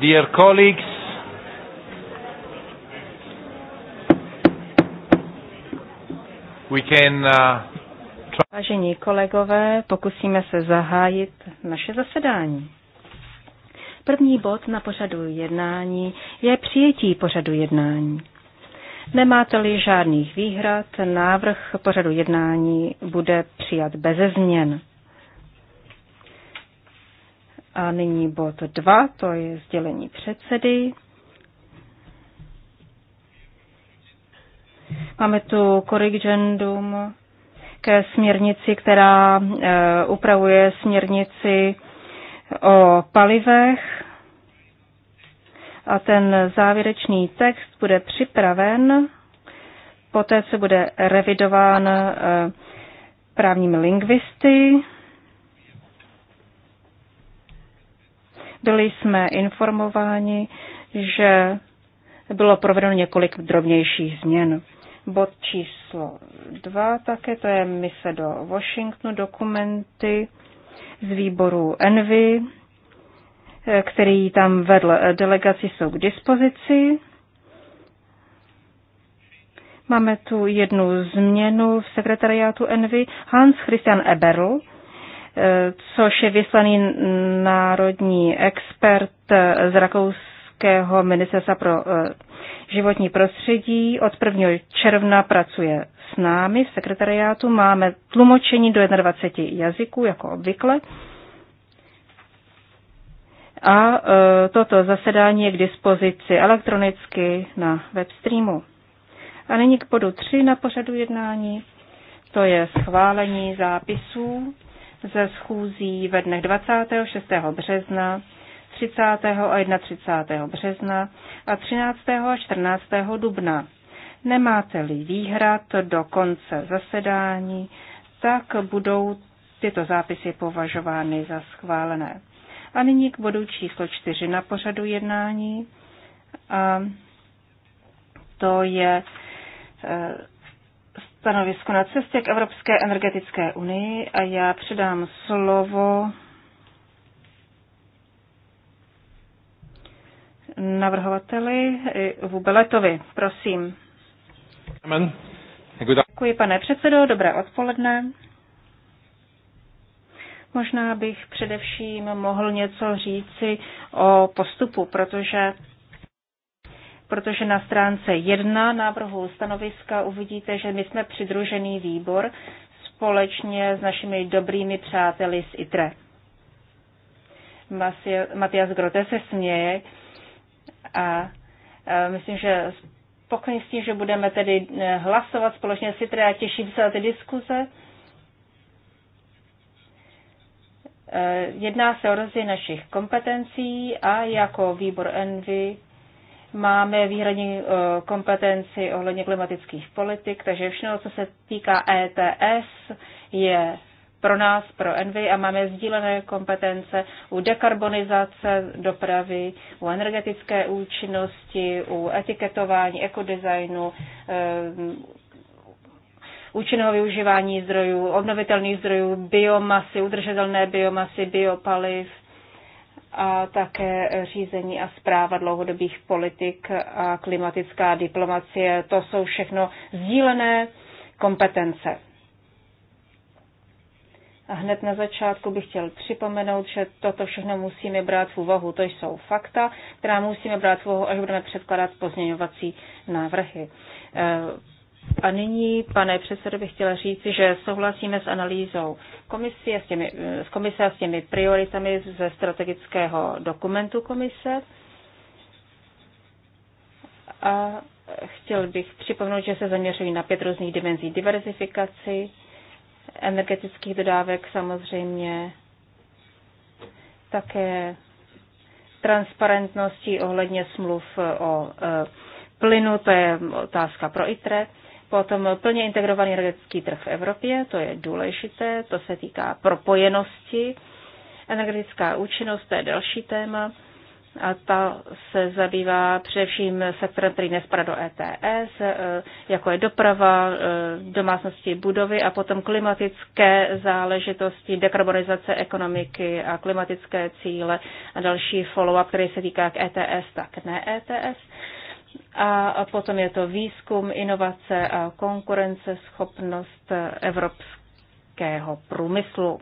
Dear colleagues, we can, uh, Vážení kolegové, pokusíme se zahájit naše zasedání. První bod na pořadu jednání je přijetí pořadu jednání. Nemáte-li žádných výhrad, návrh pořadu jednání bude přijat beze změn. A nyní bod 2, to je sdělení předsedy. Máme tu korrigendum ke směrnici, která eh, upravuje směrnici o palivech. A ten závěrečný text bude připraven, poté se bude revidován eh, právními lingvisty. Byli jsme informováni, že bylo provedeno několik drobnějších změn. Bod číslo dva také, to je mise do Washingtonu, dokumenty z výboru Envy, který tam vedl delegaci, jsou k dispozici. Máme tu jednu změnu v sekretariátu Envy. Hans Christian Eberl Eh, což je vyslaný národní expert eh, z rakouského ministerstva pro eh, životní prostředí. Od 1. června pracuje s námi v sekretariátu. Máme tlumočení do 21 jazyků, jako obvykle. A toto zasedání je k dispozici elektronicky na webstreamu. A nyní k bodu 3 na pořadu jednání. To je schválení zápisů ze schůzí ve dnech 26. března, 30. a 31. března a 13. a 14. dubna. Nemáte-li výhrad do konce zasedání, tak budou tyto zápisy považovány za schválené. A nyní k bodu číslo 4 na pořadu jednání. A to je eh, stanovisko na cestě k Evropské energetické unii a já předám slovo navrhovateli Vubeletovi. Prosím. Amen. Děkuji, pane předsedo. Dobré odpoledne. Možná bych především mohl něco říci o postupu, protože protože na stránce 1 návrhu stanoviska uvidíte, že my jsme přidružený výbor společně s našimi dobrými přáteli z ITRE. Matias Grote se směje a myslím, že spokojně s tím, že budeme tedy eh, hlasovat společně s ITRE a těším se na ty diskuze. Eh, jedná se o rozdíl našich kompetencí a jako výbor ENVY Máme výhradní eh, kompetenci ohledně klimatických politik, takže všechno, co se týká ETS, je pro nás, pro Envy a máme sdílené kompetence u dekarbonizace dopravy, u energetické účinnosti, u etiketování, ekodesignu, eh, účinného využívání zdrojů, obnovitelných zdrojů, biomasy, udržitelné biomasy, biopaliv, a také řízení a zpráva dlouhodobých politik a klimatická diplomacie. To jsou všechno sdílené kompetence. A hned na začátku bych chtěl připomenout, že toto všechno musíme brát v úvahu. To jsou fakta, která musíme brát v úvahu, až budeme předkládat pozměňovací návrhy. A nyní, pane předsedo, bych chtěla říct, že souhlasíme s analýzou komisie, s těmi, s komise a s těmi prioritami ze strategického dokumentu komise. A chtěl bych připomenout, že se zaměřují na pět různých dimenzí diverzifikaci, energetických dodávek samozřejmě, také transparentnosti ohledně smluv o e, plynu, to je otázka pro ITRE, Potom plně integrovaný energetický trh v Evropě, to je důležité, to se týká propojenosti. Energetická účinnost, to je další téma a ta se zabývá především sektorem, který nespadá do ETS, e, jako je doprava, e, domácnosti, budovy a potom klimatické záležitosti, dekarbonizace ekonomiky a klimatické cíle a další follow-up, který se týká k ETS, tak ne ETS a potom je to výzkum, inovace a konkurenceschopnost evropského průmyslu.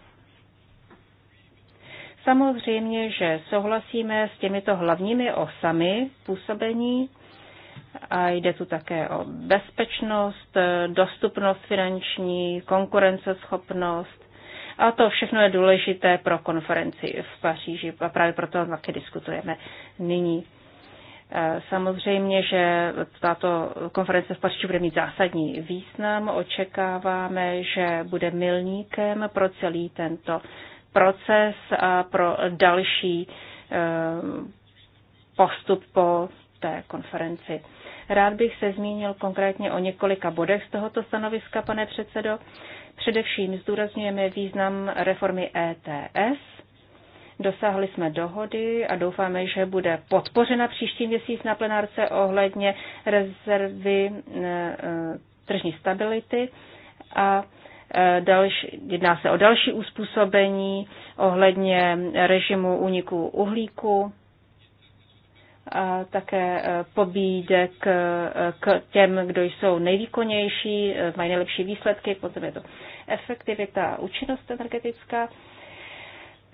Samozřejmě, že souhlasíme s těmito hlavními osami působení a jde tu také o bezpečnost, dostupnost finanční, konkurenceschopnost. A to všechno je důležité pro konferenci v Paříži a právě proto také diskutujeme nyní. Samozřejmě, že tato konference v Paříži bude mít zásadní význam. Očekáváme, že bude milníkem pro celý tento proces a pro další eh, postup po té konferenci. Rád bych se zmínil konkrétně o několika bodech z tohoto stanoviska, pane předsedo. Především zdůrazňujeme význam reformy ETS, Dosáhli jsme dohody a doufáme, že bude podpořena příští měsíc na plenárce ohledně rezervy eh, eh, tržní stability a eh, další, jedná se o další uspůsobení ohledně režimu úniku uhlíku a také pobídek k těm, kdo jsou nejvýkonnější, mají nejlepší výsledky, potom je to efektivita a účinnost energetická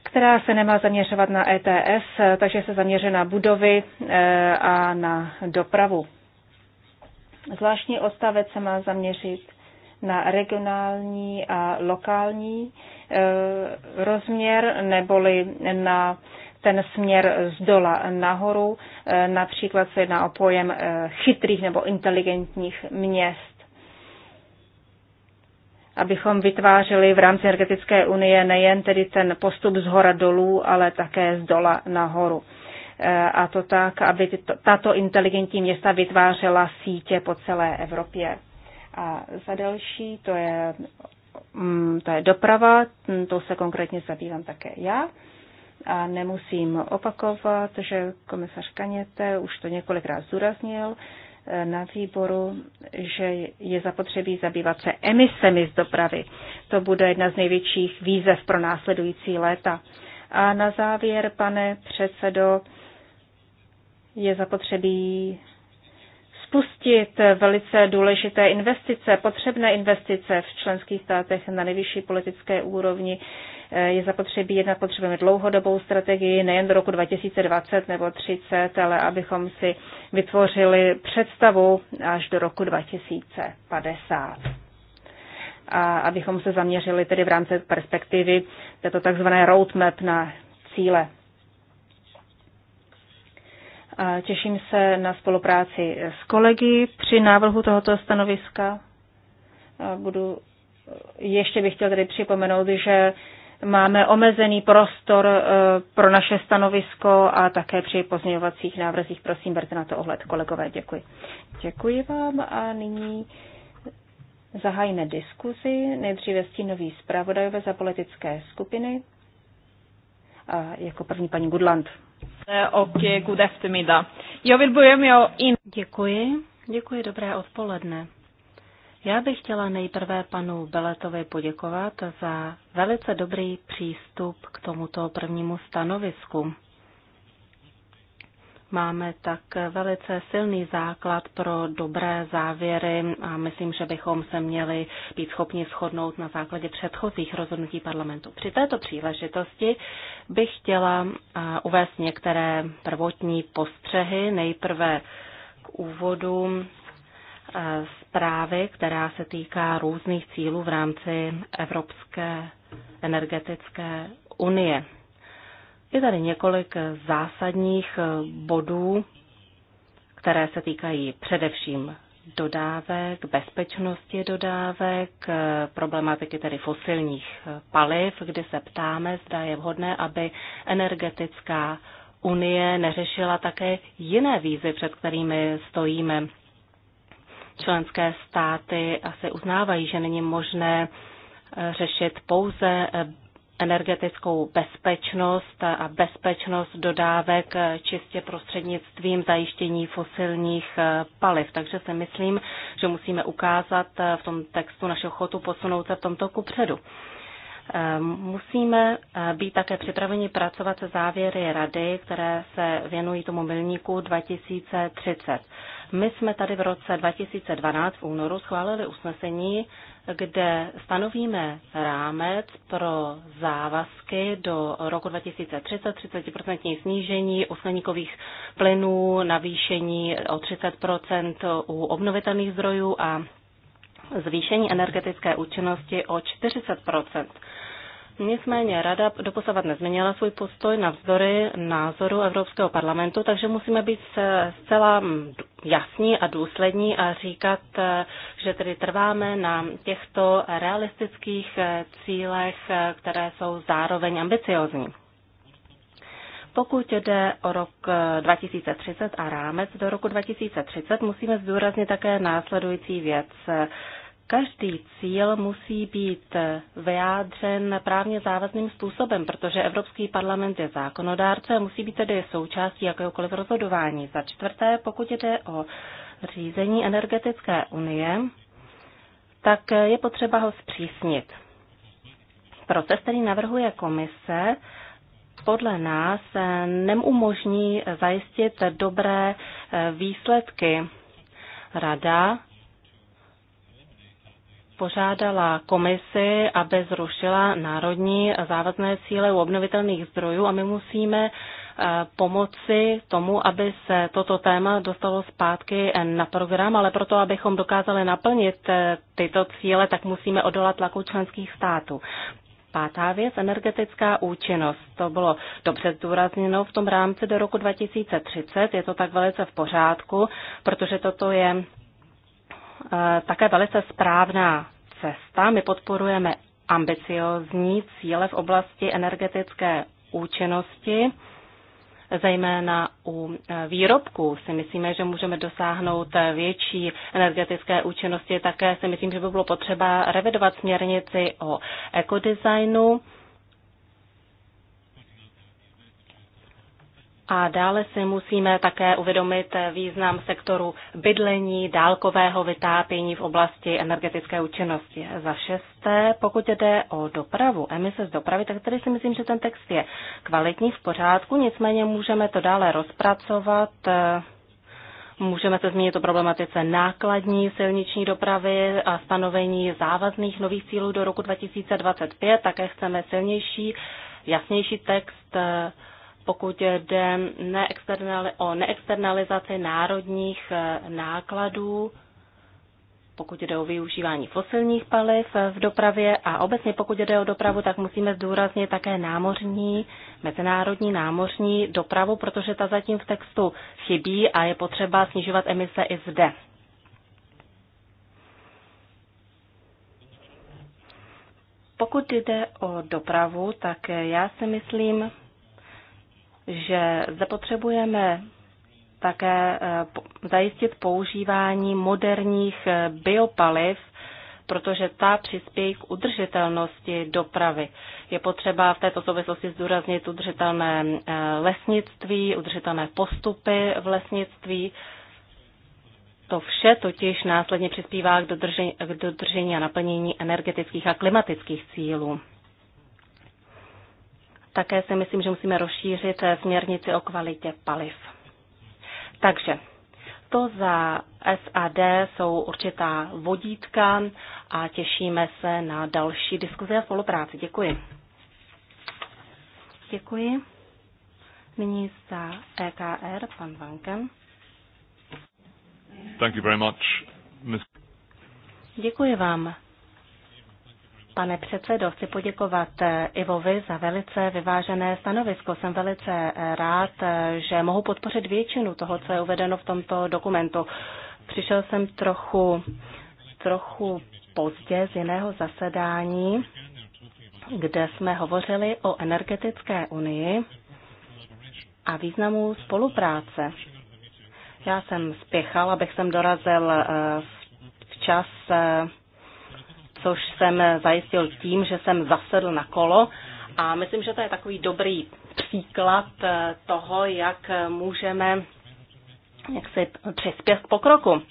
která se nemá zaměřovat na ETS, takže se zaměřuje na budovy eh, a na dopravu. Zvláštní odstavec se má zaměřit na regionální a lokální eh, rozměr, neboli na ten směr z dola nahoru. Eh, například se jedná o pojem chytrých nebo inteligentních měst abychom vytvářeli v rámci energetické unie nejen tedy ten postup z hora dolů, ale také z dola nahoru. E, a to tak, aby tato inteligentní města vytvářela sítě po celé Evropě. A za další, to je, mm, to je doprava, mm, to se konkrétně zabývám také já. A nemusím opakovat, že komisař Kaněte už to několikrát zdůraznil, na výboru, že je zapotřebí zabývat se emisemi z dopravy. To bude jedna z největších výzev pro následující léta. A na závěr, pane předsedo, je zapotřebí spustit velice důležité investice, potřebné investice v členských státech na nejvyšší politické úrovni. Je zapotřebí jednat, potřebujeme dlouhodobou strategii, nejen do roku 2020 nebo 30, ale abychom si vytvořili představu až do roku 2050. A abychom se zaměřili tedy v rámci perspektivy této takzvané roadmap na cíle. A těším se na spolupráci s kolegy při návrhu tohoto stanoviska. A budu, ještě bych chtěl tedy připomenout, že máme omezený prostor eh, pro naše stanovisko a také při pozměňovacích návrzích. Prosím, berte na to ohled, kolegové, děkuji. Děkuji vám a nyní zahájíme diskuzi. Nejdříve stínový zpravodajové za politické skupiny. A jako první paní Gudland. Děkuji. Děkuji, dobré odpoledne. Já bych chtěla nejprve panu Beletovi poděkovat za velice dobrý přístup k tomuto prvnímu stanovisku. Máme tak velice silný základ pro dobré závěry a myslím, že bychom se měli být schopni shodnout na základě předchozích rozhodnutí parlamentu. Při této příležitosti bych chtěla uvést některé prvotní postřehy, nejprve k úvodu zprávy, která se týká různých cílů v rámci Evropské energetické unie. Je tady několik zásadních bodů, které se týkají především dodávek, bezpečnosti dodávek, problematiky tedy fosilních paliv, kdy se ptáme, zda je vhodné, aby energetická unie neřešila také jiné výzvy, před kterými stojíme členské státy asi uznávají, že není možné eh, řešit pouze eh, energetickou bezpečnost a bezpečnost dodávek eh, čistě prostřednictvím zajištění fosilních paliv. Takže si myslím, že musíme ukázat v tom textu našeho chotu posunout se v tomto kupředu. Ehm, musíme být také připraveni pracovat se závěry rady, které se věnují tomu milníku 2030. My jsme tady v roce 2012 v únoru schválili usnesení, kde stanovíme rámec pro závazky do roku 2030, 30% snížení uskleníkových plynů, navýšení o 30% u obnovitelných zdrojů a zvýšení energetické účinnosti o 40 Nicméně Rada doposavat nezměnila svůj postoj na navzdory názoru Evropského parlamentu, takže musíme být zcela jasní a důslední a říkat, že tedy trváme na těchto realistických cílech, které jsou zároveň ambiciozní. Pokud jde o rok 2030 eh, a rámec do roku 2030, musíme zdůraznit také následující věc. Každý cíl musí být vyjádřen právně závazným způsobem, protože Evropský parlament je zákonodárce a musí být tedy součástí jakéhokoliv rozhodování. Za čtvrté, pokud jde o řízení energetické unie, tak je potřeba ho zpřísnit. Proces, který navrhuje komise, podle nás neumožní zajistit dobré výsledky. Rada požádala komisi, aby zrušila národní závazné cíle u obnovitelných zdrojů a my musíme eh, pomoci tomu, aby se toto téma dostalo zpátky na program, ale proto, abychom dokázali naplnit eh, tyto cíle, tak musíme odolat tlaku členských států. Pátá věc, energetická účinnost. To bylo dobře zdůrazněno v tom rámci do roku 2030. Je to tak velice v pořádku, protože toto je Eh, také velice správná cesta. My podporujeme ambiciozní cíle v oblasti energetické účinnosti, zejména u eh, výrobků si myslíme, že můžeme dosáhnout eh, větší energetické účinnosti. Také si myslím, že by bylo potřeba revidovat směrnici o ekodesignu A dále si musíme také uvědomit význam sektoru bydlení, dálkového vytápění v oblasti energetické účinnosti. Za šesté, pokud jde o dopravu, emise z dopravy, tak tady si myslím, že ten text je kvalitní, v pořádku, nicméně můžeme to dále rozpracovat. Můžeme se zmínit o problematice nákladní silniční dopravy a stanovení závazných nových cílů do roku 2025. Také chceme silnější, jasnější text pokud jde o neexternalizaci národních eh, nákladů, pokud jde o využívání fosilních paliv eh, v dopravě a obecně pokud jde o dopravu, tak musíme zdůraznit také námořní, mezinárodní námořní dopravu, protože ta zatím v textu chybí a je potřeba snižovat emise i zde. Pokud jde o dopravu, tak eh, já si myslím, že zapotřebujeme také eh, zajistit používání moderních eh, biopaliv, protože ta přispějí k udržitelnosti dopravy. Je potřeba v této souvislosti zdůraznit udržitelné eh, lesnictví, udržitelné postupy v lesnictví. To vše totiž následně přispívá k dodržení, k dodržení a naplnění energetických a klimatických cílů také si myslím, že musíme rozšířit eh, směrnici o kvalitě paliv. Takže to za SAD jsou určitá vodítka a těšíme se na další diskuze a spolupráci. Děkuji. Děkuji. Nyní za EKR, pan Vanken. Thank you very much, Ms. Děkuji vám, Pane předsedo, chci poděkovat eh, Ivovi za velice vyvážené stanovisko. Jsem velice eh, rád, eh, že mohu podpořit většinu toho, co je uvedeno v tomto dokumentu. Přišel jsem trochu, trochu pozdě z jiného zasedání, kde jsme hovořili o energetické unii a významu spolupráce. Já jsem spěchal, abych sem dorazil včas což jsem zajistil tím, že jsem zasedl na kolo. A myslím, že to je takový dobrý příklad eh, toho, jak můžeme jak si přispět k pokroku.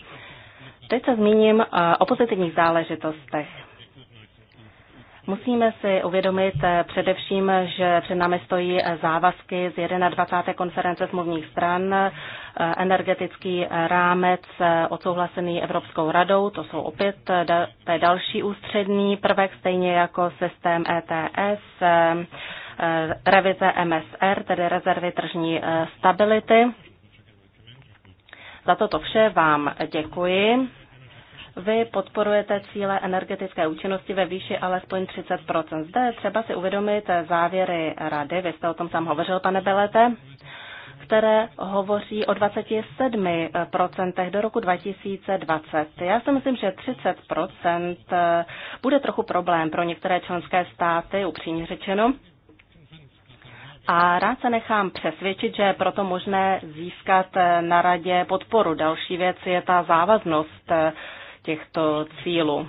Teď se zmíním eh, o pozitivních záležitostech. Musíme si uvědomit eh, především, že před námi stojí eh, závazky z 21. konference smluvních stran, eh, energetický rámec odsouhlasený Evropskou radou, to jsou opět to je další ústřední prvek, stejně jako systém ETS, revize MSR, tedy rezervy tržní stability. Za toto vše vám děkuji. Vy podporujete cíle energetické účinnosti ve výši alespoň 30 Zde je třeba si uvědomit závěry rady, vy jste o tom sám hovořil, pane Belete, které hovoří o 27% do roku 2020. Já si myslím, že 30% eh, bude trochu problém pro některé členské státy, upřímně řečeno. A rád se nechám přesvědčit, že je proto možné získat eh, na radě podporu. Další věc je ta závaznost eh, těchto cílů.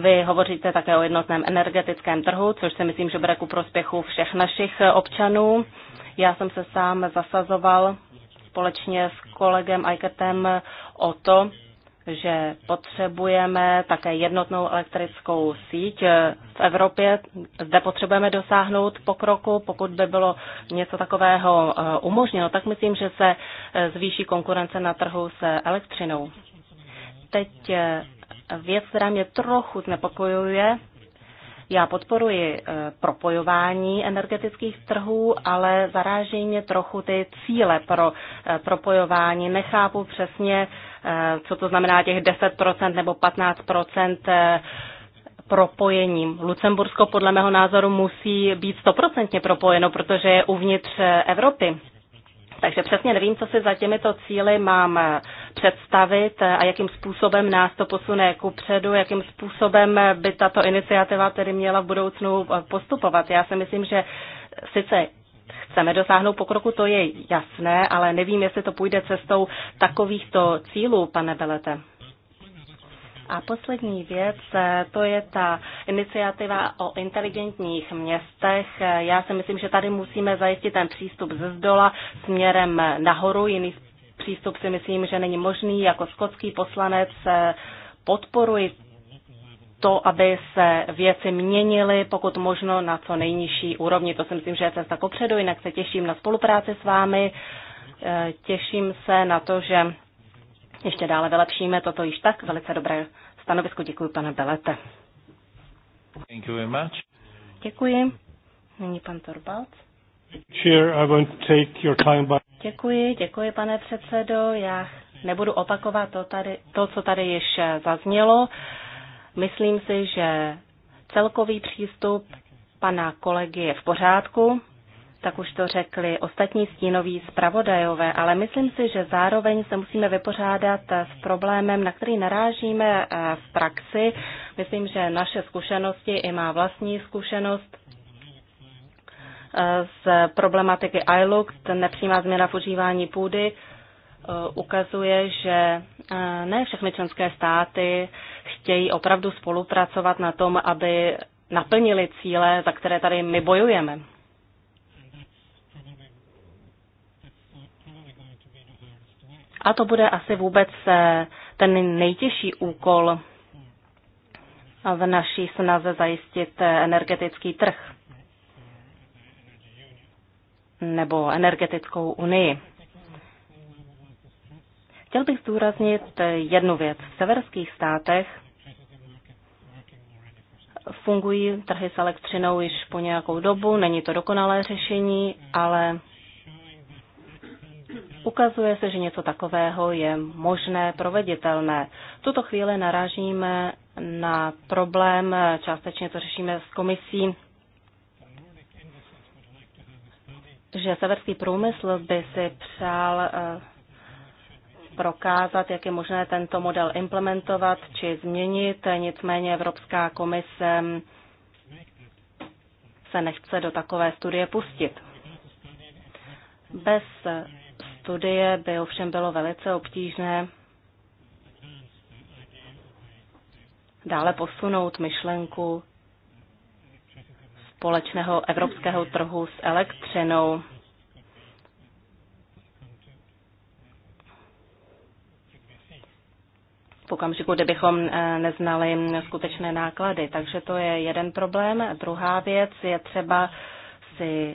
Vy hovoříte také o jednotném energetickém trhu, což si myslím, že bude ku prospěchu všech našich občanů. Já jsem se sám zasazoval společně s kolegem Aiketem o to, že potřebujeme také jednotnou elektrickou síť v Evropě. Zde potřebujeme dosáhnout pokroku. Pokud by bylo něco takového eh, umožněno, tak myslím, že se eh, zvýší konkurence na trhu se elektřinou teď eh, věc, která mě trochu znepokojuje. Já podporuji eh, propojování energetických trhů, ale zaráží mě trochu ty cíle pro eh, propojování. Nechápu přesně, co to znamená těch 10% nebo 15% propojením. Lucembursko podle mého názoru musí být stoprocentně propojeno, protože je uvnitř Evropy. Takže přesně nevím, co si za těmito cíly mám představit a jakým způsobem nás to posune ku předu, jakým způsobem by tato iniciativa tedy měla v budoucnu postupovat. Já si myslím, že sice chceme dosáhnout pokroku, to je jasné, ale nevím, jestli to půjde cestou takovýchto cílů, pane Belete. A poslední věc, eh, to je ta iniciativa o inteligentních městech. Eh, já si myslím, že tady musíme zajistit ten přístup ze zdola směrem nahoru. Jiný přístup si myslím, že není možný. Jako skotský poslanec eh, podporuji to, aby se věci měnily, pokud možno na co nejnižší úrovni. To si myslím, že je cesta kopředu, jinak se těším na spolupráci s vámi. Těším se na to, že ještě dále vylepšíme toto již tak velice dobré stanovisko. Děkuji, pane Belete. Thank you very much. Děkuji. Nyní pan Torbalc. Děkuji, děkuji, pane předsedo. Já nebudu opakovat to, tady, to, co tady již zaznělo. Myslím si, že celkový přístup pana kolegy je v pořádku tak už to řekli ostatní stínoví zpravodajové, ale myslím si, že zároveň se musíme vypořádat s problémem, na který narážíme eh, v praxi. Myslím, že naše zkušenosti i má vlastní zkušenost eh, z problematiky iLook, nepřímá změna v užívání půdy, eh, ukazuje, že ne všechny členské státy chtějí opravdu spolupracovat na tom, aby naplnili cíle, za které tady my bojujeme. A to bude asi vůbec eh, ten nejtěžší úkol v naší snaze zajistit eh, energetický trh nebo energetickou unii. Chtěl bych zdůraznit eh, jednu věc. V severských státech fungují trhy s elektřinou již po nějakou dobu, není to dokonalé řešení, ale Ukazuje se, že něco takového je možné, proveditelné. V tuto chvíli narážíme na problém, částečně to řešíme s komisí, že severský průmysl by si přál eh, prokázat, jak je možné tento model implementovat či změnit. Nicméně Evropská komise se nechce do takové studie pustit. Bez studie by ovšem bylo velice obtížné dále posunout myšlenku společného evropského trhu s elektřinou. v okamžiku, kdybychom eh, neznali skutečné náklady. Takže to je jeden problém. Druhá věc je třeba si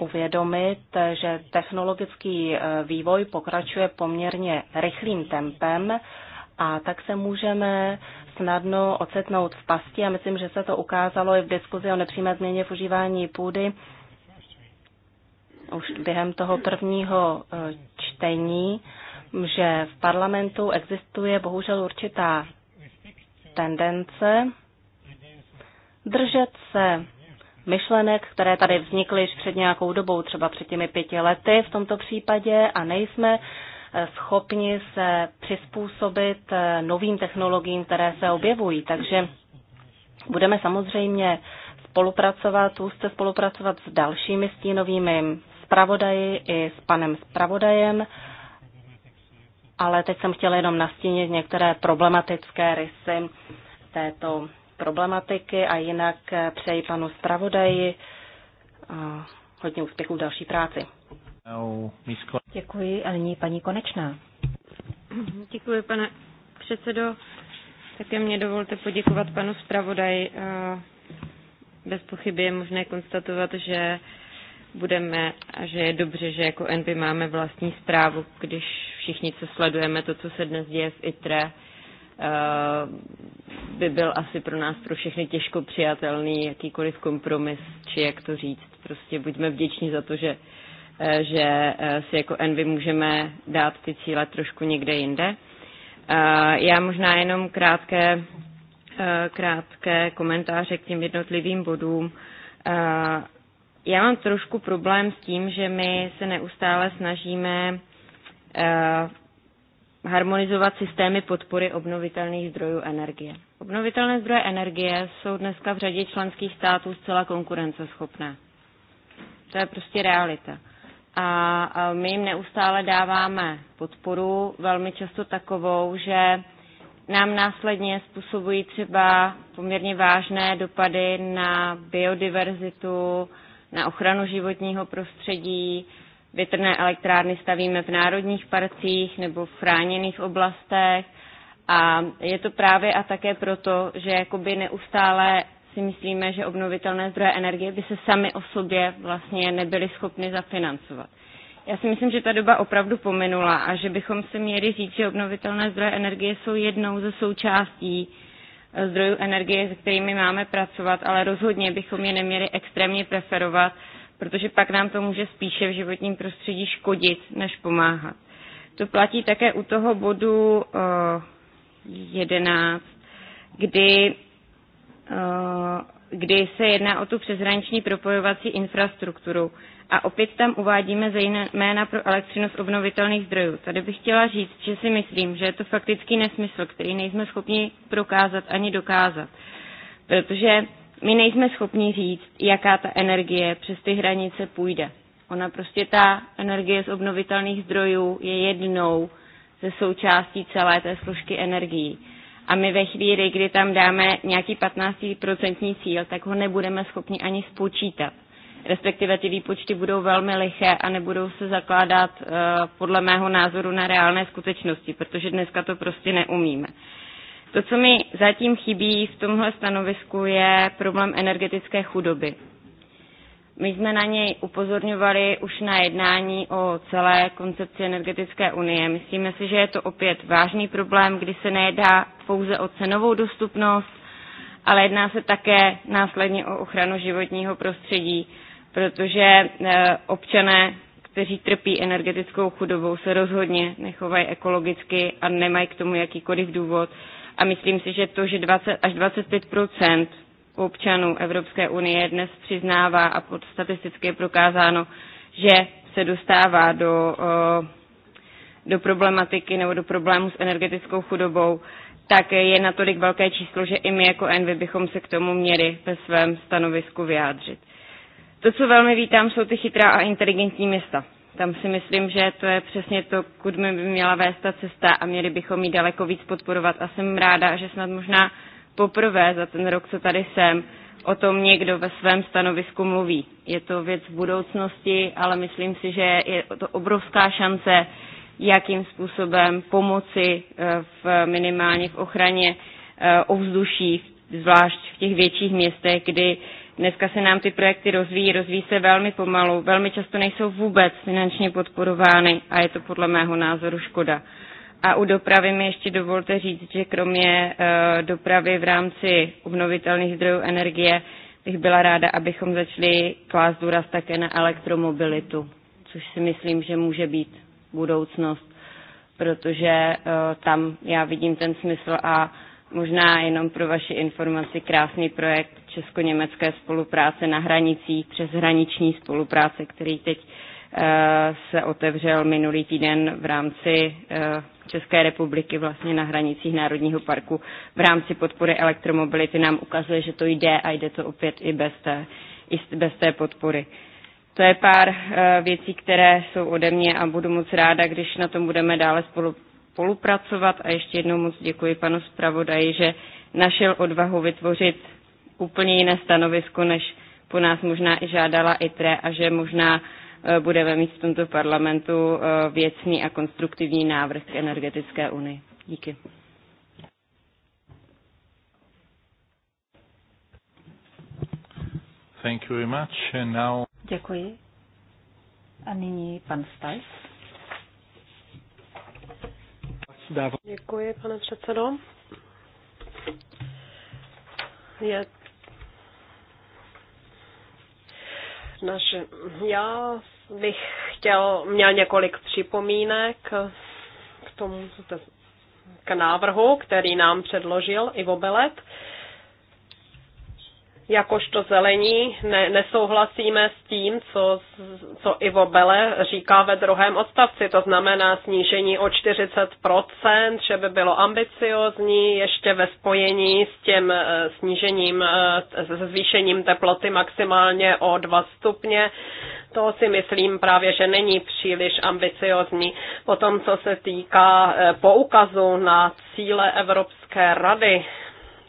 uvědomit, že technologický eh, vývoj pokračuje poměrně rychlým tempem a tak se můžeme snadno ocitnout v pasti a myslím, že se to ukázalo i v diskuzi o nepřímé změně v užívání půdy už během toho prvního eh, čtení, že v parlamentu existuje bohužel určitá tendence držet se myšlenek, které tady vznikly již před nějakou dobou, třeba před těmi pěti lety v tomto případě a nejsme eh, schopni se přizpůsobit eh, novým technologiím, které se objevují. Takže budeme samozřejmě spolupracovat, úzce spolupracovat s dalšími stínovými zpravodaji i s panem zpravodajem, ale teď jsem chtěla jenom nastínit některé problematické rysy této problematiky a jinak přeji panu zpravodaji hodně úspěchů v další práci. Děkuji a nyní paní Konečná. Děkuji, pane předsedo. Také mě dovolte poděkovat panu zpravodaji. Bez pochyby je možné konstatovat, že budeme a že je dobře, že jako NB máme vlastní zprávu, když všichni, co sledujeme to, co se dnes děje v ITRE, by byl asi pro nás pro všechny těžko přijatelný jakýkoliv kompromis, či jak to říct. Prostě buďme vděční za to, že, eh, že eh, si jako Envy můžeme dát ty cíle trošku někde jinde. Eh, já možná jenom krátké, krátké komentáře k těm jednotlivým bodům. Já mám trošku problém s tím, že my se neustále snažíme harmonizovat systémy podpory obnovitelných zdrojů energie. Obnovitelné zdroje energie jsou dneska v řadě členských států zcela konkurenceschopné. To je prostě realita. A my jim neustále dáváme podporu, velmi často takovou, že nám následně způsobují třeba poměrně vážné dopady na biodiverzitu, na ochranu životního prostředí, větrné elektrárny stavíme v národních parcích nebo v chráněných oblastech. A je to právě a také proto, že jakoby neustále si myslíme, že obnovitelné zdroje energie by se sami o sobě vlastně nebyly schopny zafinancovat. Já si myslím, že ta doba opravdu pominula a že bychom se měli říct, že obnovitelné zdroje energie jsou jednou ze součástí eh, zdrojů energie, se kterými máme pracovat, ale rozhodně bychom je neměli extrémně preferovat protože pak nám to může spíše v životním prostředí škodit, než pomáhat. To platí také u toho bodu 11, eh, kdy, eh, kdy se jedná o tu přeshraniční propojovací infrastrukturu. A opět tam uvádíme zejména pro elektřinu z obnovitelných zdrojů. Tady bych chtěla říct, že si myslím, že je to faktický nesmysl, který nejsme schopni prokázat ani dokázat. Protože my nejsme schopni říct, jaká ta energie přes ty hranice půjde. Ona prostě ta energie z obnovitelných zdrojů je jednou ze součástí celé té složky energií. A my ve chvíli, kdy tam dáme nějaký 15% cíl, tak ho nebudeme schopni ani spočítat. Respektive ty výpočty budou velmi liché a nebudou se zakládat eh, podle mého názoru na reálné skutečnosti, protože dneska to prostě neumíme. To, co mi zatím chybí v tomhle stanovisku, je problém energetické chudoby. My jsme na něj upozorňovali už na jednání o celé koncepci energetické unie. Myslíme si, že je to opět vážný problém, kdy se nejedná pouze o cenovou dostupnost, ale jedná se také následně o ochranu životního prostředí, protože e, občané, kteří trpí energetickou chudobou, se rozhodně nechovají ekologicky a nemají k tomu jakýkoliv důvod. A myslím si, že to, že 20 až 25 občanů Evropské unie dnes přiznává a pod statisticky je prokázáno, že se dostává do, do problematiky nebo do problému s energetickou chudobou, tak je natolik velké číslo, že i my jako Envy bychom se k tomu měli ve svém stanovisku vyjádřit. To, co velmi vítám, jsou ty chytrá a inteligentní města tam si myslím, že to je přesně to, kud by měla vést ta cesta a měli bychom ji daleko víc podporovat. A jsem ráda, že snad možná poprvé za ten rok, co tady jsem, o tom někdo ve svém stanovisku mluví. Je to věc v budoucnosti, ale myslím si, že je to obrovská šance, jakým způsobem pomoci eh, v, minimálně v ochraně eh, ovzduší, zvlášť v těch větších městech, kdy Dneska se nám ty projekty rozvíjí, rozvíjí se velmi pomalu, velmi často nejsou vůbec finančně podporovány a je to podle mého názoru škoda. A u dopravy mi ještě dovolte říct, že kromě eh, dopravy v rámci obnovitelných zdrojů energie bych byla ráda, abychom začali klást důraz také na elektromobilitu, což si myslím, že může být budoucnost, protože eh, tam já vidím ten smysl a Možná jenom pro vaši informaci krásný projekt česko-německé spolupráce na hranicích přes hraniční spolupráce, který teď eh, se otevřel minulý týden v rámci eh, České republiky vlastně na hranicích Národního parku v rámci podpory elektromobility nám ukazuje, že to jde a jde to opět i bez té, i bez té podpory. To je pár eh, věcí, které jsou ode mě a budu moc ráda, když na tom budeme dále spolu spolupracovat a ještě jednou moc děkuji panu zpravodaji, že našel odvahu vytvořit úplně jiné stanovisko, než po nás možná i žádala ITRE a že možná e, budeme mít v tomto parlamentu e, věcný a konstruktivní návrh k energetické unii. Díky. Thank you very much. And now... Děkuji. A nyní pan Stajs dávám. Děkuji, pane předsedo. Je naše, já bych chtěl, měl několik připomínek k tomu, k návrhu, který nám předložil Ivo Belet jakožto zelení ne, nesouhlasíme s tím, co, co Ivo Bele říká ve druhém odstavci, to znamená snížení o 40%, že by bylo ambiciozní ještě ve spojení s tím eh, snížením, eh, se zvýšením teploty maximálně o 2 stupně. To si myslím právě, že není příliš ambiciozní. Potom, co se týká eh, poukazu na cíle Evropské rady,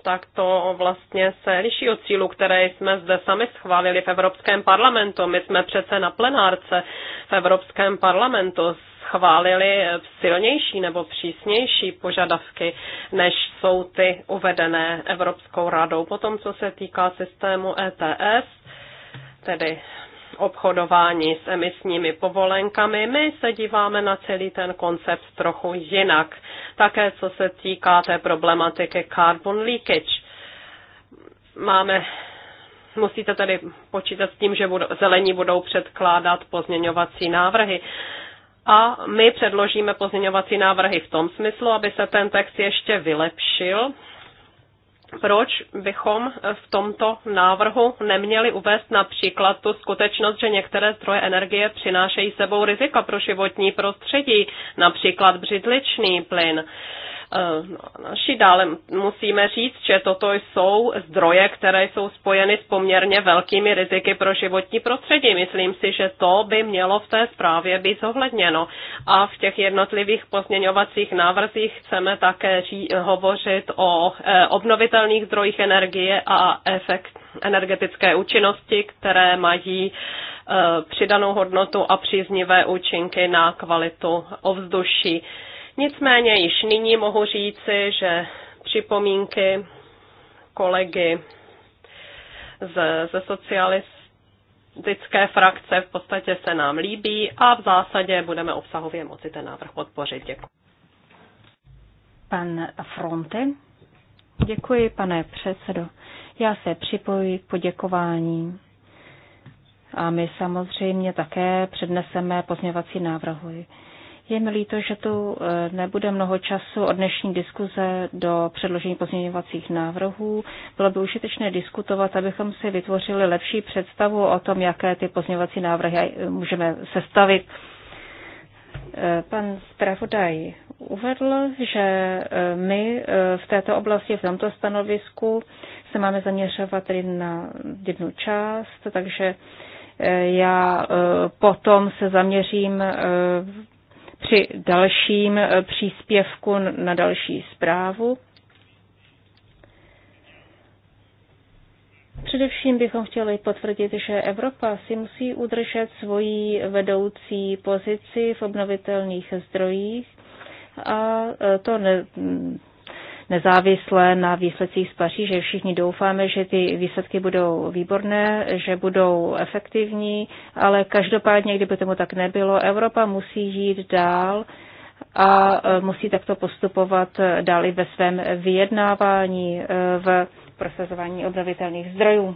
tak to vlastně se liší od cílu, které jsme zde sami schválili v Evropském parlamentu. My jsme přece na plenárce v Evropském parlamentu schválili silnější nebo přísnější požadavky, než jsou ty uvedené Evropskou radou. Potom, co se týká systému ETS, tedy obchodování s emisními povolenkami. My se díváme na celý ten koncept trochu jinak. Také co se týká té problematiky carbon leakage. Máme musíte tedy počítat s tím, že budou, zelení budou předkládat pozměňovací návrhy. A my předložíme pozměňovací návrhy v tom smyslu, aby se ten text ještě vylepšil, proč bychom v tomto návrhu neměli uvést například tu skutečnost, že některé zdroje energie přinášejí sebou rizika pro životní prostředí, například břidličný plyn. Uh, Eh, naši dále musíme říct, že toto jsou zdroje, které jsou spojeny s poměrně velkými riziky pro životní prostředí. Myslím si, že to by mělo v té zprávě být zohledněno. A v těch jednotlivých pozměňovacích návrzích chceme také hovořit o eh, obnovitelných zdrojích energie a efekt energetické účinnosti, které mají eh, přidanou hodnotu a příznivé účinky na kvalitu ovzduší. Nicméně již nyní mohu říci, že připomínky kolegy ze, ze socialistické frakce v podstatě se nám líbí a v zásadě budeme obsahově moci ten návrh podpořit. Děkuji. Pan Fronte. Děkuji, pane předsedo. Já se připojuji k poděkování. A my samozřejmě také předneseme pozměvací návrhy. Je mi líto, že tu eh, nebude mnoho času od dnešní diskuze do předložení pozměňovacích návrhů. Bylo by užitečné diskutovat, abychom si vytvořili lepší představu o tom, jaké ty pozměňovací návrhy eh, můžeme sestavit. Eh, pan zpravodaj uvedl, že my v této oblasti, v tomto stanovisku se máme zaměřovat tedy na jednu část, takže já potom se zaměřím při dalším eh, příspěvku na další zprávu. Především bychom chtěli potvrdit, že Evropa si musí udržet svoji vedoucí pozici v obnovitelných zdrojích a eh, to ne, nezávisle na výsledcích z Paříže. Všichni doufáme, že ty výsledky budou výborné, že budou efektivní, ale každopádně, kdyby tomu tak nebylo, Evropa musí jít dál a e, musí takto postupovat dál i ve svém vyjednávání e, v prosazování obnovitelných zdrojů.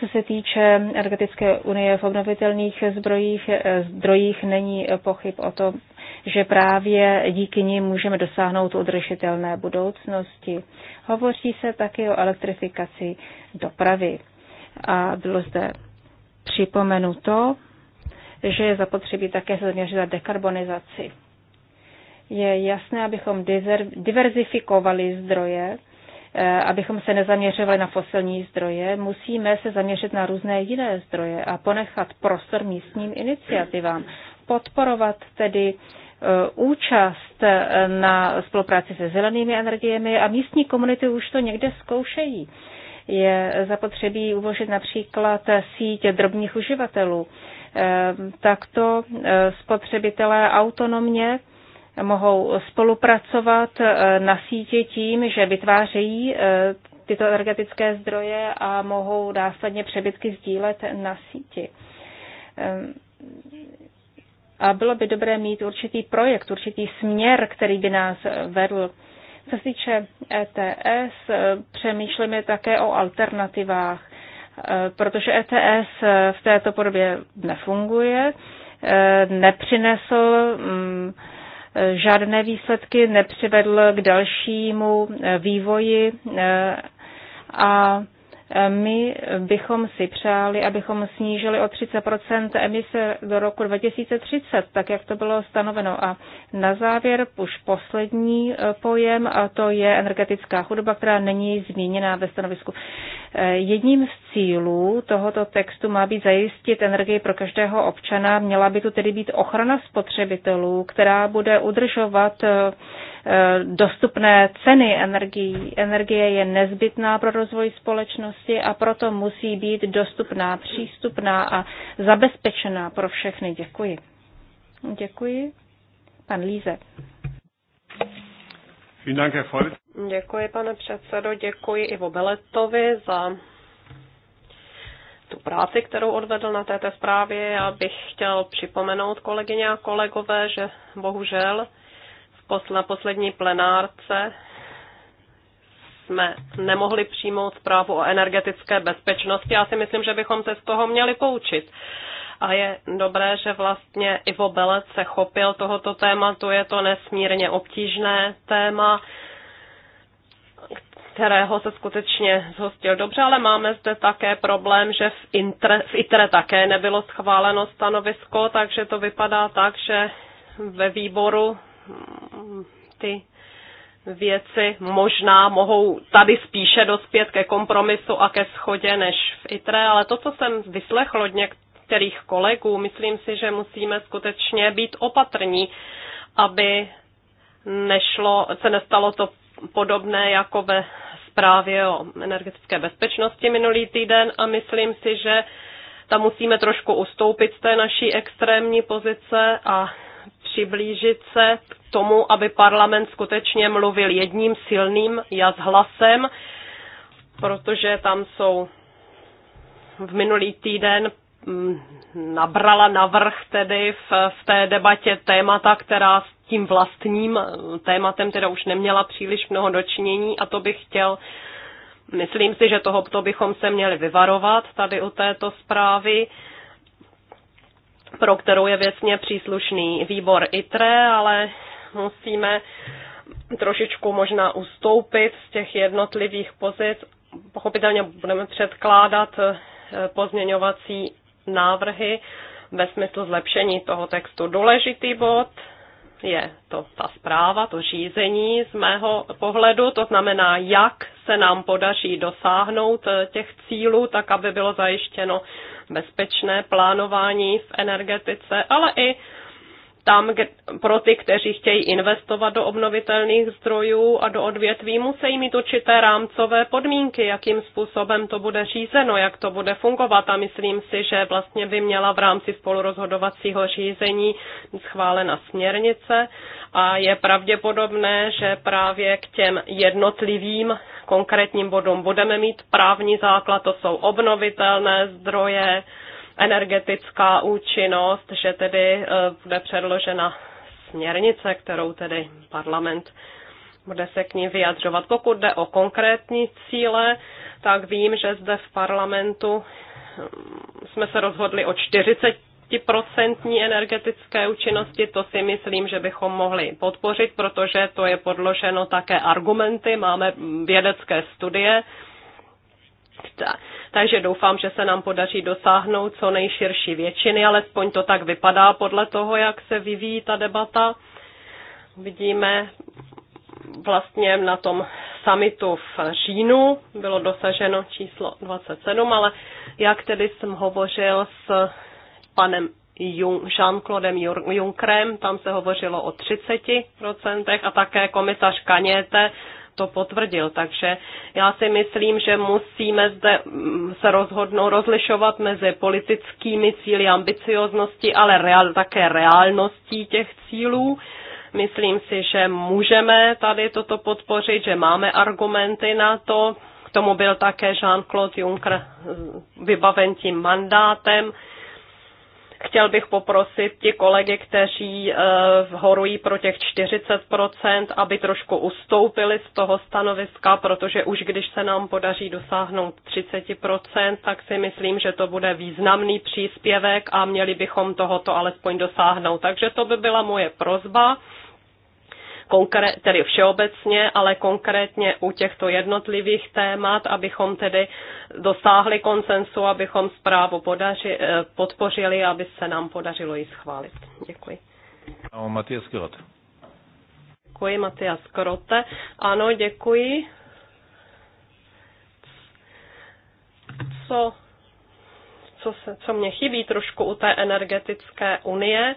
Co se týče energetické unie v obnovitelných zdrojích, e, zdrojích není pochyb o tom, že právě díky nim můžeme dosáhnout udržitelné budoucnosti. Hovoří se také o elektrifikaci dopravy. A bylo zde připomenuto, že je zapotřebí také se zaměřit na dekarbonizaci. Je jasné, abychom diverzifikovali zdroje, eh, abychom se nezaměřovali na fosilní zdroje, musíme se zaměřit na různé jiné zdroje a ponechat prostor místním iniciativám. Podporovat tedy Eh, účast eh, na spolupráci se zelenými energiemi a místní komunity už to někde zkoušejí. Je zapotřebí uložit například síť drobných uživatelů. Eh, takto spotřebitelé autonomně mohou spolupracovat na síti tím, že vytvářejí tyto energetické zdroje a mohou následně přebytky sdílet na síti ehm, a bylo by dobré mít určitý projekt, určitý směr, který by nás eh, vedl. Co se týče ETS, eh, přemýšlíme také o alternativách, eh, protože ETS v této podobě nefunguje, nepřinesl mm, žádné výsledky, nepřivedl k dalšímu vývoji a my bychom si přáli, abychom snížili o 30 emise do roku 2030, tak jak to bylo stanoveno. A na závěr už poslední eh, pojem, a to je energetická chudoba, která není zmíněná ve stanovisku. Jedním z cílů tohoto textu má být zajistit energii pro každého občana. Měla by tu tedy být ochrana spotřebitelů, která bude udržovat eh, dostupné ceny energií. Energie je nezbytná pro rozvoj společnosti a proto musí být dostupná, přístupná a zabezpečená pro všechny. Děkuji. Děkuji. Pan Líze. Děkuji, pane předsedo, děkuji i Beletovi za tu práci, kterou odvedl na této zprávě. Já bych chtěl připomenout kolegyně a kolegové, že bohužel na poslední plenárce jsme nemohli přijmout zprávu o energetické bezpečnosti. Já si myslím, že bychom se z toho měli poučit a je dobré, že vlastně Ivo Belec se chopil tohoto tématu. Je to nesmírně obtížné téma, kterého se skutečně zhostil dobře, ale máme zde také problém, že v, intre, v ITRE také nebylo schváleno stanovisko, takže to vypadá tak, že ve výboru mm, ty věci možná mohou tady spíše dospět ke kompromisu a ke schodě než v ITRE, ale to, co jsem vyslechl od, něk- některých kolegů. Myslím si, že musíme skutečně být opatrní, aby nešlo, se nestalo to podobné jako ve zprávě o energetické bezpečnosti minulý týden a myslím si, že tam musíme trošku ustoupit z té naší extrémní pozice a přiblížit se k tomu, aby parlament skutečně mluvil jedním silným jas hlasem, protože tam jsou v minulý týden Mm, nabrala navrh tedy v, v té debatě témata, která s tím vlastním eh, tématem teda už neměla příliš mnoho dočinění a to bych chtěl, myslím si, že toho, to bychom se měli vyvarovat tady u této zprávy pro kterou je věcně příslušný výbor ITRE, ale musíme trošičku možná ustoupit z těch jednotlivých pozic. Pochopitelně budeme předkládat eh, pozměňovací návrhy ve smyslu zlepšení toho textu. Důležitý bod je to ta zpráva, to řízení z mého pohledu, to znamená, jak se nám podaří dosáhnout eh, těch cílů, tak aby bylo zajištěno bezpečné plánování v energetice, ale i tam kde, pro ty, kteří chtějí investovat do obnovitelných zdrojů a do odvětví, musí mít určité rámcové podmínky, jakým způsobem to bude řízeno, jak to bude fungovat. A myslím si, že vlastně by měla v rámci spolurozhodovacího řízení schválena směrnice a je pravděpodobné, že právě k těm jednotlivým konkrétním bodům budeme mít právní základ, to jsou obnovitelné zdroje, energetická účinnost, že tedy e, bude předložena směrnice, kterou tedy parlament bude se k ní vyjadřovat. Pokud jde o konkrétní cíle, tak vím, že zde v parlamentu e, jsme se rozhodli o 40 procentní energetické účinnosti, to si myslím, že bychom mohli podpořit, protože to je podloženo také argumenty, máme vědecké studie, takže doufám, že se nám podaří dosáhnout co nejširší většiny, alespoň to tak vypadá podle toho, jak se vyvíjí ta debata. Vidíme vlastně na tom summitu v říjnu bylo dosaženo číslo 27, ale jak tedy jsem hovořil s panem Jean-Claudem Junckerem, tam se hovořilo o 30% a také komisař Kaněte to potvrdil. Takže já si myslím, že musíme zde mm, se rozhodnout rozlišovat mezi politickými cíly ambicioznosti, ale real, také reálností těch cílů. Myslím si, že můžeme tady toto podpořit, že máme argumenty na to. K tomu byl také Jean-Claude Juncker vybaven tím mandátem Chtěl bych poprosit ti kolegy, kteří eh, horují pro těch 40%, aby trošku ustoupili z toho stanoviska, protože už když se nám podaří dosáhnout 30%, tak si myslím, že to bude významný příspěvek a měli bychom tohoto alespoň dosáhnout. Takže to by byla moje prozba konkrét, tedy všeobecně, ale konkrétně u těchto jednotlivých témat, abychom tedy dosáhli konsensu, abychom zprávu podaři, eh, podpořili, aby se nám podařilo ji schválit. Děkuji. No, Matias Krote. Děkuji, Matias Krote. Ano, děkuji. Co, co, se, co mě chybí trošku u té energetické unie,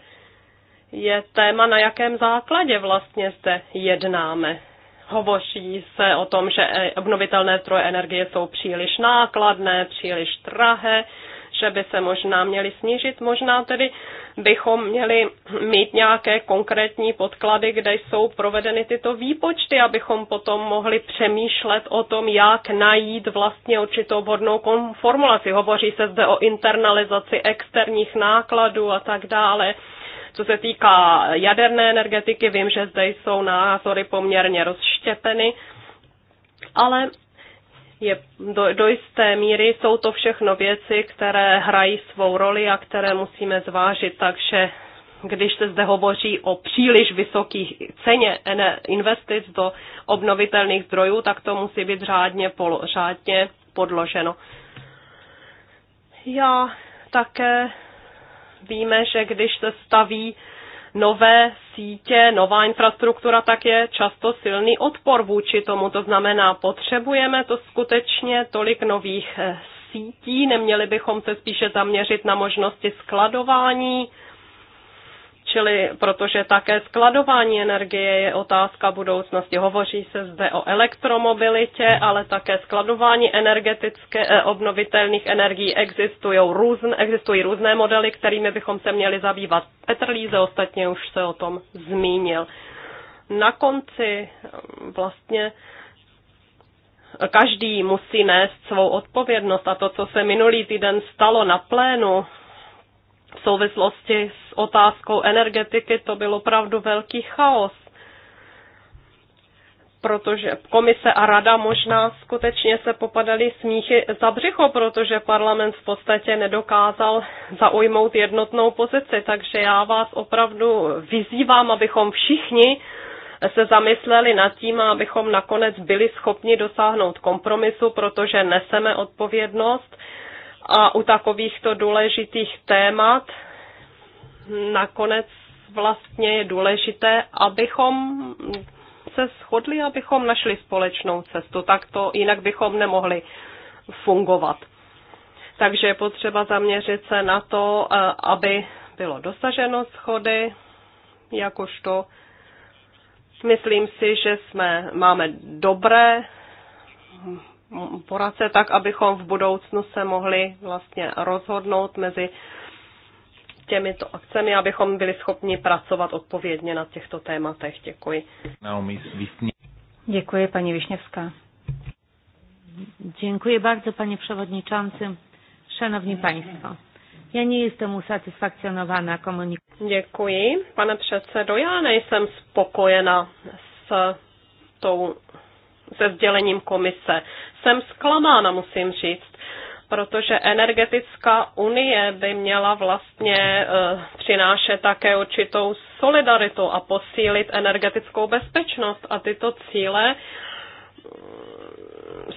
je téma, na jakém základě vlastně zde jednáme. Hovoří se o tom, že e, obnovitelné zdroje energie jsou příliš nákladné, příliš drahé, že by se možná měly snížit. Možná tedy bychom měli mít nějaké konkrétní podklady, kde jsou provedeny tyto výpočty, abychom potom mohli přemýšlet o tom, jak najít vlastně určitou vhodnou formulaci. Hovoří se zde o internalizaci externích nákladů a tak dále. Co se týká jaderné energetiky, vím, že zde jsou názory poměrně rozštěpeny, ale je, do, do jisté míry jsou to všechno věci, které hrají svou roli a které musíme zvážit, takže když se zde hovoří o příliš vysokých ceně investic do obnovitelných zdrojů, tak to musí být řádně, polo, řádně podloženo. Já také víme, že když se staví nové sítě, nová infrastruktura, tak je často silný odpor vůči tomu. To znamená, potřebujeme to skutečně tolik nových eh, sítí, neměli bychom se spíše zaměřit na možnosti skladování čili protože také skladování energie je otázka budoucnosti. Hovoří se zde o elektromobilitě, ale také skladování energetické eh, obnovitelných energií existují, různ, existují různé modely, kterými bychom se měli zabývat. Petr Líze ostatně už se o tom zmínil. Na konci eh, vlastně každý musí nést svou odpovědnost a to, co se minulý týden stalo na plénu, v souvislosti s otázkou energetiky to byl opravdu velký chaos. Protože komise a rada možná skutečně se popadaly smíchy za břicho, protože parlament v podstatě nedokázal zaujmout jednotnou pozici. Takže já vás opravdu vyzývám, abychom všichni se zamysleli nad tím, abychom nakonec byli schopni dosáhnout kompromisu, protože neseme odpovědnost a u takovýchto důležitých témat nakonec vlastně je důležité, abychom se shodli, abychom našli společnou cestu. Tak to jinak bychom nemohli fungovat. Takže je potřeba zaměřit se na to, eh, aby bylo dosaženo schody, jakožto myslím si, že jsme, máme dobré poradce, tak abychom v budoucnu se mohli vlastně rozhodnout mezi těmito akcemi, abychom byli schopni pracovat odpovědně na těchto tématech. Děkuji. Děkuji, paní Višněvská. Dziękuję bardzo panie przewodniczący. Szanowni państwo. Já nejsem usatysfakcionována komunikací. Děkuji, pane předsedo. Já nejsem spokojena s tou se sdělením komise. Jsem zklamána, musím říct protože energetická unie by měla vlastně e, přinášet také určitou solidaritu a posílit energetickou bezpečnost. A tyto cíle e,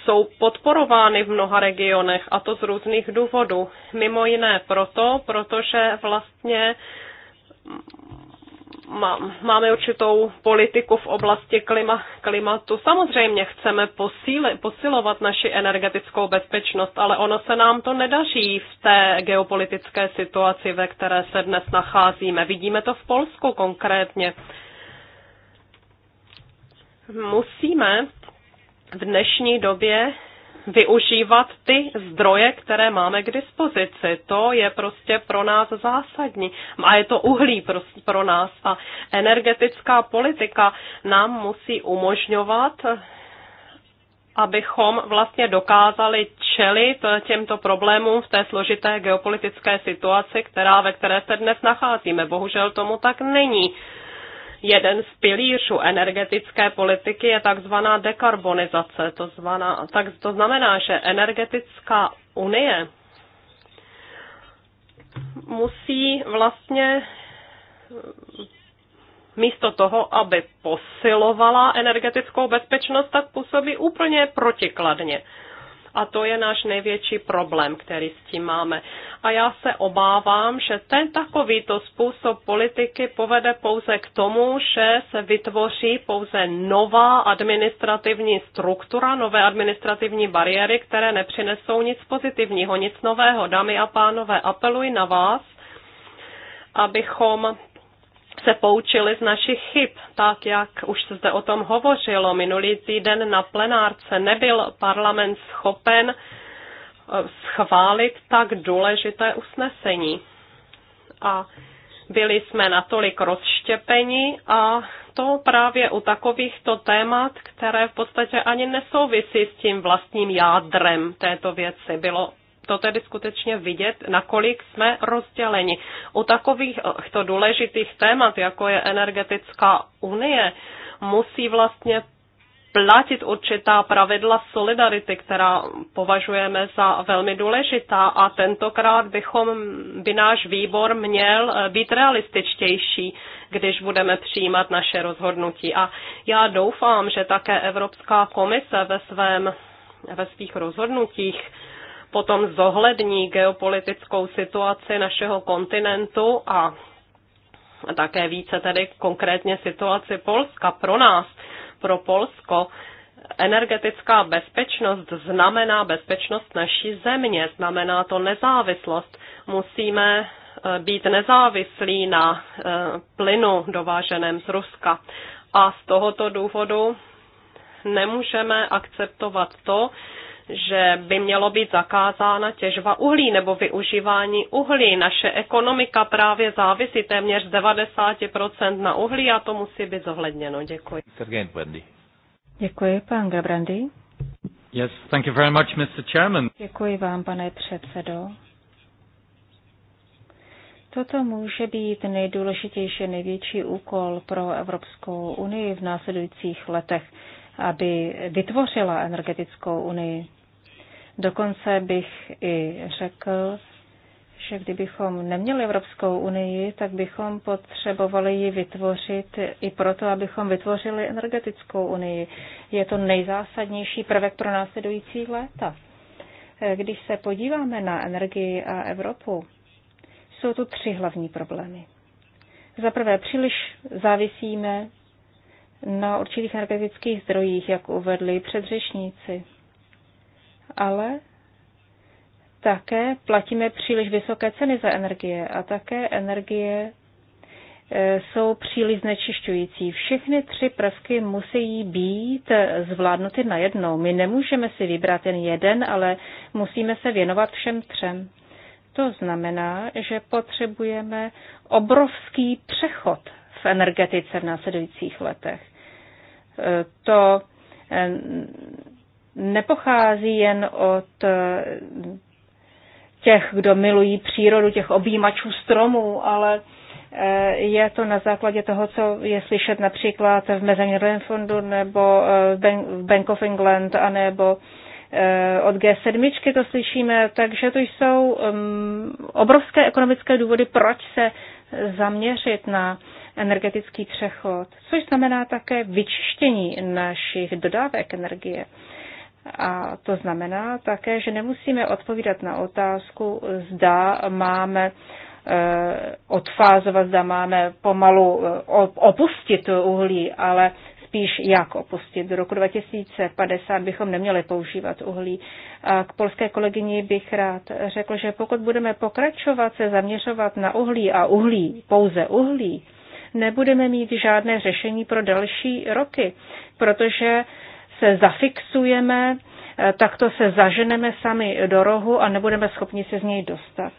jsou podporovány v mnoha regionech, a to z různých důvodů. Mimo jiné proto, protože vlastně máme určitou politiku v oblasti klima, klimatu. Samozřejmě chceme posíli, posilovat naši energetickou bezpečnost, ale ono se nám to nedaří v té geopolitické situaci, ve které se dnes nacházíme. Vidíme to v Polsku konkrétně. Musíme v dnešní době využívat ty zdroje, které máme k dispozici. To je prostě pro nás zásadní. A je to uhlí prostě pro, nás. A energetická politika nám musí umožňovat abychom vlastně dokázali čelit těmto problémům v té složité geopolitické situaci, která, ve které se dnes nacházíme. Bohužel tomu tak není. Jeden z pilířů energetické politiky je takzvaná dekarbonizace. To, zvaná, tak, to znamená, že energetická unie musí vlastně místo toho, aby posilovala energetickou bezpečnost, tak působí úplně protikladně. A to je náš největší problém, který s tím máme. A já se obávám, že ten takovýto způsob politiky povede pouze k tomu, že se vytvoří pouze nová administrativní struktura, nové administrativní bariéry, které nepřinesou nic pozitivního, nic nového. Dámy a pánové, apeluji na vás, abychom se poučili z našich chyb, tak jak už se zde o tom hovořilo. Minulý týden na plenárce nebyl parlament schopen eh, schválit tak důležité usnesení. A byli jsme natolik rozštěpeni a to právě u takovýchto témat, které v podstatě ani nesouvisí s tím vlastním jádrem této věci. Bylo to tedy skutečně vidět, nakolik jsme rozděleni. U takovýchto eh, důležitých témat, jako je energetická unie, musí vlastně platit určitá pravidla solidarity, která považujeme za velmi důležitá a tentokrát bychom, by náš výbor měl eh, být realističtější, když budeme přijímat naše rozhodnutí. A já doufám, že také Evropská komise ve, svém, ve svých rozhodnutích potom zohlední geopolitickou situaci našeho kontinentu a také více tedy konkrétně situaci Polska pro nás, pro Polsko, energetická bezpečnost znamená bezpečnost naší země, znamená to nezávislost. Musíme eh, být nezávislí na eh, plynu dováženém z Ruska. A z tohoto důvodu nemůžeme akceptovat to, že by mělo být zakázána těžba uhlí nebo využívání uhlí. Naše ekonomika právě závisí téměř 90% na uhlí a to musí být zohledněno. Děkuji. Děkuji, pan Gabrandy. Yes, thank you very much, Mr. Chairman. Děkuji vám, pane předsedo. Toto může být nejdůležitější, největší úkol pro Evropskou unii v následujících letech, aby vytvořila energetickou unii. Dokonce bych i řekl, že kdybychom neměli Evropskou unii, tak bychom potřebovali ji vytvořit i proto, abychom vytvořili energetickou unii. Je to nejzásadnější prvek pro následující léta. Když se podíváme na energii a Evropu, jsou tu tři hlavní problémy. Za prvé, příliš závisíme na určitých energetických zdrojích, jak uvedli předřečníci ale také platíme příliš vysoké ceny za energie a také energie e, jsou příliš znečišťující. Všechny tři prvky musí být zvládnuty najednou. My nemůžeme si vybrat jen jeden, ale musíme se věnovat všem třem. To znamená, že potřebujeme obrovský přechod v energetice v následujících letech. E, to e, nepochází jen od eh, těch, kdo milují přírodu, těch objímačů stromů, ale eh, je to na základě toho, co je slyšet například v Mezinárodním fondu nebo eh, v Bank of England a nebo od G7 to slyšíme, takže to jsou mm, obrovské ekonomické důvody, proč se zaměřit na energetický přechod, což znamená také vyčištění našich dodávek energie. A to znamená také, že nemusíme odpovídat na otázku, zda máme eh, odfázovat, zda máme pomalu eh, opustit uhlí, ale spíš jak opustit. Do roku 2050 bychom neměli používat uhlí. A k polské kolegyni bych rád řekl, že pokud budeme pokračovat se zaměřovat na uhlí a uhlí, pouze uhlí, nebudeme mít žádné řešení pro další roky, protože se zafixujeme, eh, takto se zaženeme sami do rohu a nebudeme schopni se z něj dostat.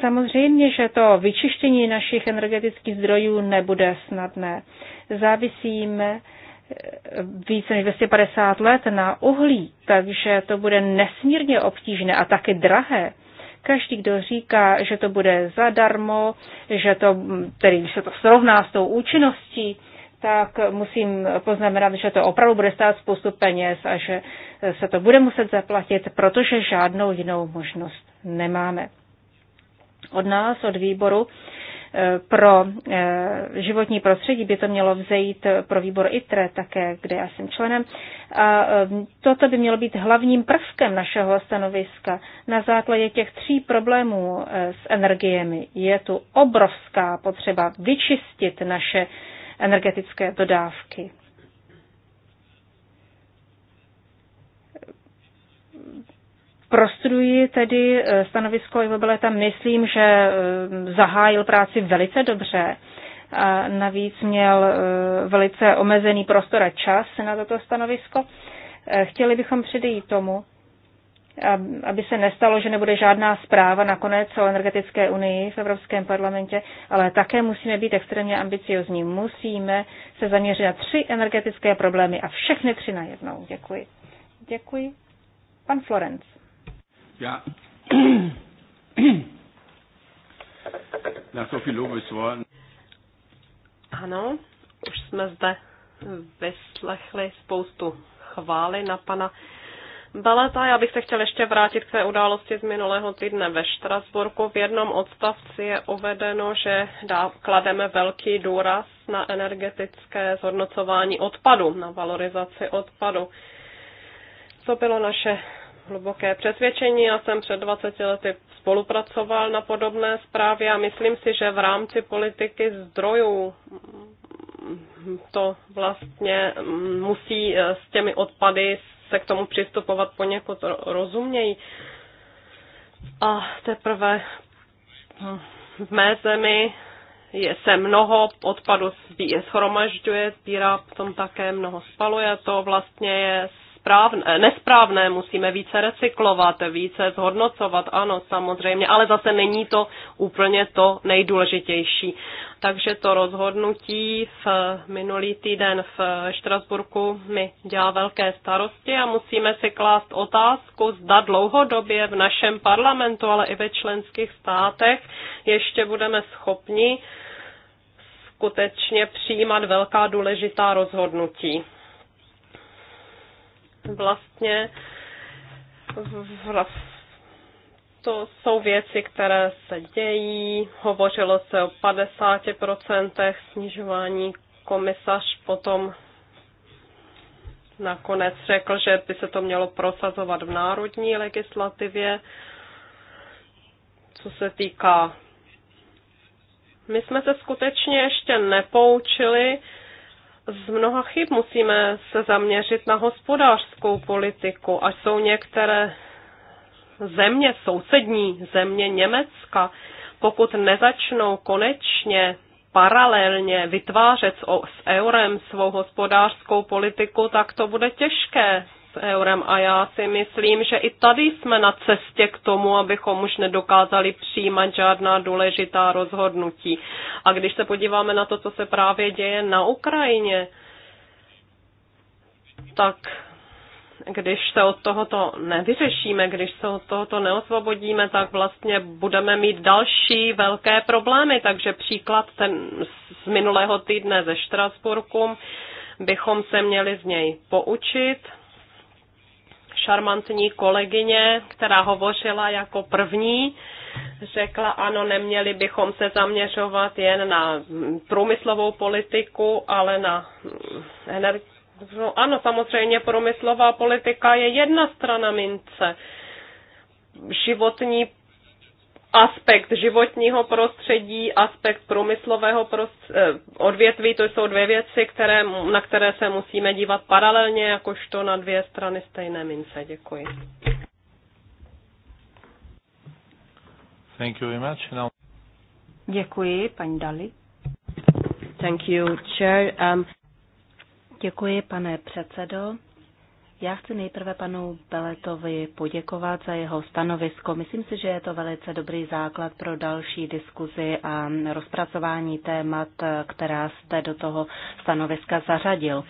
Samozřejmě, že to vyčištění našich energetických zdrojů nebude snadné. Závisíme eh, více než 250 let na uhlí, takže to bude nesmírně obtížné a taky drahé. Každý, kdo říká, že to bude zadarmo, že to, mm, tedy když se to srovná s tou účinností, tak musím poznamenat, že to opravdu bude stát spoustu peněz a že se to bude muset zaplatit, protože žádnou jinou možnost nemáme. Od nás, od výboru eh, pro eh, životní prostředí by to mělo vzejít pro výbor ITRE také, kde já jsem členem. A eh, toto by mělo být hlavním prvkem našeho stanoviska. Na základě těch tří problémů s energiemi je tu obrovská potřeba vyčistit naše energetické dodávky. Prostuduji tedy eh, stanovisko Beleta. myslím, že eh, zahájil práci velice dobře. A navíc měl eh, velice omezený prostor a čas na toto stanovisko. Chtěli bychom předejít tomu, aby se nestalo, že nebude žádná zpráva nakonec o energetické unii v Evropském parlamentě, ale také musíme být extrémně ambiciozní. Musíme se zaměřit na tři energetické problémy a všechny tři najednou. Děkuji. Děkuji. Pan Florenc. Já. Na Sophie Ano, už jsme zde vyslechli spoustu chvály na pana Baleta, já bych se chtěl ještě vrátit k té události z minulého týdne ve Štrasburku. V jednom odstavci je uvedeno, že dá, klademe velký důraz na energetické zhodnocování odpadu, na valorizaci odpadu. Co bylo naše hluboké přesvědčení. Já jsem před 20 lety spolupracoval na podobné zprávě a myslím si, že v rámci politiky zdrojů mm, to vlastně mm, musí eh, s těmi odpady se k tomu přistupovat poněkud rozuměji. A teprve hm, v mé zemi je, se mnoho odpadu schromažďuje, sbírá potom také mnoho spaluje. To vlastně je správné, eh, nesprávné, musíme více recyklovat, více zhodnocovat, ano, samozřejmě, ale zase není to úplně to nejdůležitější. Takže to rozhodnutí v eh, minulý týden v eh, Štrasburku mi dělá velké starosti a musíme si klást otázku, zda dlouhodobě v našem parlamentu, ale i ve členských státech ještě budeme schopni skutečně přijímat velká důležitá rozhodnutí vlastně, to jsou věci, které se dějí. Hovořilo se o 50% snižování komisař potom nakonec řekl, že by se to mělo prosazovat v národní legislativě. Co se týká, my jsme se skutečně ještě nepoučili z mnoha chyb. Musíme se zaměřit na hospodářskou politiku, až jsou některé země, sousední země Německa, pokud nezačnou konečně paralelně vytvářet s, eurem svou hospodářskou politiku, tak to bude těžké eurem a já si myslím, že i tady jsme na cestě k tomu, abychom už nedokázali přijímat žádná důležitá rozhodnutí. A když se podíváme na to, co se právě děje na Ukrajině, tak když se od tohoto nevyřešíme, když se od tohoto neosvobodíme, tak vlastně budeme mít další velké problémy. Takže příklad ten z minulého týdne ze Štrasburku, bychom se měli z něj poučit šarmantní kolegyně, která hovořila jako první, řekla, ano, neměli bychom se zaměřovat jen na průmyslovou politiku, ale na energii. no, ano, samozřejmě průmyslová politika je jedna strana mince. Životní aspekt životního prostředí, aspekt průmyslového eh, odvětví, to jsou dvě věci, které, na které se musíme dívat paralelně, jakožto na dvě strany stejné mince. Děkuji. Thank you very much. Now... Děkuji, paní Dali. Thank you, chair. Um... Děkuji, pane předsedo. Já chci nejprve panu Beletovi poděkovat za jeho stanovisko. Myslím si, že je to velice dobrý základ pro další diskuzi a rozpracování témat, která jste do toho stanoviska zařadil.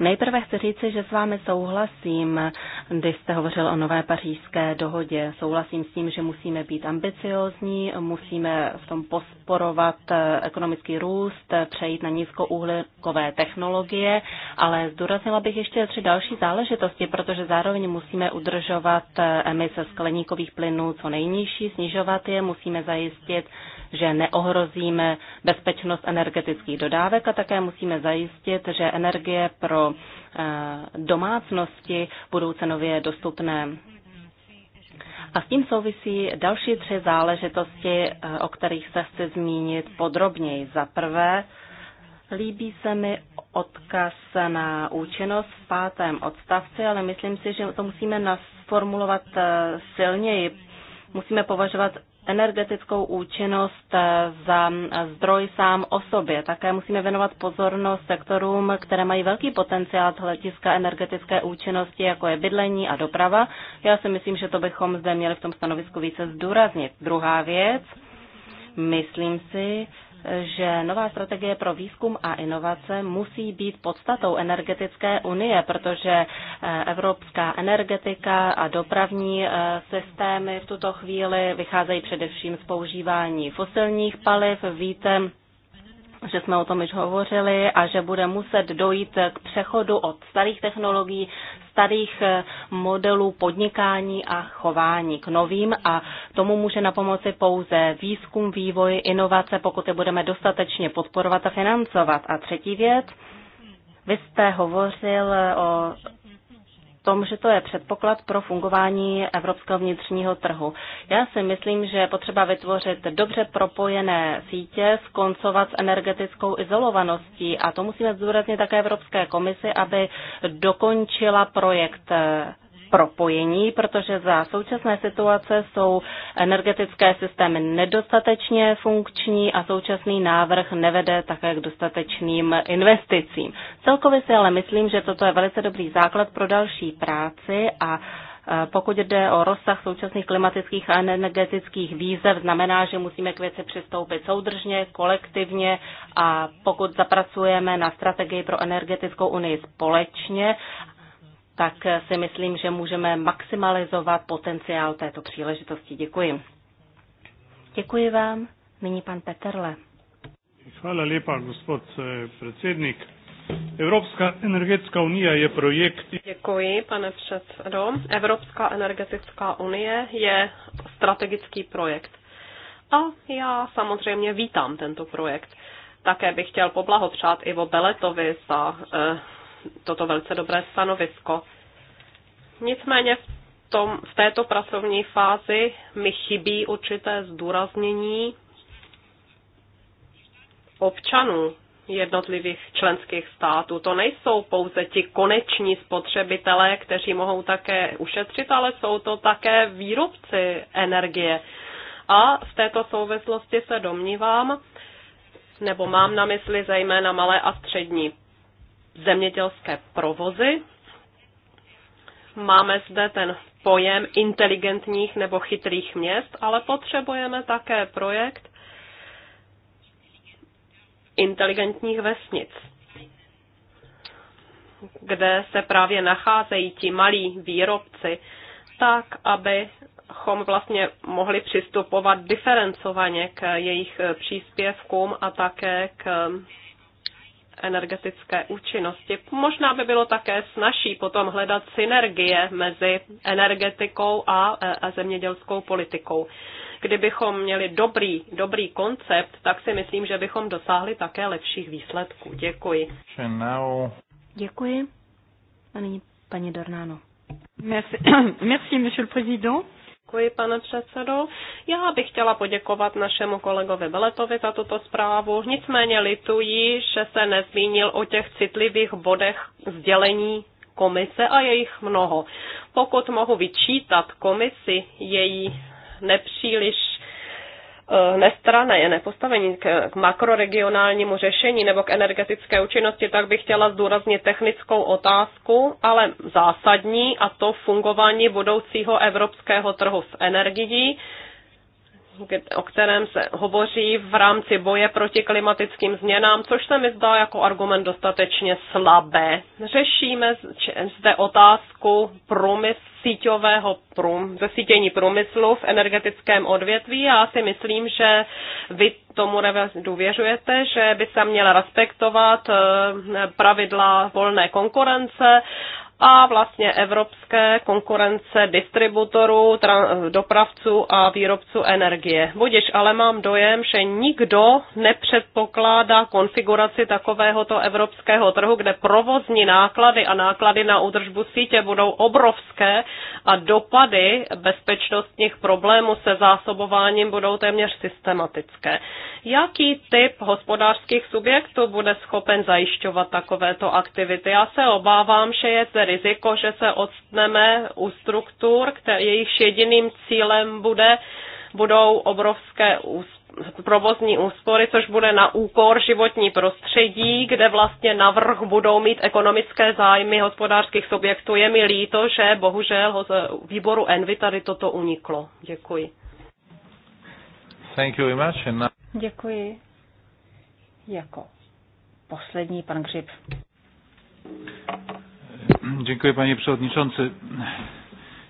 Nejprve chci říci, že s vámi souhlasím, když jste hovořil o nové pařížské dohodě. Souhlasím s tím, že musíme být ambiciozní, musíme v tom posporovat eh, ekonomický růst, eh, přejít na nízkouhlíkové technologie, ale zdůraznila bych ještě tři další záležitosti, protože zároveň musíme udržovat eh, emise skleníkových plynů co nejnižší, snižovat je, musíme zajistit že neohrozíme bezpečnost energetických dodávek a také musíme zajistit, že energie pro eh, domácnosti budou cenově dostupné. A s tím souvisí další tři záležitosti, eh, o kterých se chci zmínit podrobněji. Za prvé, Líbí se mi odkaz na účinnost v pátém odstavci, ale myslím si, že to musíme nasformulovat eh, silněji. Musíme považovat energetickou účinnost eh, za eh, zdroj sám o sobě. Také musíme věnovat pozornost sektorům, které mají velký potenciál z hlediska energetické účinnosti, jako je bydlení a doprava. Já si myslím, že to bychom zde měli v tom stanovisku více zdůraznit. Druhá věc, myslím si, že nová strategie pro výzkum a inovace musí být podstatou energetické unie, protože eh, evropská energetika a dopravní eh, systémy v tuto chvíli vycházejí především z používání fosilních paliv. Víte, že jsme o tom již hovořili a že bude muset dojít k přechodu od starých technologií starých eh, modelů podnikání a chování k novým a tomu může na pomoci pouze výzkum, vývoj, inovace, pokud je budeme dostatečně podporovat a financovat. A třetí věc, vy jste hovořil eh, o tom, že to je předpoklad pro fungování evropského vnitřního trhu. Já si myslím, že je potřeba vytvořit dobře propojené sítě, skoncovat s energetickou izolovaností a to musíme zdůraznit také Evropské komisi, aby dokončila projekt eh, propojení, protože za současné situace jsou energetické systémy nedostatečně funkční a současný návrh nevede také k dostatečným investicím. Celkově si ale myslím, že toto je velice dobrý základ pro další práci a e, pokud jde o rozsah současných klimatických a energetických výzev, znamená, že musíme k věci přistoupit soudržně, kolektivně a pokud zapracujeme na strategii pro energetickou unii společně tak si myslím, že můžeme maximalizovat potenciál této příležitosti. Děkuji. Děkuji vám. Nyní pan Peterle. Hvala lepa, gospod eh, predsednik. Evropská energetická unie je projekt. Děkuji, pane předsedo. Evropská energetická unie je strategický projekt. A já samozřejmě vítám tento projekt. Také bych chtěl poblahopřát Ivo Beletovi za eh, toto velice dobré stanovisko. Nicméně v, tom, v této pracovní fázi mi chybí určité zdůraznění občanů jednotlivých členských států. To nejsou pouze ti koneční spotřebitelé, kteří mohou také ušetřit, ale jsou to také výrobci energie. A v této souvislosti se domnívám, nebo mám na mysli zejména malé a střední zemědělské provozy. Máme zde ten pojem inteligentních nebo chytrých měst, ale potřebujeme také projekt inteligentních vesnic, kde se právě nacházejí ti malí výrobci, tak, abychom vlastně mohli přistupovat diferencovaně k jejich příspěvkům a také k energetické účinnosti. Možná by bylo také snažší potom hledat synergie mezi energetikou a, e, a zemědělskou politikou. Kdybychom měli dobrý, dobrý koncept, tak si myslím, že bychom dosáhli také lepších výsledků. Děkuji. Děkuji. A nyní paní Dornáno. Merci, Merci monsieur le président. Děkuji, pane předsedo. Já bych chtěla poděkovat našemu kolegovi Beletovi za tuto zprávu. Nicméně lituji, že se nezmínil o těch citlivých bodech sdělení komise a jejich mnoho. Pokud mohu vyčítat komisi její nepříliš Eh, nestrané, je nepostavení k, k makroregionálnímu řešení nebo k energetické účinnosti, tak bych chtěla zdůraznit technickou otázku, ale zásadní a to fungování budoucího evropského trhu s energií o kterém se hovoří v rámci boje proti klimatickým změnám, což se mi zdá jako argument dostatečně slabé. Řešíme zde otázku průmysl, síťového prům, zesítění průmyslu v energetickém odvětví a já si myslím, že vy tomu důvěřujete, že by se měla respektovat eh, pravidla volné konkurence a vlastně evropské konkurence distributorů, dopravců a výrobců energie. Budiš ale mám dojem, že nikdo nepředpokládá konfiguraci takovéhoto evropského trhu, kde provozní náklady a náklady na údržbu sítě budou obrovské a dopady bezpečnostních problémů se zásobováním budou téměř systematické. Jaký typ hospodářských subjektů bude schopen zajišťovat takovéto aktivity? Já se obávám, že je tedy riziko, že se odstneme u struktur, které jejichž jediným cílem bude, budou obrovské úspory provozní úspory, což bude na úkor životní prostředí, kde vlastně navrh budou mít ekonomické zájmy hospodářských subjektů. Je mi líto, že bohužel výboru Envy tady toto uniklo. Děkuji. Thank you very much. Děkuji. Jako poslední pan Gřib. Dziękuję panie przewodniczący.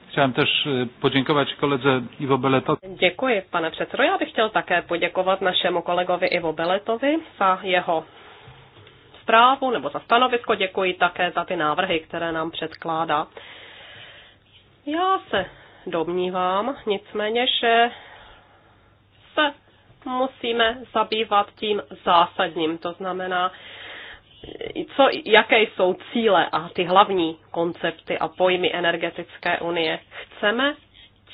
Chciałem też e, podziękować koledze Iwo Beletowi. Dziękuję pane przewodniczący. Ja bych chciał také podziękować naszemu kolegowi Iwo Beletowi za jeho zprávu nebo za stanovisko. Děkuji také za ty návrhy, které nám předkládá. Já se domnívám nicméně, že se musíme zabývat tím zásadním, to znamená co, jaké jsou cíle a ty hlavní koncepty a pojmy energetické unie. Chceme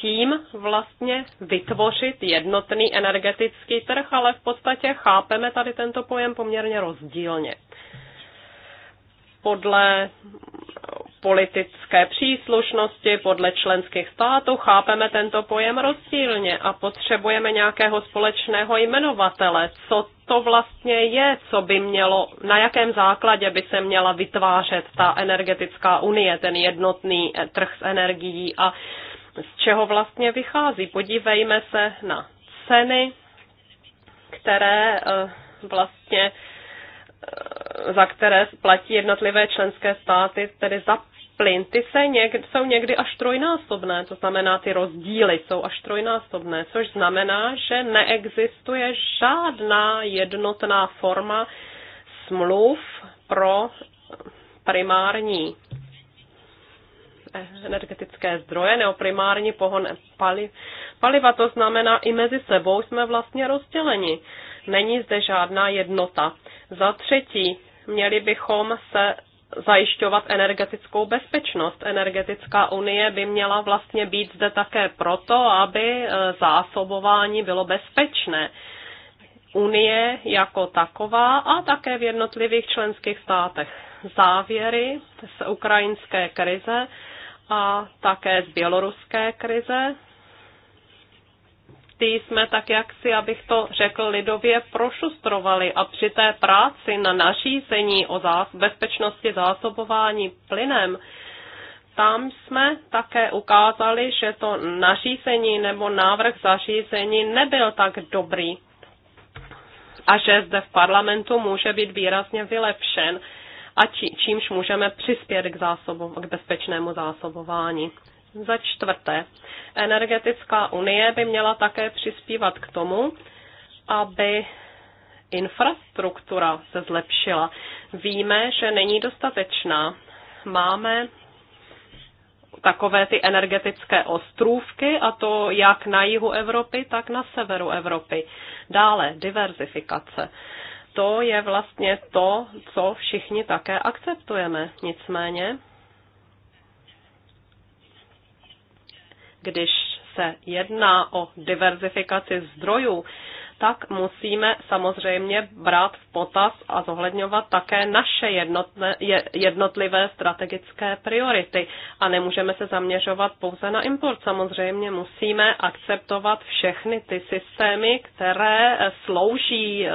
tím vlastně vytvořit jednotný energetický trh, ale v podstatě chápeme tady tento pojem poměrně rozdílně. Podle politické příslušnosti podle členských států. Chápeme tento pojem rozdílně a potřebujeme nějakého společného jmenovatele. Co to vlastně je, co by mělo, na jakém základě by se měla vytvářet ta energetická unie, ten jednotný eh, trh s energií a z čeho vlastně vychází. Podívejme se na ceny, které eh, vlastně eh, za které platí jednotlivé členské státy, tedy za plyn, ty se něk, jsou někdy až trojnásobné, to znamená, ty rozdíly jsou až trojnásobné, což znamená, že neexistuje žádná jednotná forma smluv pro primární energetické zdroje nebo primární pohon paliv, paliva. To znamená, i mezi sebou jsme vlastně rozděleni. Není zde žádná jednota. Za třetí, měli bychom se zajišťovat energetickou bezpečnost. Energetická unie by měla vlastně být zde také proto, aby e, zásobování bylo bezpečné. Unie jako taková a také v jednotlivých členských státech. Závěry z ukrajinské krize a také z běloruské krize ty jsme tak jak si, abych to řekl lidově, prošustrovali a při té práci na nařízení o zás- bezpečnosti zásobování plynem, tam jsme také ukázali, že to nařízení nebo návrh zařízení nebyl tak dobrý a že zde v parlamentu může být výrazně vylepšen a či, čímž můžeme přispět k, zásobu, k bezpečnému zásobování. Za čtvrté, energetická unie by měla také přispívat k tomu, aby infrastruktura se zlepšila. Víme, že není dostatečná. Máme takové ty energetické ostrůvky, a to jak na jihu Evropy, tak na severu Evropy. Dále diverzifikace. To je vlastně to, co všichni také akceptujeme. Nicméně když se jedná o diverzifikaci zdrojů, tak musíme samozřejmě brát v potaz a zohledňovat také naše jednotné, jednotlivé strategické priority. A nemůžeme se zaměřovat pouze na import. Samozřejmě musíme akceptovat všechny ty systémy, které slouží e,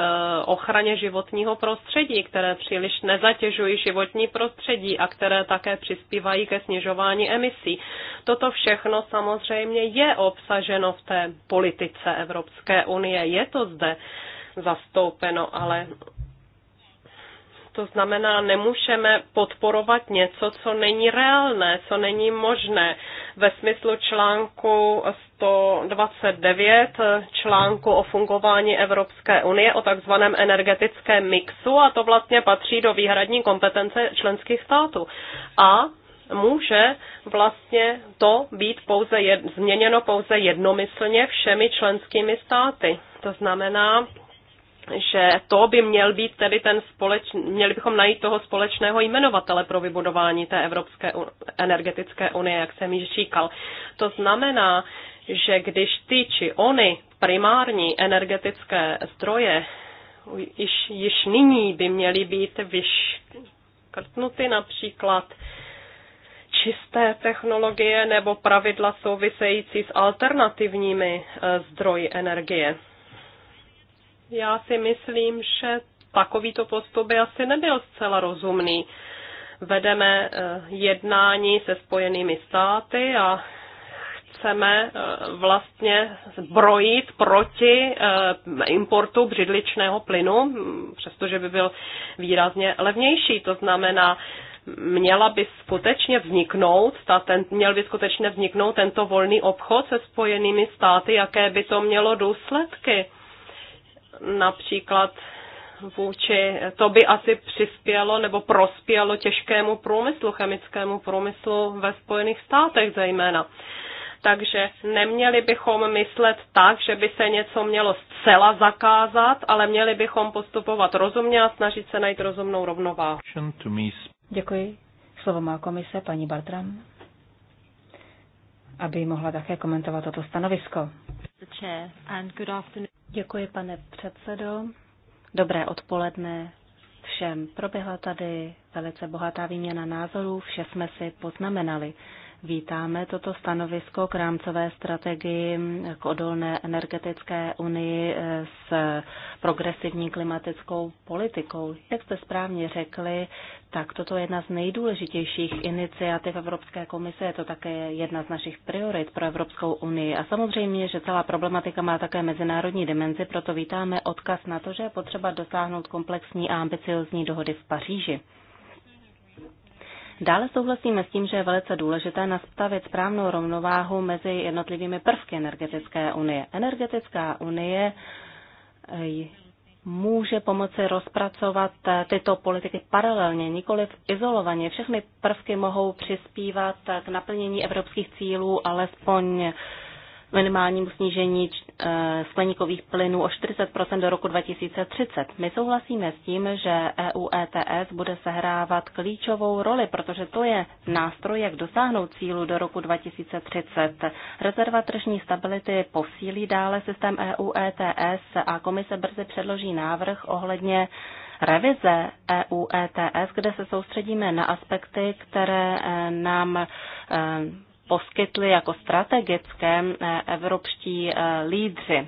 ochraně životního prostředí, které příliš nezatěžují životní prostředí a které také přispívají ke snižování emisí. Toto všechno samozřejmě je obsaženo v té politice Evropské unie. Je to to zde zastoupeno, ale to znamená, nemůžeme podporovat něco, co není reálné, co není možné. Ve smyslu článku 129, článku o fungování Evropské unie, o takzvaném energetickém mixu, a to vlastně patří do výhradní kompetence členských států. A může vlastně to být pouze jed, změněno pouze jednomyslně všemi členskými státy. To znamená, že to by měl být tedy ten společný, měli bychom najít toho společného jmenovatele pro vybudování té Evropské energetické unie, jak jsem již říkal. To znamená, že když ty či ony primární energetické zdroje již, již nyní by měly být vyškrtnuty například čisté technologie nebo pravidla související s alternativními eh, zdroji energie. Já si myslím, že takovýto postup by asi nebyl zcela rozumný. Vedeme eh, jednání se spojenými státy a chceme eh, vlastně zbrojit proti eh, importu břidličného plynu, přestože by byl výrazně levnější. To znamená, měla by skutečně vzniknout, ta ten, měl by skutečně vzniknout tento volný obchod se spojenými státy, jaké by to mělo důsledky například vůči, to by asi přispělo nebo prospělo těžkému průmyslu, chemickému průmyslu ve Spojených státech zejména. Takže neměli bychom myslet tak, že by se něco mělo zcela zakázat, ale měli bychom postupovat rozumně a snažit se najít rozumnou rovnováhu. Děkuji. Slovo má komise paní Bartram, aby mohla také komentovat toto stanovisko. Děkuji, pane předsedo. Dobré odpoledne všem. Proběhla tady velice bohatá výměna názorů, vše jsme si poznamenali. Vítáme toto stanovisko k rámcové strategii k odolné energetické unii s progresivní klimatickou politikou. Jak jste správně řekli, tak toto je jedna z nejdůležitějších iniciativ Evropské komise, je to také jedna z našich priorit pro Evropskou unii. A samozřejmě, že celá problematika má také mezinárodní dimenzi, proto vítáme odkaz na to, že je potřeba dosáhnout komplexní a ambiciozní dohody v Paříži. Dále souhlasíme s tím, že je velice důležité nastavit správnou rovnováhu mezi jednotlivými prvky energetické unie. Energetická unie eh, může pomoci rozpracovat eh, tyto politiky paralelně, nikoli izolovaně. Všechny prvky mohou přispívat eh, k naplnění evropských cílů alespoň minimálnímu snížení eh, skleníkových plynů o 40 do roku 2030. My souhlasíme s tím, že EU ETS bude sehrávat klíčovou roli, protože to je nástroj, jak dosáhnout cílu do roku 2030. Rezerva tržní stability posílí dále systém EU ETS a komise brzy předloží návrh ohledně revize EU ETS, kde se soustředíme na aspekty, které eh, nám eh, poskytli jako strategické eh, evropští eh, lídři.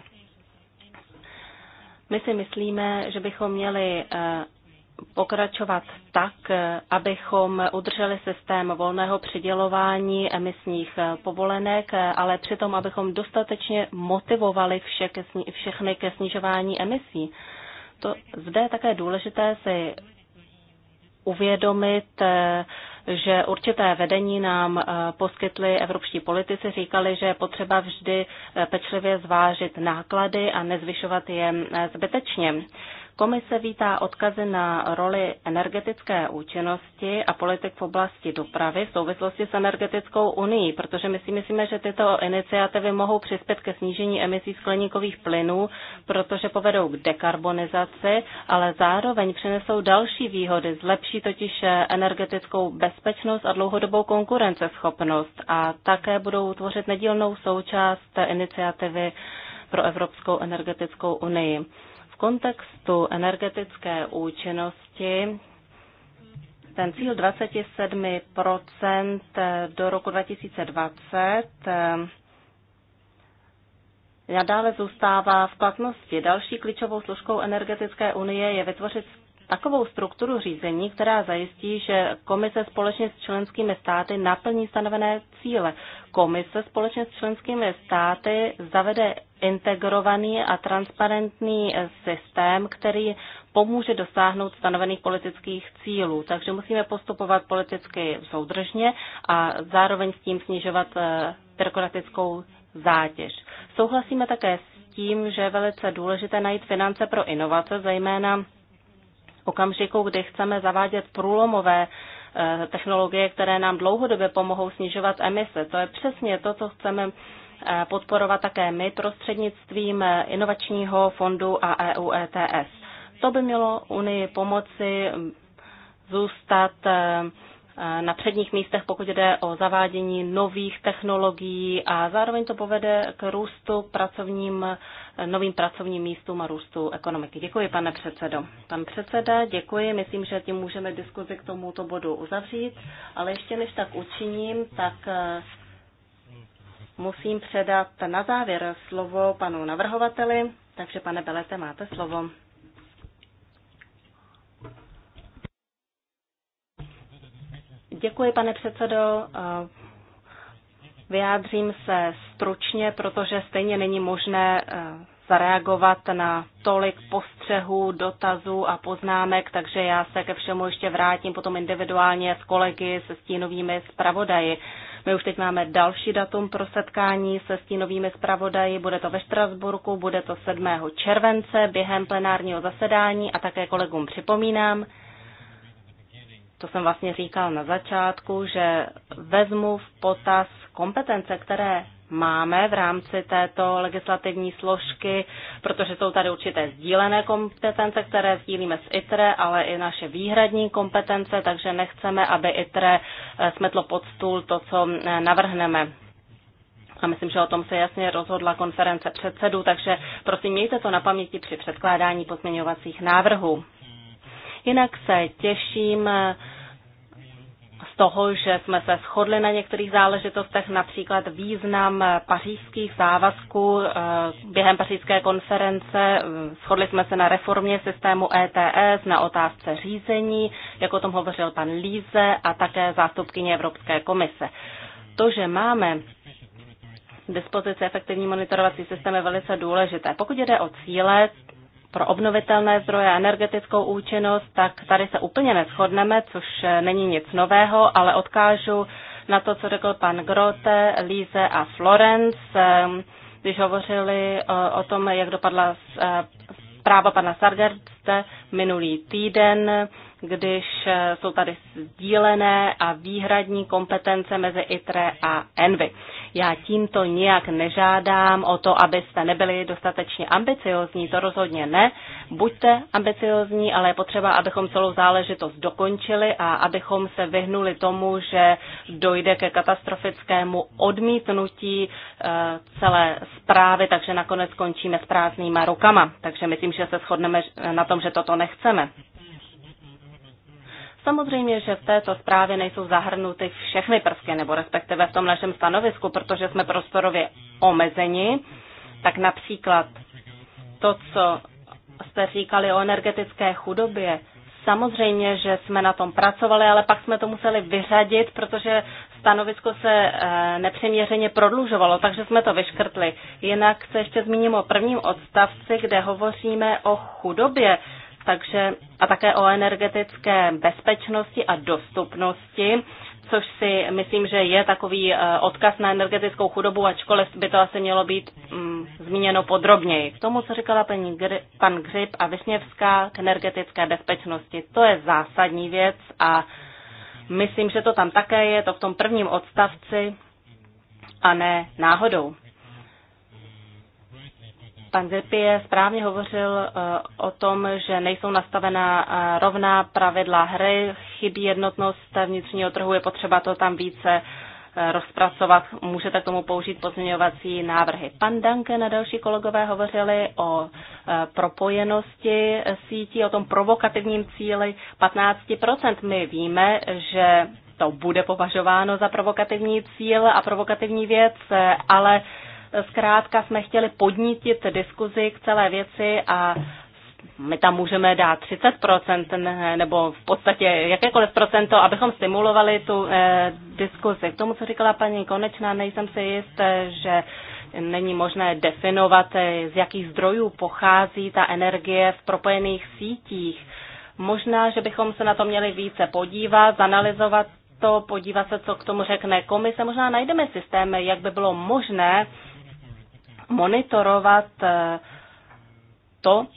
My si myslíme, že bychom měli eh, pokračovat tak, abychom udrželi systém volného přidělování emisních povolenek, ale přitom, abychom dostatečně motivovali vše ke sni- všechny ke snižování emisí. To zde je také důležité si uvědomit, eh, že určité vedení nám eh, poskytli evropští politici, říkali, že je potřeba vždy eh, pečlivě zvážit náklady a nezvyšovat je zbytečně. Komise vítá odkazy na roli energetické účinnosti a politik v oblasti dopravy v souvislosti s energetickou unii, protože my si myslíme, že tyto iniciativy mohou přispět ke snížení emisí skleníkových plynů, protože povedou k dekarbonizaci, ale zároveň přinesou další výhody, zlepší totiž energetickou bezpečnost a dlouhodobou konkurenceschopnost a také budou tvořit nedílnou součást iniciativy pro Evropskou energetickou unii kontextu energetické účinnosti ten cíl 27% do roku 2020 eh, nadále zůstává v platnosti. Další klíčovou složkou energetické unie je vytvořit takovou strukturu řízení, která zajistí, že komise společně s členskými státy naplní stanovené cíle. Komise společně s členskými státy zavede integrovaný a transparentní eh, systém, který pomůže dosáhnout stanovených politických cílů. Takže musíme postupovat politicky soudržně a zároveň s tím snižovat eh, byrokratickou zátěž. Souhlasíme také s tím, že je velice důležité najít finance pro inovace, zejména okamžiku, kdy chceme zavádět průlomové eh, technologie, které nám dlouhodobě pomohou snižovat emise. To je přesně to, co chceme Eh, podporovat také my prostřednictvím inovačního fondu a EU ETS. To by mělo Unii pomoci mm, zůstat eh, eh, na předních místech, pokud jde o zavádění nových technologií a zároveň to povede k růstu pracovním, novým pracovním místům a růstu ekonomiky. Děkuji, pane předsedo. Pan předseda, děkuji. Myslím, že tím můžeme diskuzi k tomuto bodu uzavřít, ale ještě než tak učiním, tak musím předat na závěr slovo panu navrhovateli, takže pane Belete, máte slovo. Děkuji, pane předsedo. Eh, vyjádřím se stručně, protože stejně není možné eh, zareagovat na tolik postřehů, dotazů a poznámek, takže já se ke všemu ještě vrátím potom individuálně s kolegy, se stínovými zpravodaji. My už teď máme další datum pro setkání se stínovými zpravodaji. Bude to ve Štrasburku, bude to 7. července během plenárního zasedání a také kolegům připomínám, to jsem vlastně říkal na začátku, že vezmu v potaz kompetence, které máme v rámci této legislativní složky, protože jsou tady určité sdílené kompetence, které sdílíme s ITRE, ale i naše výhradní kompetence, takže nechceme, aby ITRE eh, smetlo pod stůl to, co eh, navrhneme. A myslím, že o tom se jasně rozhodla konference předsedů, takže prosím mějte to na paměti při předkládání pozměňovacích návrhů. Jinak se těším eh, z toho, že jsme se shodli na některých záležitostech, například význam eh, pařížských závazků eh, během pařížské konference. Eh, shodli jsme se na reformě systému ETS, na otázce řízení, jak o tom hovořil pan Líze a také zástupkyně Evropské komise. To, že máme dispozici efektivní monitorovací systém je velice důležité. Pokud jde o cíle, pro obnovitelné zdroje a energetickou účinnost, tak tady se úplně neschodneme, což eh, není nic nového, ale odkážu na to, co řekl pan Grote, Líze a Florence, ehm, když hovořili eh, o tom, jak dopadla eh, práva pana Sargerste minulý týden když eh, jsou tady sdílené a výhradní kompetence mezi ITRE a ENVY. Já tímto nijak nežádám o to, abyste nebyli dostatečně ambiciozní, to rozhodně ne. Buďte ambiciozní, ale je potřeba, abychom celou záležitost dokončili a abychom se vyhnuli tomu, že dojde ke katastrofickému odmítnutí eh, celé zprávy, takže nakonec skončíme s prázdnýma rukama. Takže myslím, že se shodneme na tom, že toto nechceme. Samozřejmě, že v této zprávě nejsou zahrnuty všechny prvky, nebo respektive v tom našem stanovisku, protože jsme prostorově omezeni, tak například to, co jste říkali o energetické chudobě, Samozřejmě, že jsme na tom pracovali, ale pak jsme to museli vyřadit, protože stanovisko se eh, nepřiměřeně prodlužovalo, takže jsme to vyškrtli. Jinak se ještě zmíním o prvním odstavci, kde hovoříme o chudobě takže, a také o energetické bezpečnosti a dostupnosti, což si myslím, že je takový eh, odkaz na energetickou chudobu, ačkoliv by to asi mělo být mm, zmíněno podrobněji. K tomu, co říkala paní Gry, pan Grip a Vysněvská k energetické bezpečnosti, to je zásadní věc a myslím, že to tam také je, to v tom prvním odstavci a ne náhodou. Pan Zepie správně hovořil eh, o tom, že nejsou nastavená eh, rovná pravidla hry, chybí jednotnost vnitřního trhu, je potřeba to tam více eh, rozpracovat. Můžete k tomu použít pozměňovací návrhy. Pan Danke a další kolegové hovořili o propojenosti sítí, o tom provokativním cíli 15%. My víme, že to bude považováno za provokativní cíl a provokativní věc, ale Zkrátka jsme chtěli podnítit diskuzi k celé věci a my tam můžeme dát 30% nebo v podstatě jakékoliv procento, abychom stimulovali tu eh, diskuzi. K tomu, co říkala paní Konečná, nejsem si jist, že není možné definovat, eh, z jakých zdrojů pochází ta energie v propojených sítích. Možná, že bychom se na to měli více podívat, zanalizovat to, podívat se, co k tomu řekne komise. Možná najdeme systémy, jak by bylo možné eh, monitorovat eh, to,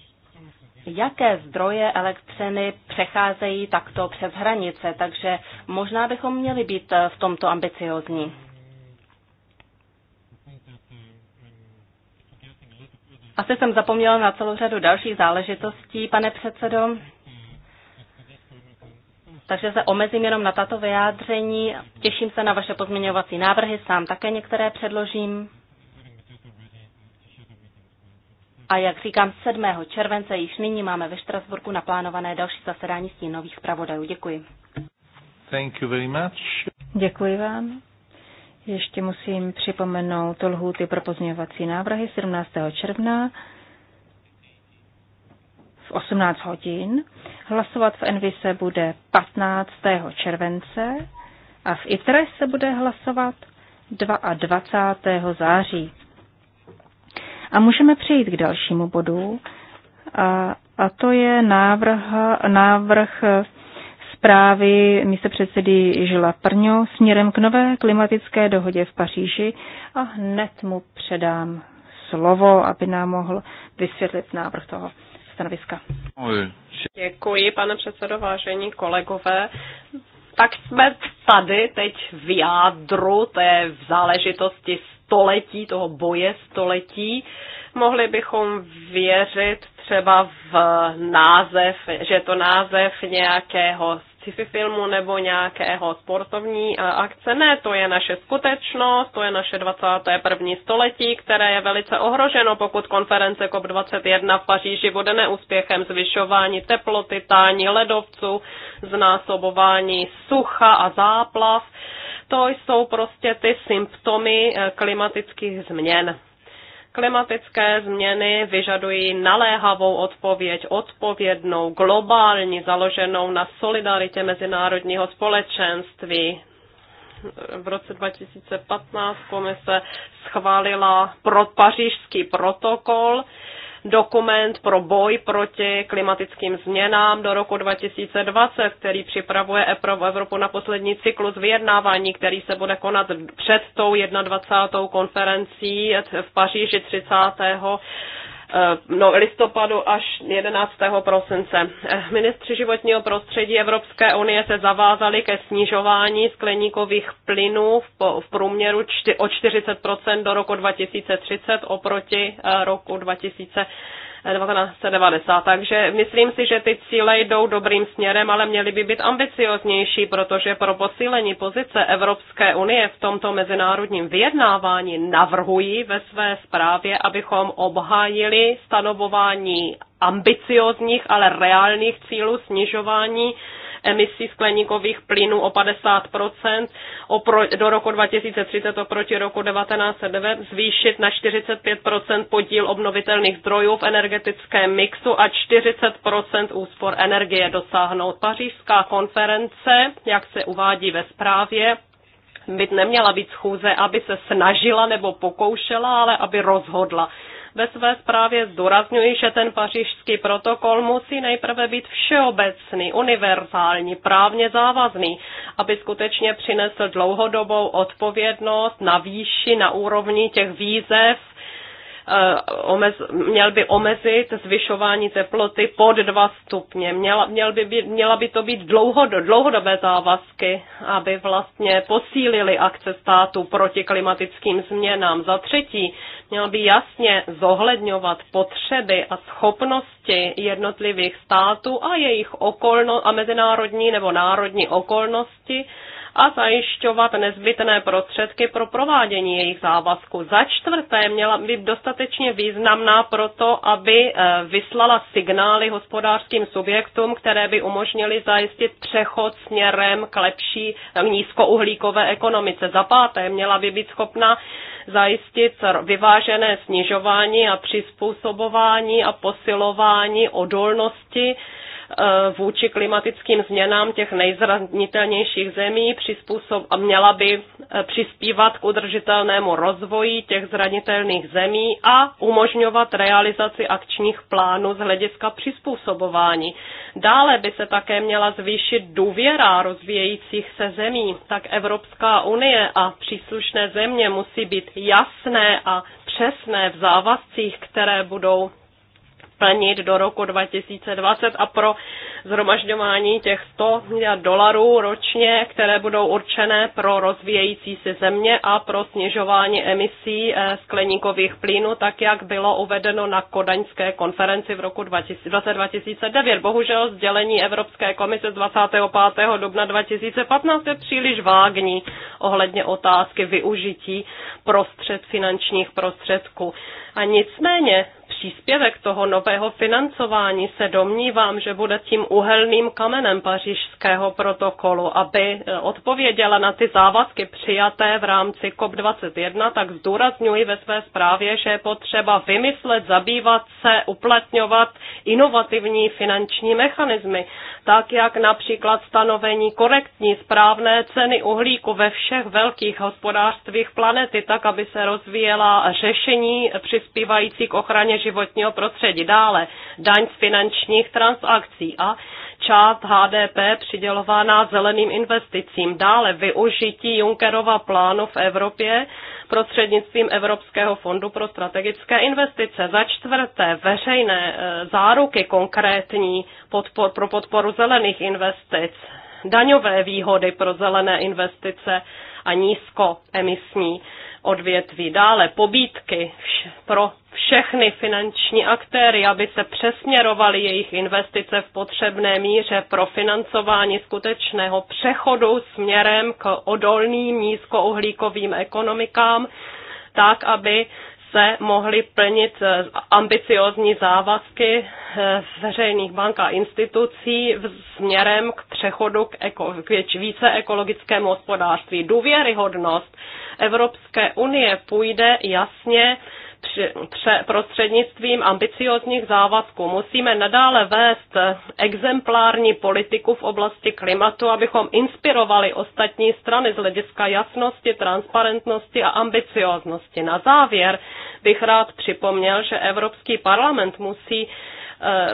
jaké zdroje elektřiny přecházejí takto přes hranice, takže možná bychom měli být eh, v tomto ambiciozní. Asi jsem zapomněla na celou řadu dalších záležitostí, pane předsedo. Takže se omezím jenom na tato vyjádření. Těším se na vaše pozměňovací návrhy, sám také některé předložím. A jak říkám, 7. července již nyní máme ve Štrasburku naplánované další zasedání stínových zpravodajů. Děkuji. Thank you very much. Děkuji vám. Ještě musím připomenout lhůty pro pozměňovací návrhy 17. června v 18 hodin. Hlasovat v Envy se bude 15. července a v ITRE se bude hlasovat 22. září. A můžeme přejít k dalšímu bodu, a, a to je návrh, návrh zprávy předsedy Žila Prňo směrem k nové klimatické dohodě v Paříži a hned mu předám slovo, aby nám mohl vysvětlit návrh toho stanoviska. Děkuji, pane předsedo, vážení kolegové. Tak jsme tady teď v jádru té záležitosti záležitosti století, toho boje století. Mohli bychom věřit třeba v název, že je to název nějakého sci-fi filmu nebo nějakého sportovní eh, akce. Ne, to je naše skutečnost, to je naše 21. století, které je velice ohroženo, pokud konference COP21 v Paříži bude neúspěchem zvyšování teploty, tání ledovců, znásobování sucha a záplav. To jsou prostě ty symptomy eh, klimatických změn. Klimatické změny vyžadují naléhavou odpověď, odpovědnou, globální, založenou na solidaritě mezinárodního společenství. V roce 2015 komise schválila pro pařížský protokol, dokument pro boj proti klimatickým změnám do roku 2020, který připravuje Evropu na poslední cyklus vyjednávání, který se bude konat před tou 21. konferencí v Paříži 30. Eh, no, listopadu až 11. prosince. Eh, ministři životního prostředí Evropské unie se zavázali ke snižování skleníkových plynů v průměru o 40 do roku 2030 oproti eh, roku 2000 1990. Takže myslím si, že ty cíle jdou dobrým směrem, ale měly by být ambicioznější, protože pro posílení pozice Evropské unie v tomto mezinárodním vyjednávání navrhují ve své zprávě, abychom obhájili stanovování ambiciozních, ale reálných cílů snižování emisí skleníkových plynů o 50 opro- do roku 2030 oproti roku 1909, zvýšit na 45 podíl obnovitelných zdrojů v energetickém mixu a 40 úspor energie dosáhnout. Pařížská konference, jak se uvádí ve zprávě, byt neměla být schůze, aby se snažila nebo pokoušela, ale aby rozhodla. Ve své zprávě zdůrazňují, že ten pařížský protokol musí nejprve být všeobecný, univerzální, právně závazný, aby skutečně přinesl dlouhodobou odpovědnost na výši, na úrovni těch výzev, Eh, omez, měl by omezit zvyšování teploty pod 2 stupně. Měla, měl by být, měla by to být dlouhod, dlouhodobé závazky, aby vlastně posílili akce států proti klimatickým změnám. Za třetí, měl by jasně zohledňovat potřeby a schopnosti jednotlivých států a jejich okolno, a mezinárodní nebo národní okolnosti, a zajišťovat nezbytné prostředky pro provádění jejich závazku. Za čtvrté měla být dostatečně významná proto, aby eh, vyslala signály hospodářským subjektům, které by umožnily zajistit přechod směrem k lepší eh, nízkouhlíkové ekonomice. Za páté měla by být schopna zajistit vyvážené snižování a přizpůsobování a posilování odolnosti Eh, vůči klimatickým změnám těch nejzranitelnějších zemí přizpůsob, a měla by eh, přispívat k udržitelnému rozvoji těch zranitelných zemí a umožňovat realizaci akčních plánů z hlediska přizpůsobování. Dále by se také měla zvýšit důvěra rozvíjejících se zemí. Tak Evropská unie a příslušné země musí být jasné a přesné v závazcích, které budou plnit do roku 2020 a pro zhromažďování těch 100 miliard dolarů ročně, které budou určené pro rozvíjející se země a pro snižování emisí eh, skleníkových plynů, tak jak bylo uvedeno na kodaňské konferenci v roku 2009. Bohužel sdělení Evropské komise z 25. dubna 2015 je příliš vágní ohledně otázky využití prostřed finančních prostředků. A nicméně příspěvek toho nového financování se domnívám, že bude tím uhelným kamenem pařížského protokolu, aby e, odpověděla na ty závazky přijaté v rámci COP21, tak zdůrazňuji ve své zprávě, že je potřeba vymyslet, zabývat se, uplatňovat inovativní finanční mechanismy, tak jak například stanovení korektní správné ceny uhlíku ve všech velkých hospodářstvích planety, tak aby se rozvíjela řešení přispívající k ochraně životního prostředí. Dále daň z finančních transakcí a část HDP přidělovaná zeleným investicím. Dále využití Junckerova plánu v Evropě prostřednictvím Evropského fondu pro strategické investice. Za čtvrté, veřejné eh, záruky konkrétní podpor, pro podporu zelených investic, daňové výhody pro zelené investice a nízkoemisní odvětví. Dále pobídky pro všechny finanční aktéry, aby se přesměrovaly jejich investice v potřebné míře pro financování skutečného přechodu směrem k odolným nízkouhlíkovým ekonomikám, tak, aby se mohly plnit eh, ambiciozní závazky eh, veřejných bank a institucí směrem k přechodu k, eko, k více ekologickému hospodářství. Důvěryhodnost Evropské unie půjde jasně prostřednictvím ambiciozních závazků. Musíme nadále vést exemplární politiku v oblasti klimatu, abychom inspirovali ostatní strany z hlediska jasnosti, transparentnosti a ambicioznosti. Na závěr bych rád připomněl, že Evropský parlament musí eh,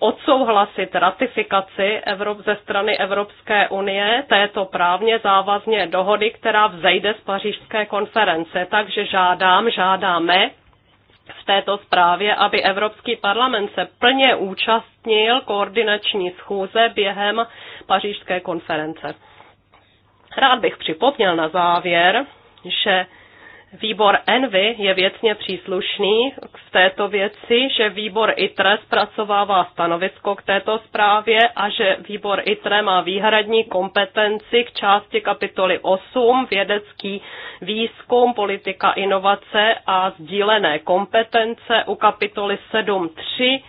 odsouhlasit ratifikaci Evrop, ze strany Evropské unie této právně závazně dohody, která vzejde z pařížské konference. Takže žádám, žádáme v této zprávě, aby Evropský parlament se plně účastnil koordinační schůze během pařížské konference. Rád bych připomněl na závěr, že Výbor Envy je věcně příslušný k této věci, že výbor ITRE zpracovává stanovisko k této zprávě a že výbor ITRE má výhradní kompetenci k části kapitoly 8 vědecký výzkum, politika inovace a sdílené kompetence u kapitoly 7.3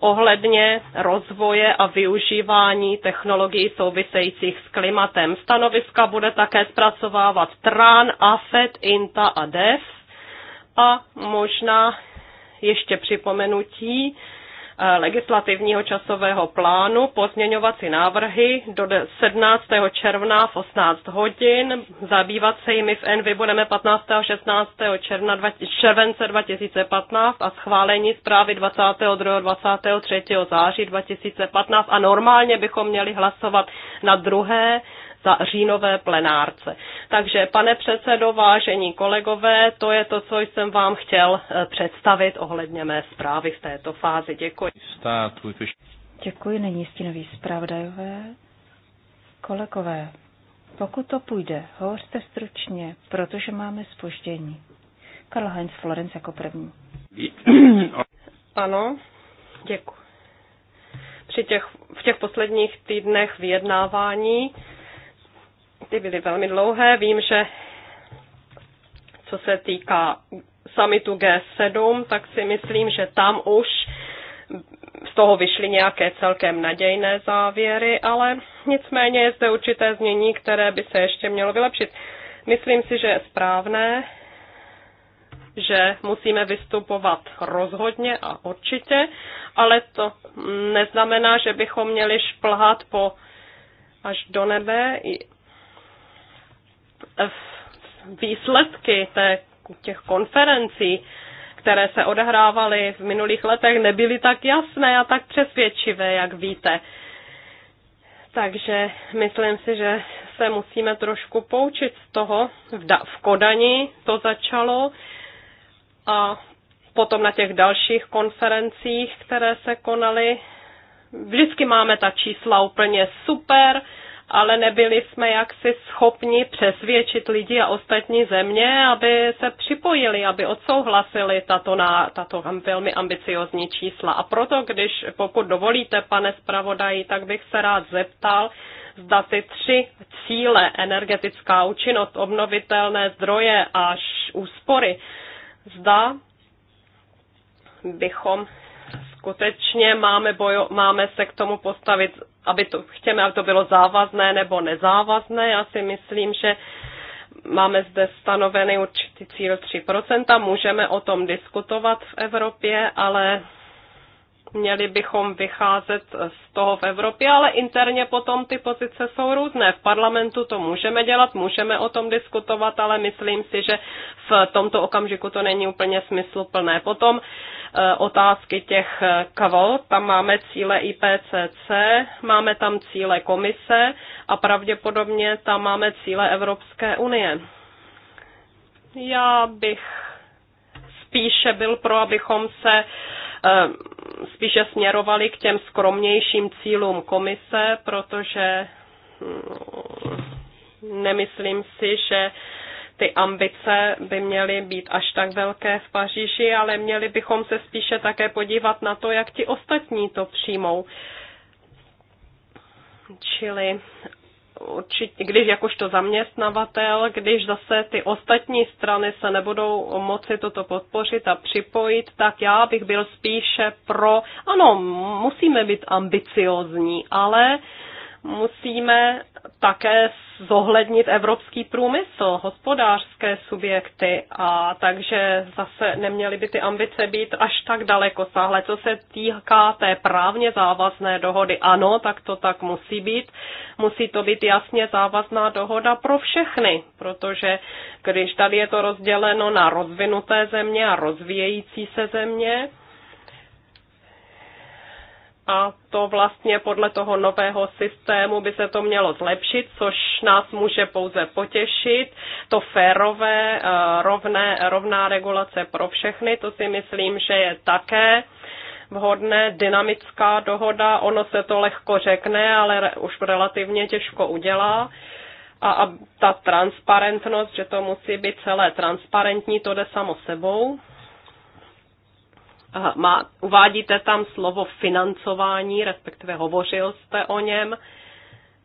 ohledně rozvoje a využívání technologií souvisejících s klimatem. Stanoviska bude také zpracovávat TRAN, AFET, INTA a DEF a možná ještě připomenutí, Eh, legislativního časového plánu pozměňovací návrhy do 17. června v 18 hodin. Zabývat se jimi v Envy budeme 15. a 16. Června, července 2015 a schválení zprávy 22. 23. září 2015 a normálně bychom měli hlasovat na druhé ta říjnové plenárce. Takže, pane předsedo, vážení kolegové, to je to, co jsem vám chtěl eh, představit ohledně mé zprávy v této fázi. Děkuji. Děkuji, není stínový zpravodajové. Kolegové, pokud to půjde, hovořte stručně, protože máme spoždění. Karl Heinz Florence jako první. Ano, děkuji. Při těch, v těch posledních týdnech vyjednávání ty byly velmi dlouhé. Vím, že co se týká samitu G7, tak si myslím, že tam už z toho vyšly nějaké celkem nadějné závěry, ale nicméně je zde určité změní, které by se ještě mělo vylepšit. Myslím si, že je správné, že musíme vystupovat rozhodně a určitě, ale to neznamená, že bychom měli šplhat po až do nebe výsledky té, těch konferencí, které se odehrávaly v minulých letech, nebyly tak jasné a tak přesvědčivé, jak víte. Takže myslím si, že se musíme trošku poučit z toho. V, da- v Kodani to začalo a potom na těch dalších konferencích, které se konaly. Vždycky máme ta čísla úplně super, ale nebyli jsme jaksi schopni přesvědčit lidi a ostatní země, aby se připojili, aby odsouhlasili tato, na, tato velmi ambiciozní čísla. A proto, když pokud dovolíte, pane zpravodaji, tak bych se rád zeptal, zda ty tři cíle, energetická účinnost, obnovitelné zdroje až úspory, zda bychom skutečně máme, bojo, máme se k tomu postavit, aby to, chceme, aby to bylo závazné nebo nezávazné. Já si myslím, že máme zde stanovený určitý cíl 3%, můžeme o tom diskutovat v Evropě, ale Měli bychom vycházet z toho v Evropě, ale interně potom ty pozice jsou různé. V parlamentu to můžeme dělat, můžeme o tom diskutovat, ale myslím si, že v tomto okamžiku to není úplně smysluplné. Potom eh, otázky těch eh, kavol, tam máme cíle IPCC, máme tam cíle komise a pravděpodobně tam máme cíle Evropské unie. Já bych spíše byl pro, abychom se Eh, spíše směrovali k těm skromnějším cílům komise, protože hm, nemyslím si, že ty ambice by měly být až tak velké v Paříži, ale měli bychom se spíše také podívat na to, jak ti ostatní to přijmou. Čili určitě, když jakožto zaměstnavatel, když zase ty ostatní strany se nebudou moci toto podpořit a připojit, tak já bych byl spíše pro, ano, musíme být ambiciozní, ale uh, musíme také zohlednit evropský průmysl, hospodářské subjekty a takže zase neměly by ty ambice být až tak daleko sáhle. Co se týká té právně závazné dohody, ano, tak to tak musí být. Musí to být jasně závazná dohoda pro všechny, protože když tady je to rozděleno na rozvinuté země a rozvíjející se země, a to vlastně podle toho nového systému by se to mělo zlepšit, což nás může pouze potěšit. To férové, eh, rovné, rovná regulace pro všechny, to si myslím, že je také vhodné, dynamická dohoda, ono se to lehko řekne, ale už relativně těžko udělá. A, a ta transparentnost, že to musí být celé transparentní, to jde samo sebou má, uvádíte tam slovo financování, respektive hovořil jste o něm.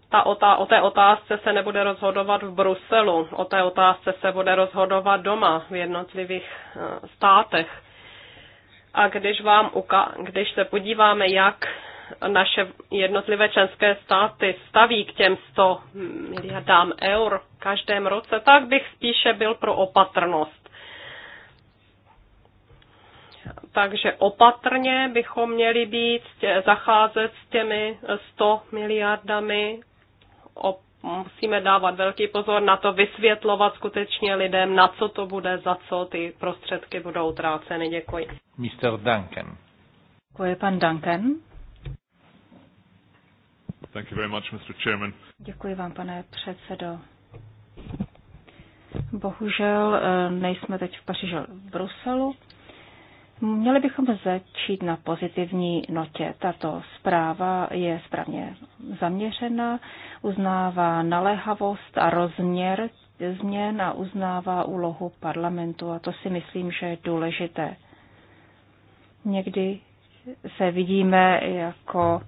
Ta, otá, o té otázce se nebude rozhodovat v Bruselu, o té otázce se bude rozhodovat doma v jednotlivých eh, státech. A když, vám uka- když se podíváme, jak naše jednotlivé členské státy staví k těm 100 miliardám eur každém roce, tak bych spíše byl pro opatrnost takže opatrně bychom měli být, zacházet s těmi 100 miliardami. Musíme dávat velký pozor na to, vysvětlovat skutečně lidem, na co to bude, za co ty prostředky budou tráceny. Děkuji. Mr. Duncan. Děkuji, pan Duncan. Thank you very much, Mr. Chairman. Děkuji vám, pane předsedo. Bohužel eh, nejsme teď v Paříži v Bruselu, Měli bychom začít na pozitivní notě. Tato zpráva je správně zaměřena, uznává naléhavost a rozměr změn a uznává úlohu parlamentu a to si myslím, že je důležité. Někdy se vidíme jako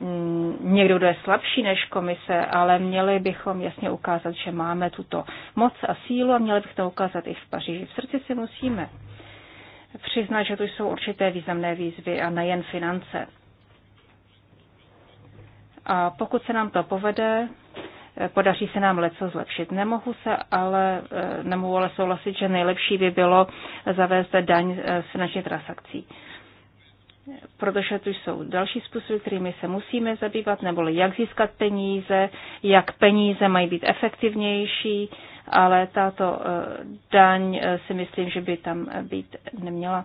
mm, někdo, kdo je slabší než komise, ale měli bychom jasně ukázat, že máme tuto moc a sílu a měli bychom to ukázat i v Paříži. V srdci si musíme přiznat, že tu jsou určité významné výzvy a nejen finance. A pokud se nám to povede, podaří se nám leco zlepšit. Nemohu se ale, e, nemohu ale souhlasit, že nejlepší by bylo zavést daň z e, finančních transakcí. Protože tu jsou další způsoby, kterými se musíme zabývat, nebo jak získat peníze, jak peníze mají být efektivnější, ale tato eh, daň eh, si myslím, že by tam eh, být neměla.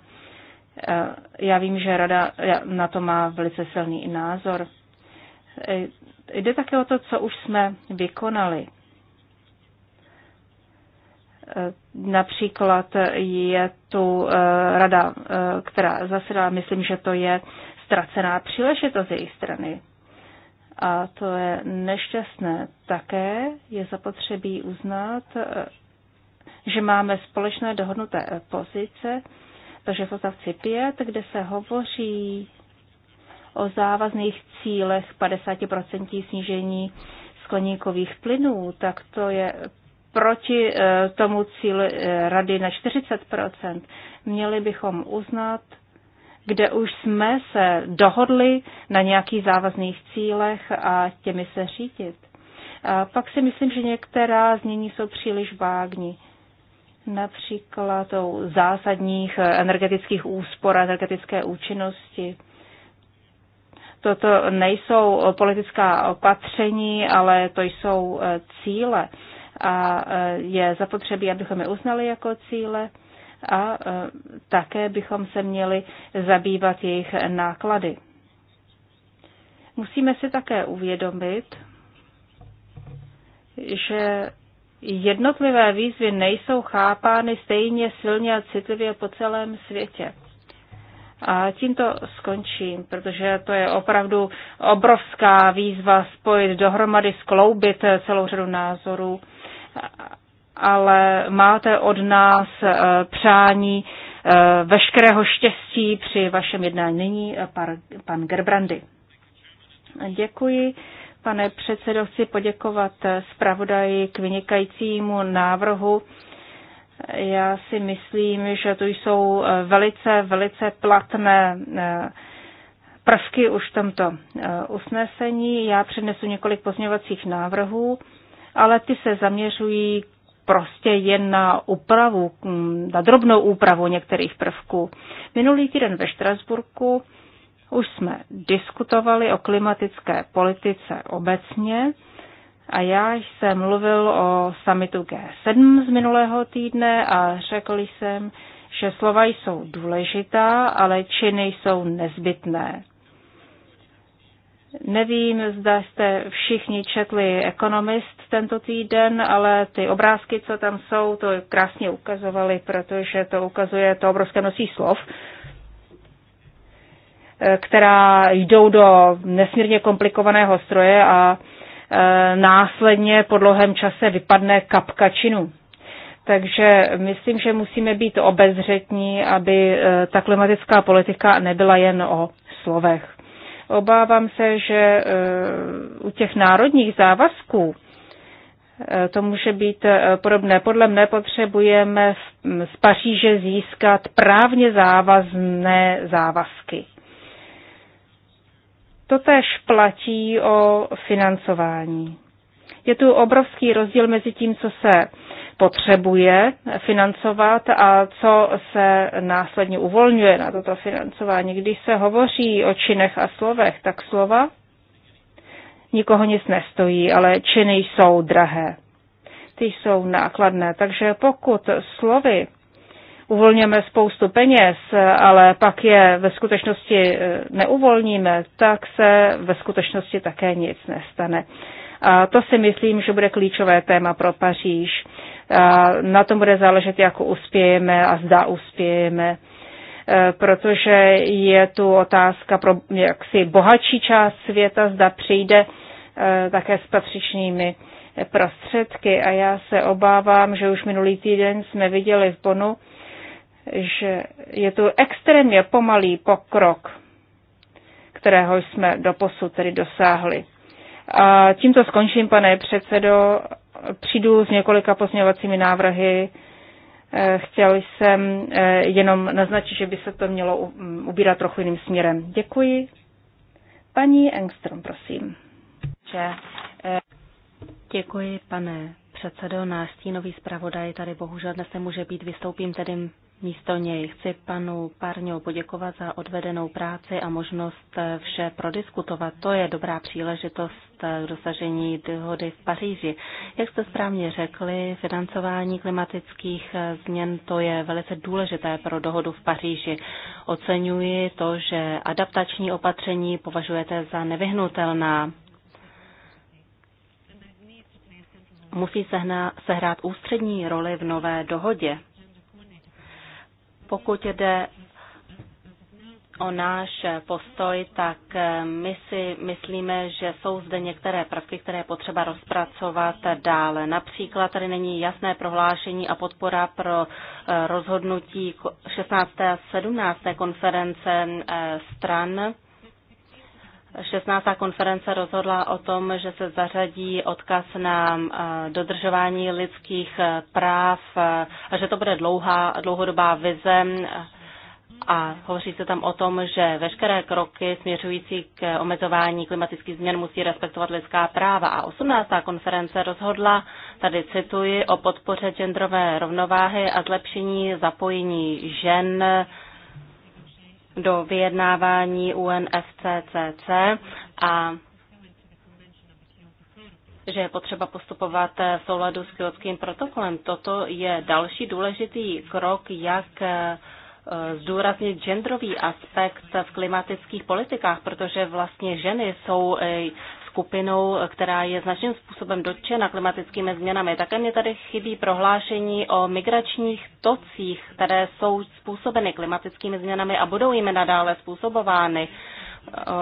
Já vím, že rada na to má velice silný názor. Jde také o to, co už jsme vykonali. Například je tu rada, která zasedá, myslím, že to je ztracená příležitost z její strany a to je nešťastné. Také je zapotřebí uznat, eh, že máme společné dohodnuté eh, pozice, takže v odstavci 5, kde se hovoří o závazných cílech 50% snížení skleníkových plynů, tak to je proti eh, tomu cíli Rady na 40 Měli bychom uznat, kde už jsme se dohodli na nějakých závazných cílech a těmi se řídit. A pak si myslím, že některá změní jsou příliš vágní. Například o zásadních energetických úspor a energetické účinnosti. Toto nejsou politická opatření, ale to jsou e, cíle. A e, je zapotřebí, abychom je uznali jako cíle a e, také bychom se měli zabývat jejich náklady. Musíme si také uvědomit, že jednotlivé výzvy nejsou chápány stejně silně a citlivě po celém světě. A tímto skončím, protože to je opravdu obrovská výzva spojit dohromady, skloubit celou řadu názorů ale máte od nás eh, přání eh, veškerého štěstí při vašem jednání. Nyní eh, pan Gerbrandy. Děkuji. Pane předsedo, chci poděkovat zpravodaji k vynikajícímu návrhu. Já si myslím, že tu jsou velice, velice platné prvky už v tomto usnesení. Já přednesu několik pozměňovacích návrhů, ale ty se zaměřují prostě jen na úpravu, na drobnou úpravu některých prvků. Minulý týden ve Štrasburku už jsme diskutovali o klimatické politice obecně a já jsem mluvil o samitu G7 z minulého týdne a řekl jsem, že slova jsou důležitá, ale činy jsou nezbytné. Nevím, zda jste všichni četli Economist tento týden, ale ty obrázky, co tam jsou, to krásně ukazovaly, protože to ukazuje to obrovské množství slov, eh, která jdou do nesmírně komplikovaného stroje a eh, následně po dlouhém čase vypadne kapka činu. Takže myslím, že musíme být obezřetní, aby eh, ta klimatická politika nebyla jen o slovech. Obávám se, že e, u těch národních závazků e, to může být e, podobné. Podle mne potřebujeme z Paříže získat právně závazné závazky. Totež platí o financování. Je tu obrovský rozdíl mezi tím, co se potřebuje financovat a co se následně uvolňuje na toto financování. Když se hovoří o činech a slovech, tak slova nikoho nic nestojí, ale činy jsou drahé. Ty jsou nákladné, takže pokud slovy uvolňujeme spoustu peněz, ale pak je ve skutečnosti e, neuvolníme, tak se ve skutečnosti také nic nestane. A to si myslím, že bude klíčové téma pro Paříž. A na tom bude záležet, jak uspějeme a zda uspějeme e, protože je tu otázka pro jaksi bohatší část světa, zda přijde e, také s patřičnými prostředky. A já se obávám, že už minulý týden jsme viděli v Bonu, že je tu extrémně pomalý pokrok, kterého jsme doposud tedy dosáhli. A tímto skončím, pane předsedo. Přijdu s několika pozměňovacími návrhy. Eh, chtěl jsem eh, jenom naznačit, že by se to mělo mm, ubírat trochu jiným směrem. Děkuji. Paní Engstrom, prosím. Eh, děkuji, pane předsedo. Náš stínový zpravodaj tady bohužel dnes nemůže být. Vystoupím tedy místo něj. Chci panu Párňou poděkovat za odvedenou práci a možnost vše prodiskutovat. To je dobrá příležitost k dosažení dohody v Paříži. Jak jste správně řekli, financování klimatických změn to je velice důležité pro dohodu v Paříži. Oceňuji to, že adaptační opatření považujete za nevyhnutelná. Musí sehrát ústřední roli v nové dohodě. Pokud jde o náš postoj, tak my si myslíme, že jsou zde některé prvky, které je potřeba rozpracovat dále. Například tady není jasné prohlášení a podpora pro eh, rozhodnutí 16. a 17. konference eh, stran 16. konference rozhodla o tom, že se zařadí odkaz na eh, dodržování lidských eh, práv eh, a že to bude dlouhá, dlouhodobá vize a hovoří se tam o tom, že veškeré kroky směřující k omezování klimatických změn musí respektovat lidská práva. A 18. konference rozhodla, tady cituji, o podpoře genderové rovnováhy a zlepšení zapojení žen do vyjednávání UNFCCC a že je potřeba postupovat v souladu s kyotským protokolem. Toto je další důležitý krok, jak eh, zdůraznit genderový aspekt v klimatických politikách, protože vlastně ženy jsou eh, skupinou, která je značným způsobem dotčena klimatickými změnami. Také mě tady chybí prohlášení o migračních tocích, které jsou způsobeny klimatickými změnami a budou jimi nadále způsobovány.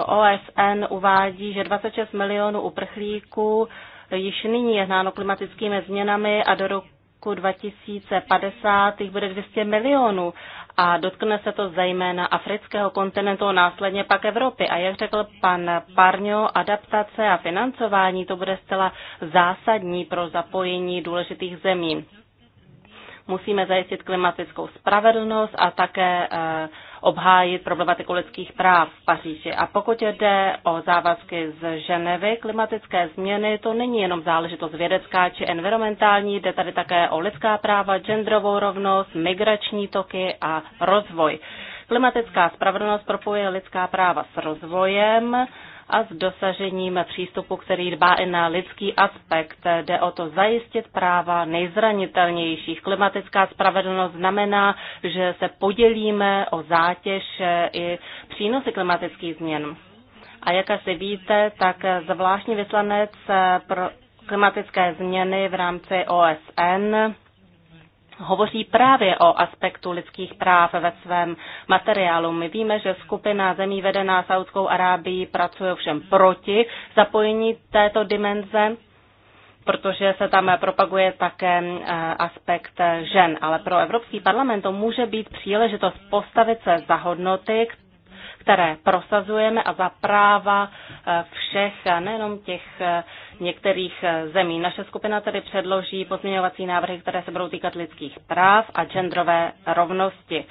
OSN uvádí, že 26 milionů uprchlíků již nyní je hnáno klimatickými změnami a do roku 2050 jich bude 200 milionů a dotkne se to zejména afrického kontinentu a následně pak Evropy. A jak řekl pan Parňo, adaptace a financování to bude zcela zásadní pro zapojení důležitých zemí. Musíme zajistit klimatickou spravedlnost a také eh, obhájit problematiku lidských práv v Paříži. A pokud jde o závazky z Ženevy, klimatické změny, to není jenom záležitost vědecká či environmentální, jde tady také o lidská práva, genderovou rovnost, migrační toky a rozvoj. Klimatická spravedlnost propojuje lidská práva s rozvojem a s dosažením přístupu, který dbá i na lidský aspekt. Jde o to zajistit práva nejzranitelnějších. Klimatická spravedlnost znamená, že se podělíme o zátěž i přínosy klimatických změn. A jak asi víte, tak zvláštní vyslanec pro klimatické změny v rámci OSN hovoří právě o aspektu lidských práv ve svém materiálu. My víme, že skupina zemí vedená Saudskou Arábií pracuje všem proti zapojení této dimenze protože se tam propaguje také eh, aspekt žen. Ale pro Evropský parlament to může být příležitost postavit se za hodnoty, které prosazujeme a za práva eh, všech, nejenom těch eh, některých eh, zemí. Naše skupina tedy předloží pozměňovací návrhy, které se budou týkat lidských práv a genderové rovnosti.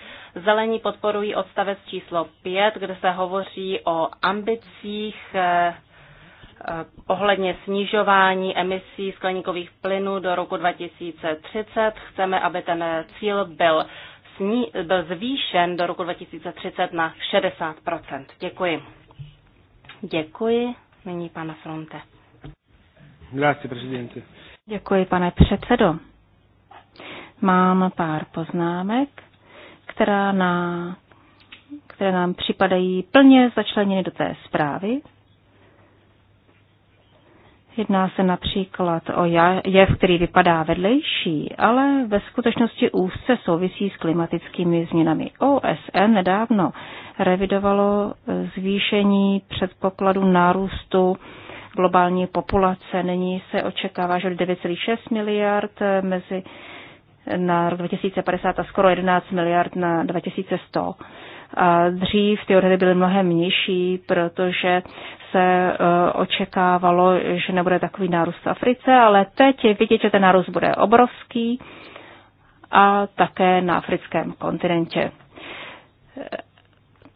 Zelení podporují odstavec číslo 5, kde se hovoří o ambicích ohledně snižování emisí skleníkových plynů do roku 2030. Chceme, aby ten cíl byl sní, byl zvýšen do roku 2030 na 60 Děkuji. Děkuji. Nyní pana Fronte. Grazie, Děkuji, pane předsedo. Mám pár poznámek, která na, které nám připadají plně začleněny do té zprávy, Jedná se například o jev, který vypadá vedlejší, ale ve skutečnosti úzce souvisí s klimatickými změnami. OSN nedávno revidovalo zvýšení předpokladu nárůstu globální populace. Nyní se očekává, že 9,6 miliard mezi na rok 2050 a skoro 11 miliard na 2100. A dřív ty odhady byly mnohem nižší, protože se e, očekávalo, že nebude takový nárůst v Africe, ale teď je vidět, že ten nárůst bude obrovský a také na africkém kontinentě.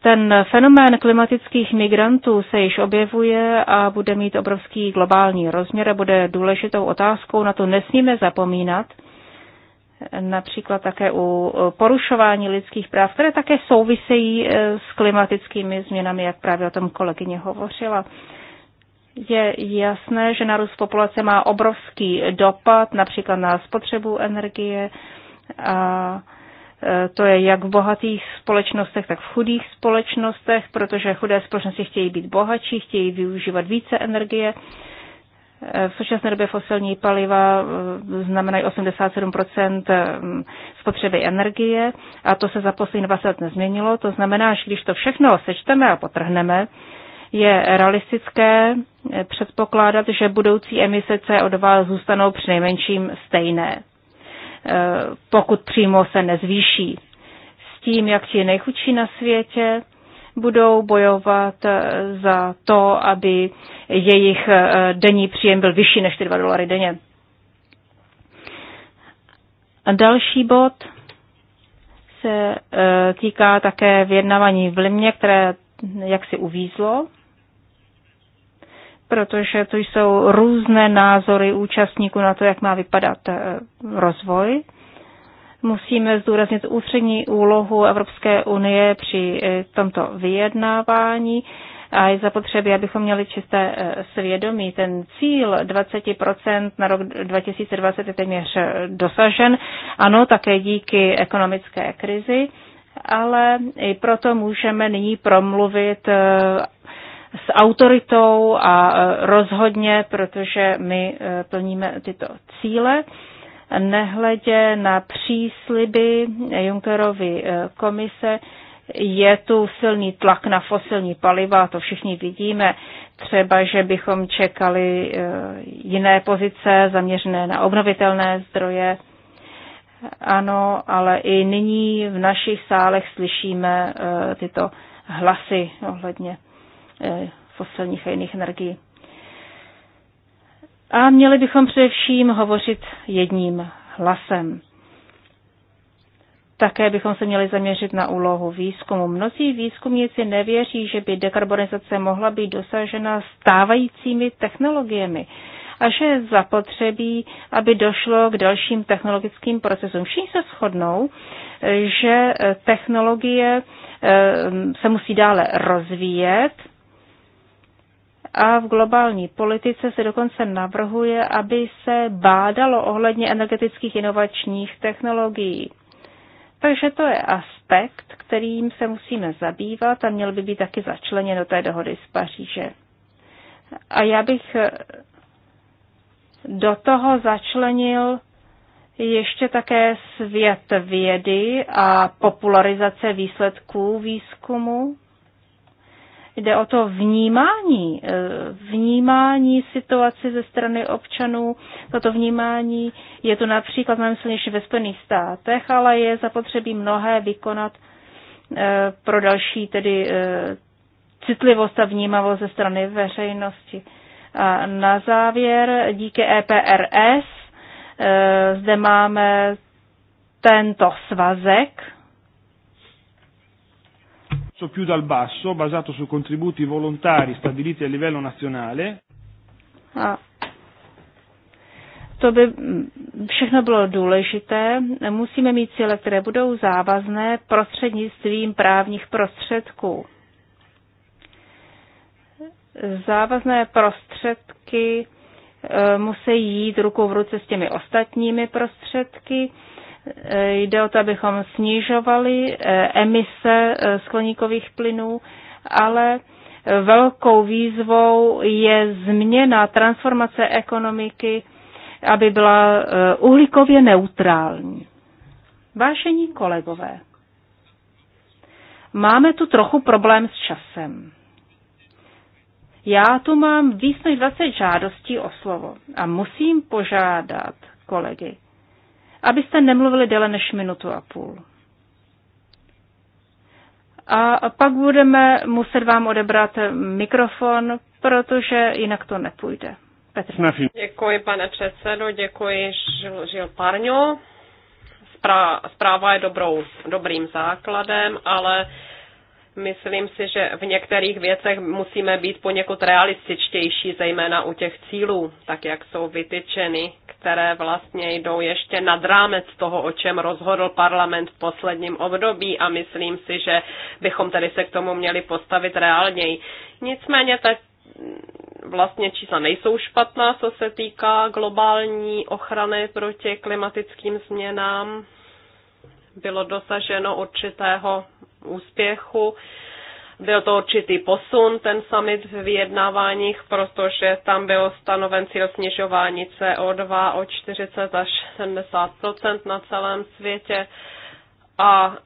Ten fenomén klimatických migrantů se již objevuje a bude mít obrovský globální rozměr a bude důležitou otázkou, na to nesmíme zapomínat – například také u porušování lidských práv, které také souvisejí eh, s klimatickými změnami, jak právě o tom kolegyně hovořila. Je jasné, že narůst populace má obrovský dopad například na spotřebu energie a eh, to je jak v bohatých společnostech, tak v chudých společnostech, protože chudé společnosti chtějí být bohatší, chtějí využívat více energie v současné době fosilní paliva eh, znamenají 87 eh, spotřeby energie a to se za poslední 20 let nezměnilo. To znamená, že když to všechno sečteme a potrhneme, je realistické eh, předpokládat, že budoucí emise CO2 zůstanou přinejmenším stejné, pokud přímo se nezvýší. S tím, jak ti nejchudší na světě budou bojovat eh, za to, aby jejich eh, denní příjem byl vyšší než ty 2 dolary denně. A další bod se eh, týká také vyjednávání v Limě, které jaksi uvízlo, protože to jsou různé názory účastníků na to, jak má vypadat rozvoj Musíme zdůraznit ústřední úlohu Evropské unie při eh, tomto vyjednávání a je zapotřebí, abychom měli čisté eh, svědomí. Ten cíl 20% na rok 2020 je téměř eh, dosažen, ano, také díky ekonomické krizi, ale i proto můžeme nyní promluvit s autoritou a rozhodně, protože my plníme tyto cíle nehledě na přísliby Junckerovy eh, komise, je tu silný tlak na fosilní paliva, to všichni vidíme. Třeba, že bychom čekali eh, jiné pozice zaměřené na obnovitelné zdroje. Ano, ale i nyní v našich sálech slyšíme eh, tyto hlasy ohledně fosilních a jiných energií. A měli bychom především hovořit jedním hlasem. Také bychom se měli zaměřit na úlohu výzkumu. Mnozí výzkumníci nevěří, že by dekarbonizace mohla být dosažena stávajícími technologiemi a že je zapotřebí, aby došlo k dalším technologickým procesům. Všichni se shodnou, že technologie eh, se musí dále rozvíjet a v globální politice se dokonce navrhuje, aby se bádalo ohledně energetických inovačních technologií. Takže to je aspekt, kterým se musíme zabývat a měl by být taky začleněn do té dohody z Paříže. A já bych do toho začlenil ještě také svět vědy a popularizace výsledků výzkumu. Jde o to vnímání, eh, vnímání situace ze strany občanů. Toto vnímání je tu například mnohem silnější ve Spojených státech, ale je zapotřebí mnohé vykonat eh, pro další tedy eh, citlivost a vnímavost ze strany veřejnosti. A na závěr díky EPRS zde máme tento svazek, so più dal basso, basato su contributi volontari stabiliti a livello nazionale. A to by mm, všechno bylo důležité. Musíme mít cíle, které budou závazné prostřednictvím právních prostředků. Závazné prostředky e, musí jít ruku v ruce s těmi ostatními prostředky Jde o to, abychom snižovali eh, emise eh, skleníkových plynů, ale velkou výzvou je změna, transformace ekonomiky, aby byla eh, uhlíkově neutrální. Vážení kolegové, máme tu trochu problém s časem. Já tu mám víc než 20 žádostí o slovo a musím požádat kolegy, abyste nemluvili déle než minutu a půl. A pak budeme muset vám odebrat mikrofon, protože jinak to nepůjde. Petr. Děkuji, pane předsedo, děkuji, Žil Parňo. Zpráva je dobrou, dobrým základem, ale myslím si, že v některých věcech musíme být poněkud realističtější, zejména u těch cílů, tak jak jsou vytyčeny které vlastně jdou ještě nad rámec toho, o čem rozhodl parlament v posledním období a myslím si, že bychom tedy se k tomu měli postavit reálněji. Nicméně tak mm, vlastně čísla nejsou špatná, co se týká globální ochrany proti klimatickým změnám. Bylo dosaženo určitého úspěchu byl to určitý posun, ten summit v vyjednáváních, protože tam byl stanoven cíl snižování CO2 o 40 až 70 na celém světě a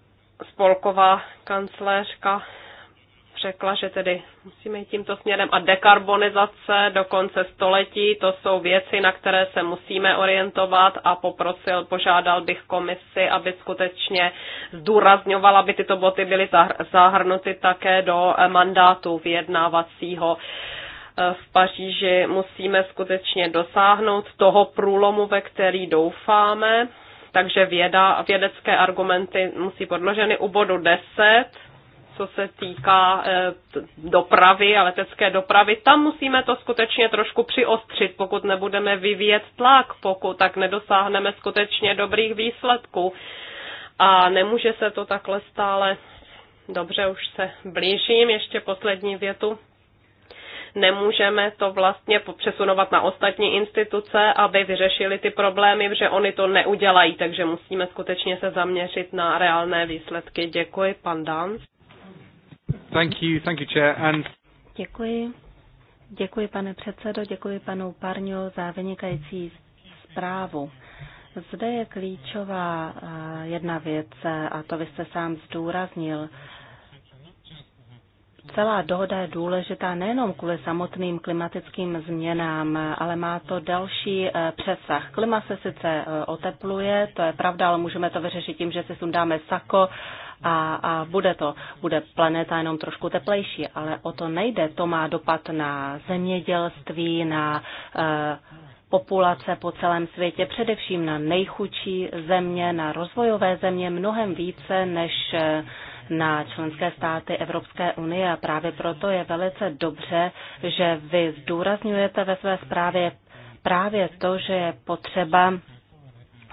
spolková kancléřka řekla, že tedy musíme jít tímto směrem a dekarbonizace do konce století, to jsou věci, na které se musíme orientovat a poprosil, požádal bych komisi, aby skutečně zdůrazňovala, aby tyto boty byly zahrnuty také do eh, mandátu vyjednávacího eh, v Paříži musíme skutečně dosáhnout toho průlomu, ve který doufáme. Takže věda, vědecké argumenty musí podloženy u bodu 10 co se týká eh, dopravy a letecké dopravy, tam musíme to skutečně trošku přiostřit. Pokud nebudeme vyvíjet tlak, pokud tak nedosáhneme skutečně dobrých výsledků. A nemůže se to takhle stále. Dobře, už se blížím. Ještě poslední větu nemůžeme to vlastně přesunovat na ostatní instituce, aby vyřešili ty problémy, že oni to neudělají, takže musíme skutečně se zaměřit na reálné výsledky. Děkuji, pan Dan. Thank you, thank you, chair. And... Děkuji. Děkuji, pane předsedo, děkuji panu Parňo za vynikající zprávu. Zde je klíčová eh, jedna věc, eh, a to vy jste sám zdůraznil. Celá dohoda je důležitá nejenom kvůli samotným klimatickým změnám, ale má to další eh, přesah. Klima se sice otepluje, to je pravda, ale můžeme to vyřešit tím, že si sundáme sako, a, a bude to, bude planeta jenom trošku teplejší, ale o to nejde. To má dopad na zemědělství, na e, populace po celém světě, především na nejchudší země, na rozvojové země mnohem více než eh, na členské státy Evropské unie a právě proto je velice dobře, že vy zdůrazňujete ve své zprávě právě to, že je potřeba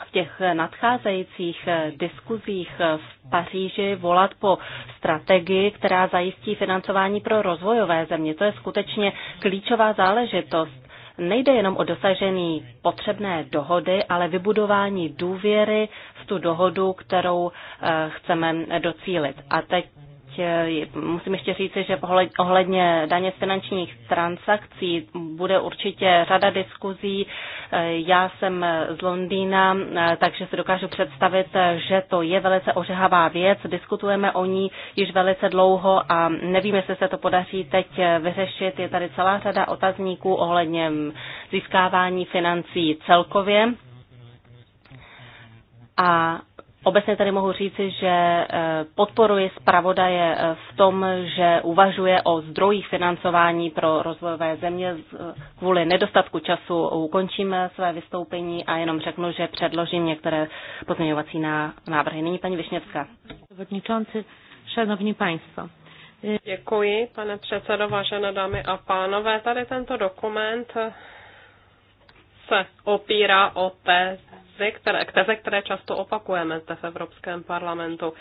v těch nadcházejících eh, diskuzích eh, v Paříži volat po strategii, která zajistí financování pro rozvojové země. To je skutečně klíčová záležitost. Nejde jenom o dosažení potřebné dohody, ale vybudování důvěry v tu dohodu, kterou eh, chceme docílit. A teď musím ještě říci, že ohledně daně z finančních transakcí bude určitě řada diskuzí. Eh, já jsem z Londýna, eh, takže si dokážu představit, eh, že to je velice ořehavá věc. Diskutujeme o ní již velice dlouho a nevím, jestli se to podaří teď vyřešit. Je tady celá řada otazníků ohledně mm, získávání financí celkově. A Obecně tady mohu říci, že eh, podporuji zpravodaje eh, v tom, že uvažuje o zdrojích financování pro rozvojové země. Eh, kvůli nedostatku času ukončím své vystoupení a jenom řeknu, že předložím některé pozměňovací návrhy. Nyní paní Višněvská. Šanovní państwo. Děkuji, pane předsedo, vážené dámy a pánové. Tady tento dokument se opírá o té tezi, které, které, které často opakujeme zde v Evropském parlamentu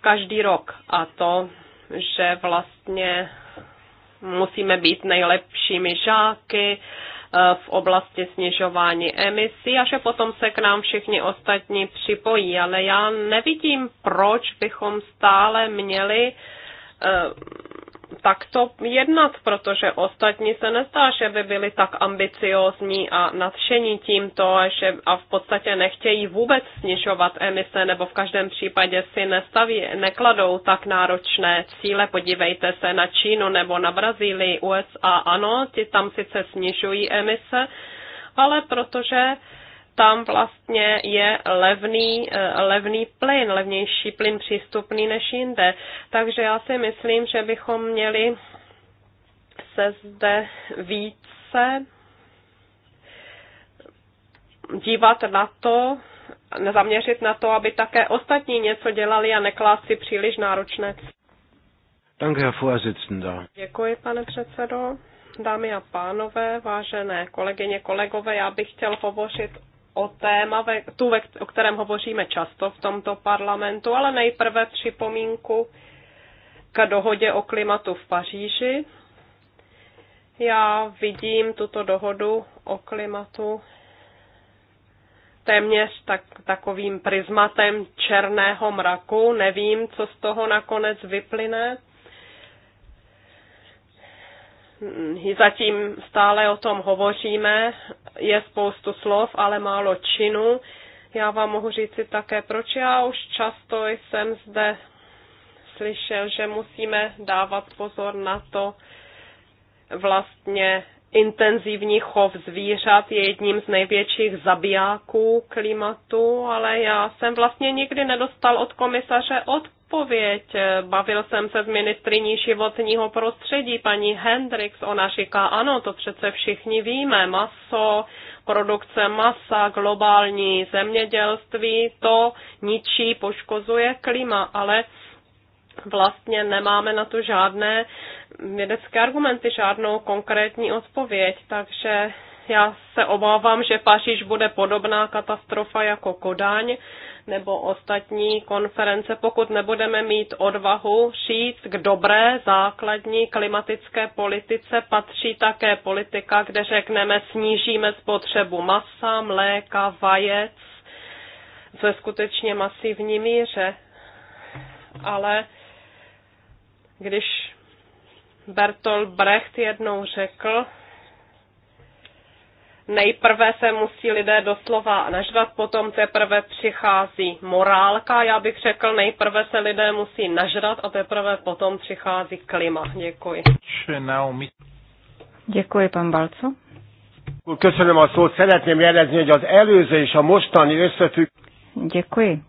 každý rok. A to, že vlastně musíme být nejlepšími žáky eh, v oblasti snižování emisí a že potom se k nám všichni ostatní připojí. Ale já nevidím, proč bychom stále měli eh, takto jednat, protože ostatní se nezdá, že by byli tak ambiciózní a nadšení tímto a že a v podstatě nechtějí vůbec snižovat emise nebo v každém případě si nestaví, nekladou tak náročné cíle. Podívejte se na Čínu nebo na Brazílii, USA, ano, ti tam sice snižují emise, ale protože tam vlastně je levný, eh, levný plyn, levnější plyn přístupný než jinde. Takže já si myslím, že bychom měli se zde více dívat na to, zaměřit na to, aby také ostatní něco dělali a neklást si příliš náročné. Danke, Herr Vorsitzender. Děkuji, pane předsedo. Dámy a pánové, vážené kolegyně, kolegové, já bych chtěl hovořit o téma, tu, o kterém hovoříme často v tomto parlamentu, ale nejprve připomínku k dohodě o klimatu v Paříži. Já vidím tuto dohodu o klimatu téměř tak, takovým prismatem černého mraku. Nevím, co z toho nakonec vyplyne zatím stále o tom hovoříme, je spoustu slov, ale málo činů. Já vám mohu říci také, proč já už často jsem zde slyšel, že musíme dávat pozor na to, vlastně intenzivní chov zvířat je jedním z největších zabijáků klimatu, ale já jsem vlastně nikdy nedostal od komisaře odpověď odpověď. Bavil jsem se s ministriní životního prostředí, paní Hendrix, ona říká, ano, to přece všichni víme, maso, produkce masa, globální zemědělství, to ničí, poškozuje klima, ale vlastně nemáme na to žádné vědecké argumenty, žádnou konkrétní odpověď, takže já se obávám, že Paříž bude podobná katastrofa jako Kodaň nebo ostatní konference, pokud nebudeme mít odvahu šít k dobré základní klimatické politice, patří také politika, kde řekneme snížíme spotřebu masa, mléka, vajec ve skutečně masivní míře. Ale když Bertolt Brecht jednou řekl, nejprve se musí lidé doslova nažvat, potom teprve přichází morálka, já bych řekl, nejprve se lidé musí nažrat a teprve potom přichází klima. Děkuji. Děkuji, pan Balco. Köszönöm a szót. Szeretném jelezni, hogy az előző és a mostani összefügg... Děkuji.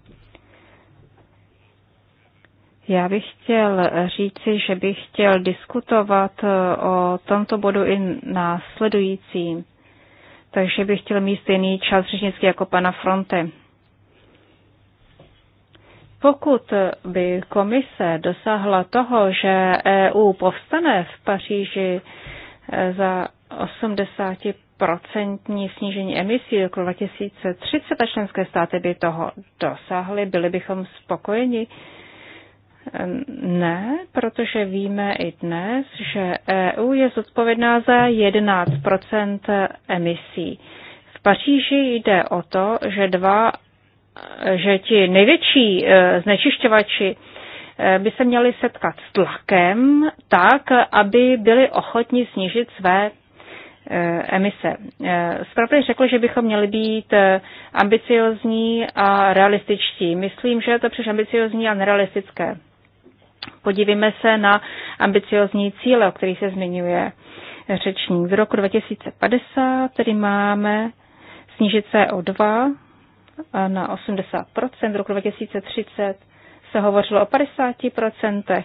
Já bych chtěl říci, že bych chtěl diskutovat eh, o tomto bodu i následujícím takže bych chtěl mít stejný čas řečnický jako pana Fronte. Pokud by komise dosáhla toho, že EU povstane v Paříži eh, za 80% snížení emisí roku 2030 a členské státy by toho dosáhly, byli bychom spokojeni. Ne, protože víme i dnes, že EU je zodpovědná za 11 emisí. V Paříži jde o to, že, dva, že ti největší eh, znečišťovači eh, by se měli setkat s tlakem tak, aby byli ochotni snížit své eh, emise. Spravodaj řekl, že bychom měli být ambiciozní a realističtí. Myslím, že je to příliš ambiciozní a nerealistické. Podívejme se na ambiciozní cíle, o kterých se zmiňuje řečník. Z roku 2050 tedy máme snížit CO2 na 80%, v roku 2030 se hovořilo o 50%,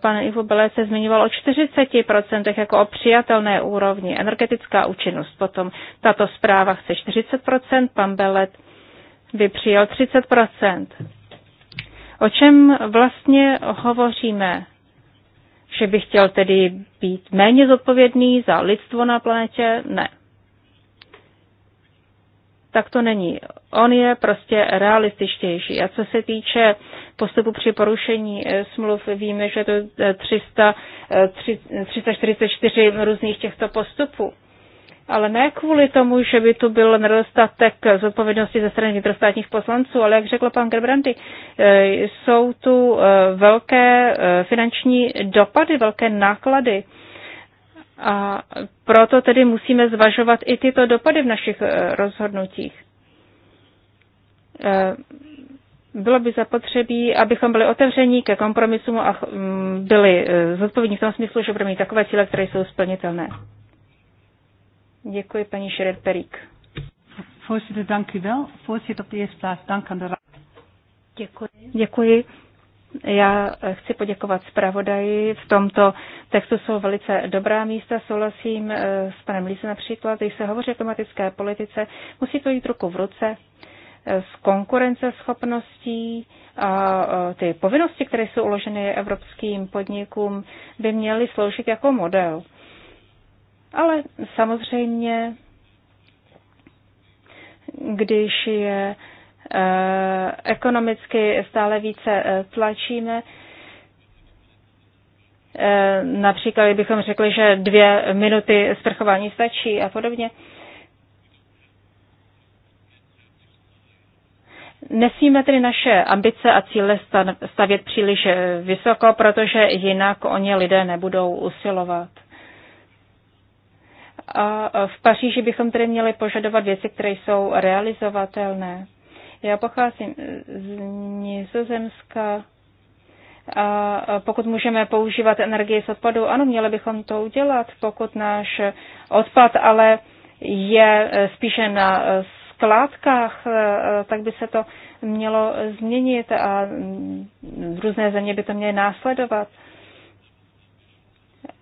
pan Ivo Belé se zmiňoval o 40% jako o přijatelné úrovni. Energetická účinnost potom. Tato zpráva chce 40%, pan Belet by přijel 30%. O čem vlastně hovoříme? Že by chtěl tedy být méně zodpovědný za lidstvo na planetě? Ne. Tak to není. On je prostě realističtější. A co se týče postupu při porušení eh, smluv, víme, že to je 300, 3, 344 různých těchto postupů ale ne kvůli tomu, že by tu byl nedostatek zodpovědnosti ze strany vnitrostátních poslanců, ale jak řekl pan Gerbrandy, eh, jsou tu eh, velké eh, finanční dopady, velké náklady. A proto tedy musíme zvažovat i tyto dopady v našich rozhodnutích. Bylo by zapotřebí, abychom byli otevření ke kompromisům a byli zodpovědní v tom smyslu, že budeme mít takové cíle, které jsou splnitelné. Děkuji, paní Šerer-Perík. Děkuji. Děkuji. Já chci poděkovat zpravodaji. V tomto textu jsou velice dobrá místa. Souhlasím eh, s panem Lise například, když se hovoří o klimatické politice, musí to jít ruku v ruce eh, s konkurenceschopností a eh, ty povinnosti, které jsou uloženy evropským podnikům, by měly sloužit jako model. Ale samozřejmě, když je eh, ekonomicky stále více eh, tlačíme, eh, například bychom řekli, že dvě minuty sprchování stačí a podobně. Nesmíme tedy naše ambice a cíle stavět příliš vysoko, protože jinak o ně lidé nebudou usilovat. A v Paříži bychom tedy měli požadovat věci, které jsou realizovatelné. Já pocházím z Nizozemska. A pokud můžeme používat energii z odpadu, ano, měli bychom to udělat, pokud náš odpad ale je spíše na skládkách, tak by se to mělo změnit a různé země by to měly následovat.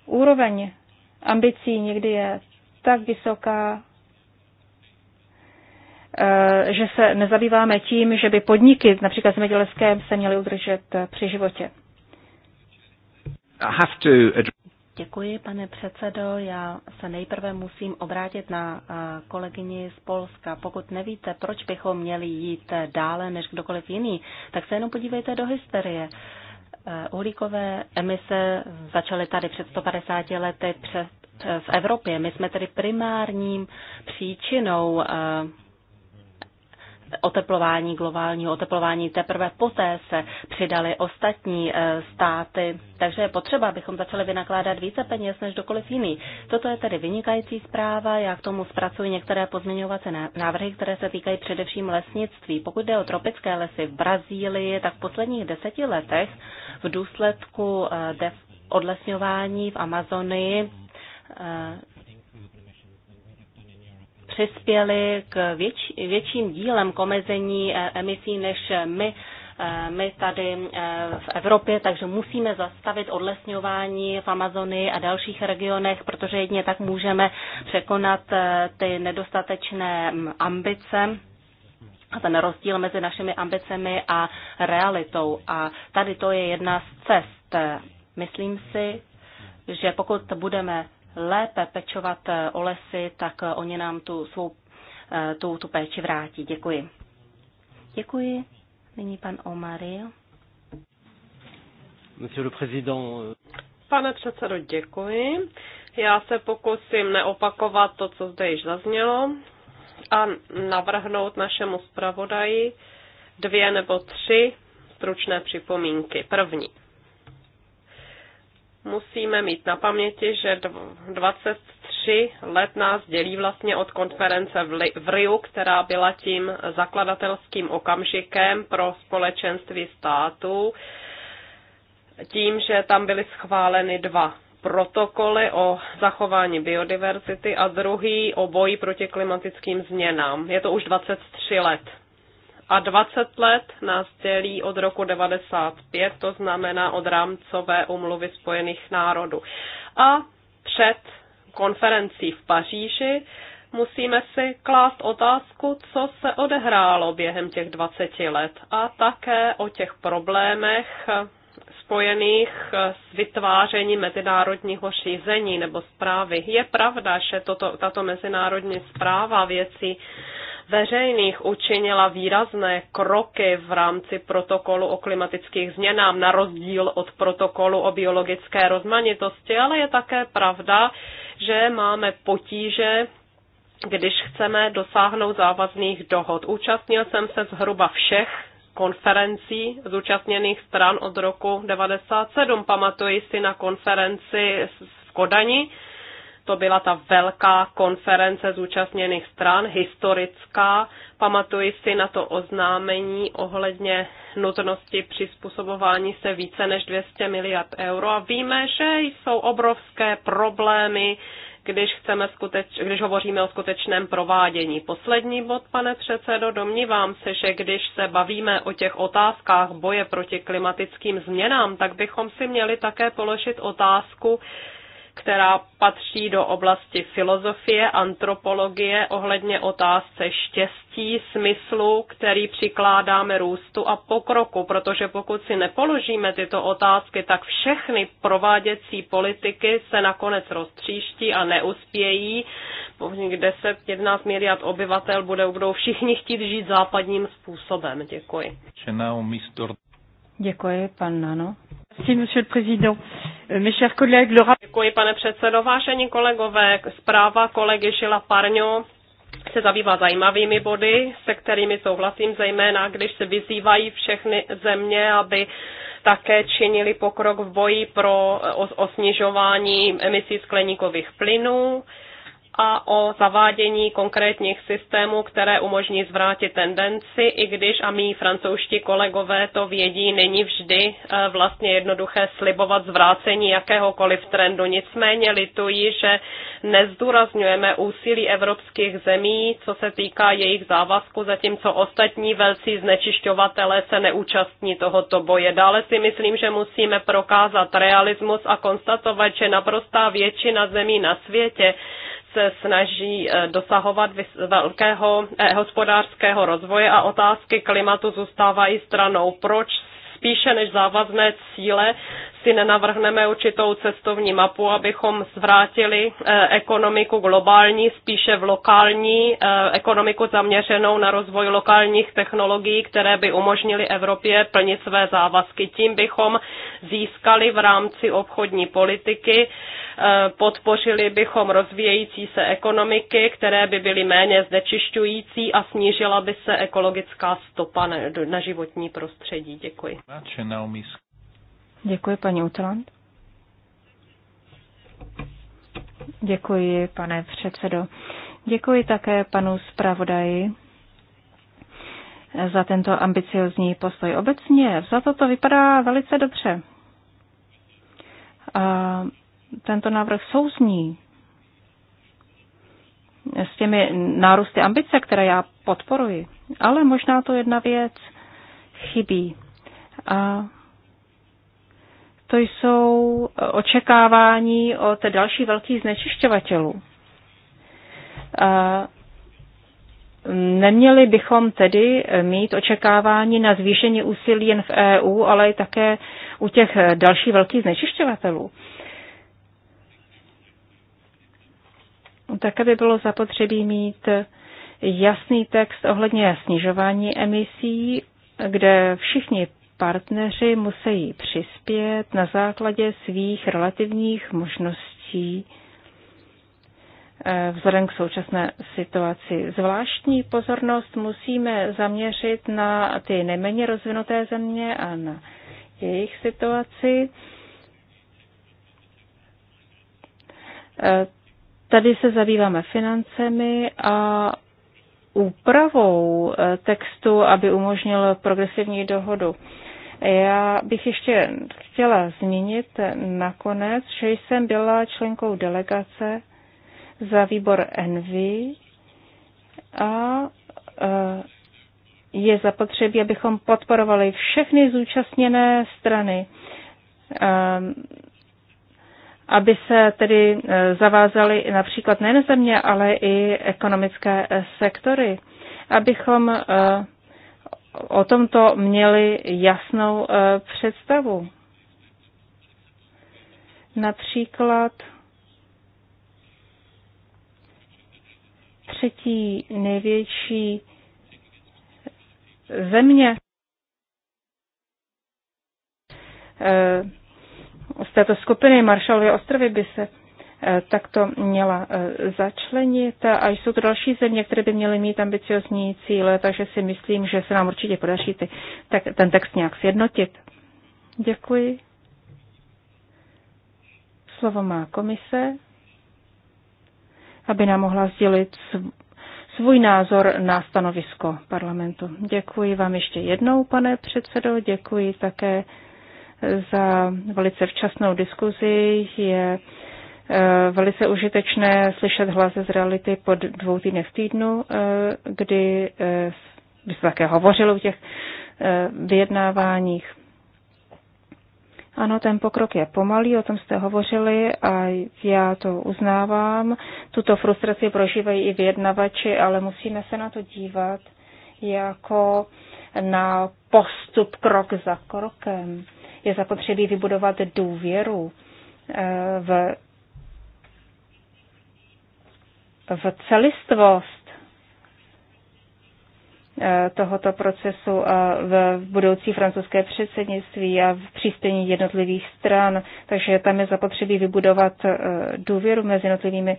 Úroveň ambicí někdy je tak vysoká, eh, že se nezabýváme tím, že by podniky, například zemědělské, se měly udržet eh, při životě. Děkuji, pane předsedo. Já se nejprve musím obrátit na eh, kolegyni z Polska. Pokud nevíte, proč bychom měli jít dále než kdokoliv jiný, tak se jenom podívejte do historie. Uhlíkové emise začaly tady před 150 lety, před v Evropě. My jsme tedy primárním příčinou eh, oteplování, globálního oteplování. Teprve poté se přidaly ostatní eh, státy, takže je potřeba, abychom začali vynakládat více peněz než dokoliv jiný. Toto je tedy vynikající zpráva, já k tomu zpracuji některé pozměňovací návrhy, které se týkají především lesnictví. Pokud jde o tropické lesy v Brazílii, tak v posledních deseti letech v důsledku eh, odlesňování v Amazonii Eh, přispěli k větším dílem k omezení eh, emisí než my, eh, my tady v Evropě, takže musíme zastavit odlesňování v Amazonii a dalších regionech, protože jedně tak můžeme překonat ty nedostatečné mm, ambice a ten rozdíl mezi našimi ambicemi a realitou. A tady to je jedna z cest. Myslím si, že pokud budeme lépe pečovat eh, o lesy, tak eh, oni nám tu svou eh, tu, tu péči vrátí. Děkuji. Děkuji. Nyní pan Omario. Monsieur le Président. Pane předsedo, děkuji. Já se pokusím neopakovat to, co zde již zaznělo a navrhnout našemu zpravodaji dvě nebo tři stručné připomínky. První musíme mít na paměti, že 23 let nás dělí vlastně od konference v Riu, která byla tím zakladatelským okamžikem pro společenství států, tím, že tam byly schváleny dva protokoly o zachování biodiverzity a druhý o boji proti klimatickým změnám. Je to už 23 let a 20 let nás dělí od roku 95, to znamená od rámcové umluvy Spojených národů. A před konferencí v Paříži musíme si klást otázku, co se odehrálo během těch 20 let a také o těch problémech spojených s vytvářením mezinárodního řízení nebo zprávy. Je pravda, že toto, tato mezinárodní zpráva věcí veřejných učinila výrazné kroky v rámci protokolu o klimatických změnách na rozdíl od protokolu o biologické rozmanitosti, ale je také pravda, že máme potíže když chceme dosáhnout závazných dohod. Účastnil jsem se zhruba všech konferencí zúčastněných stran od roku 1997. Pamatuji si na konferenci v Kodani, to byla ta velká konference zúčastněných stran, historická. Pamatuji si na to oznámení ohledně nutnosti přizpůsobování se více než 200 miliard euro a víme, že jsou obrovské problémy, když, chceme skuteč, když hovoříme o skutečném provádění. Poslední bod, pane předsedo, domnívám se, že když se bavíme o těch otázkách boje proti klimatickým změnám, tak bychom si měli také položit otázku, která patří do oblasti filozofie, antropologie ohledně otázce štěstí, smyslu, který přikládáme růstu a pokroku, protože pokud si nepoložíme tyto otázky, tak všechny prováděcí politiky se nakonec roztříští a neuspějí. Povník 10-11 miliard obyvatel budou, budou všichni chtít žít západním způsobem. Děkuji. Děkuji, pan Nano. Merci, monsieur le président. Děkuji, pane předsedo. Vážení kolegové, zpráva kolegy Žila Parňo se zabývá zajímavými body, se kterými souhlasím, zejména když se vyzývají všechny země, aby také činili pokrok v boji pro, o, o snižování emisí skleníkových plynů a o zavádění konkrétních systémů, které umožní zvrátit tendenci, i když a mý francouzští kolegové to vědí, není vždy eh, vlastně jednoduché slibovat zvrácení jakéhokoliv trendu. Nicméně litují, že nezdůrazňujeme úsilí evropských zemí, co se týká jejich závazku, zatímco ostatní velcí znečišťovatelé se neúčastní tohoto boje. Dále si myslím, že musíme prokázat realismus a konstatovat, že naprostá většina zemí na světě se snaží eh, dosahovat velkého eh, hospodářského rozvoje a otázky klimatu zůstávají stranou. Proč spíše než závazné cíle si nenavrhneme určitou cestovní mapu, abychom zvrátili eh, ekonomiku globální, spíše v lokální ekonomiku zaměřenou na rozvoj lokálních technologií, které by umožnily Evropě plnit své závazky. Tím bychom získali v rámci obchodní politiky Eh, podpořili bychom rozvíjející se ekonomiky, které by byly méně znečišťující a snížila by se ekologická stopa na životní prostředí. Děkuji. Děkuji, paní Utland. Děkuji, pane předsedo. Děkuji také panu zpravodaji za tento ambiciozní postoj. Obecně za to to vypadá velice dobře. A tento návrh souzní s těmi nárůsty ambice, které já podporuji. Ale možná to jedna věc chybí. A to jsou očekávání od dalších velkých znečišťovatelů. A neměli bychom tedy mít očekávání na zvýšení úsilí jen v EU, ale i také u těch dalších velkých znečišťovatelů. Také by bylo zapotřebí mít jasný text ohledně snižování emisí, kde všichni partneři musí přispět na základě svých relativních možností eh, vzhledem k současné situaci. Zvláštní pozornost musíme zaměřit na ty nejméně rozvinuté země a na jejich situaci. Eh, Tady se zabýváme financemi a úpravou eh, textu, aby umožnil progresivní dohodu. Já bych ještě chtěla zmínit nakonec, že jsem byla členkou delegace za výbor Envy a eh, je zapotřebí, abychom podporovali všechny zúčastněné strany ehm, aby se tedy e, zavázaly například nejen země, ale i ekonomické e, sektory, abychom e, o tomto měli jasnou představu. Například třetí největší země této skupiny Marshallovy ostrovy by se eh, takto měla eh, začlenit a jsou to další země, které by měly mít ambiciozní cíle, takže si myslím, že se nám určitě podaří ty, tak ten text nějak sjednotit. Děkuji. Slovo má komise, aby nám mohla sdělit svůj názor na stanovisko parlamentu. Děkuji vám ještě jednou, pane předsedo, děkuji také za velice včasnou diskuzi. Je eh, velice užitečné slyšet hlasy z reality po dvou týdnech v týdnu, eh, kdy by eh, se také hovořilo o těch vyjednáváních. Ano, ten pokrok je pomalý, o tom jste hovořili a já to uznávám. Tuto frustraci prožívají i vyjednavači, ale musíme se na to dívat jako na postup krok za krokem je zapotřebí vybudovat důvěru eh, v, v celistvost eh, tohoto procesu a eh, v budoucí francouzské předsednictví a v přístění jednotlivých stran. Takže tam je zapotřebí vybudovat důvěru mezi jednotlivými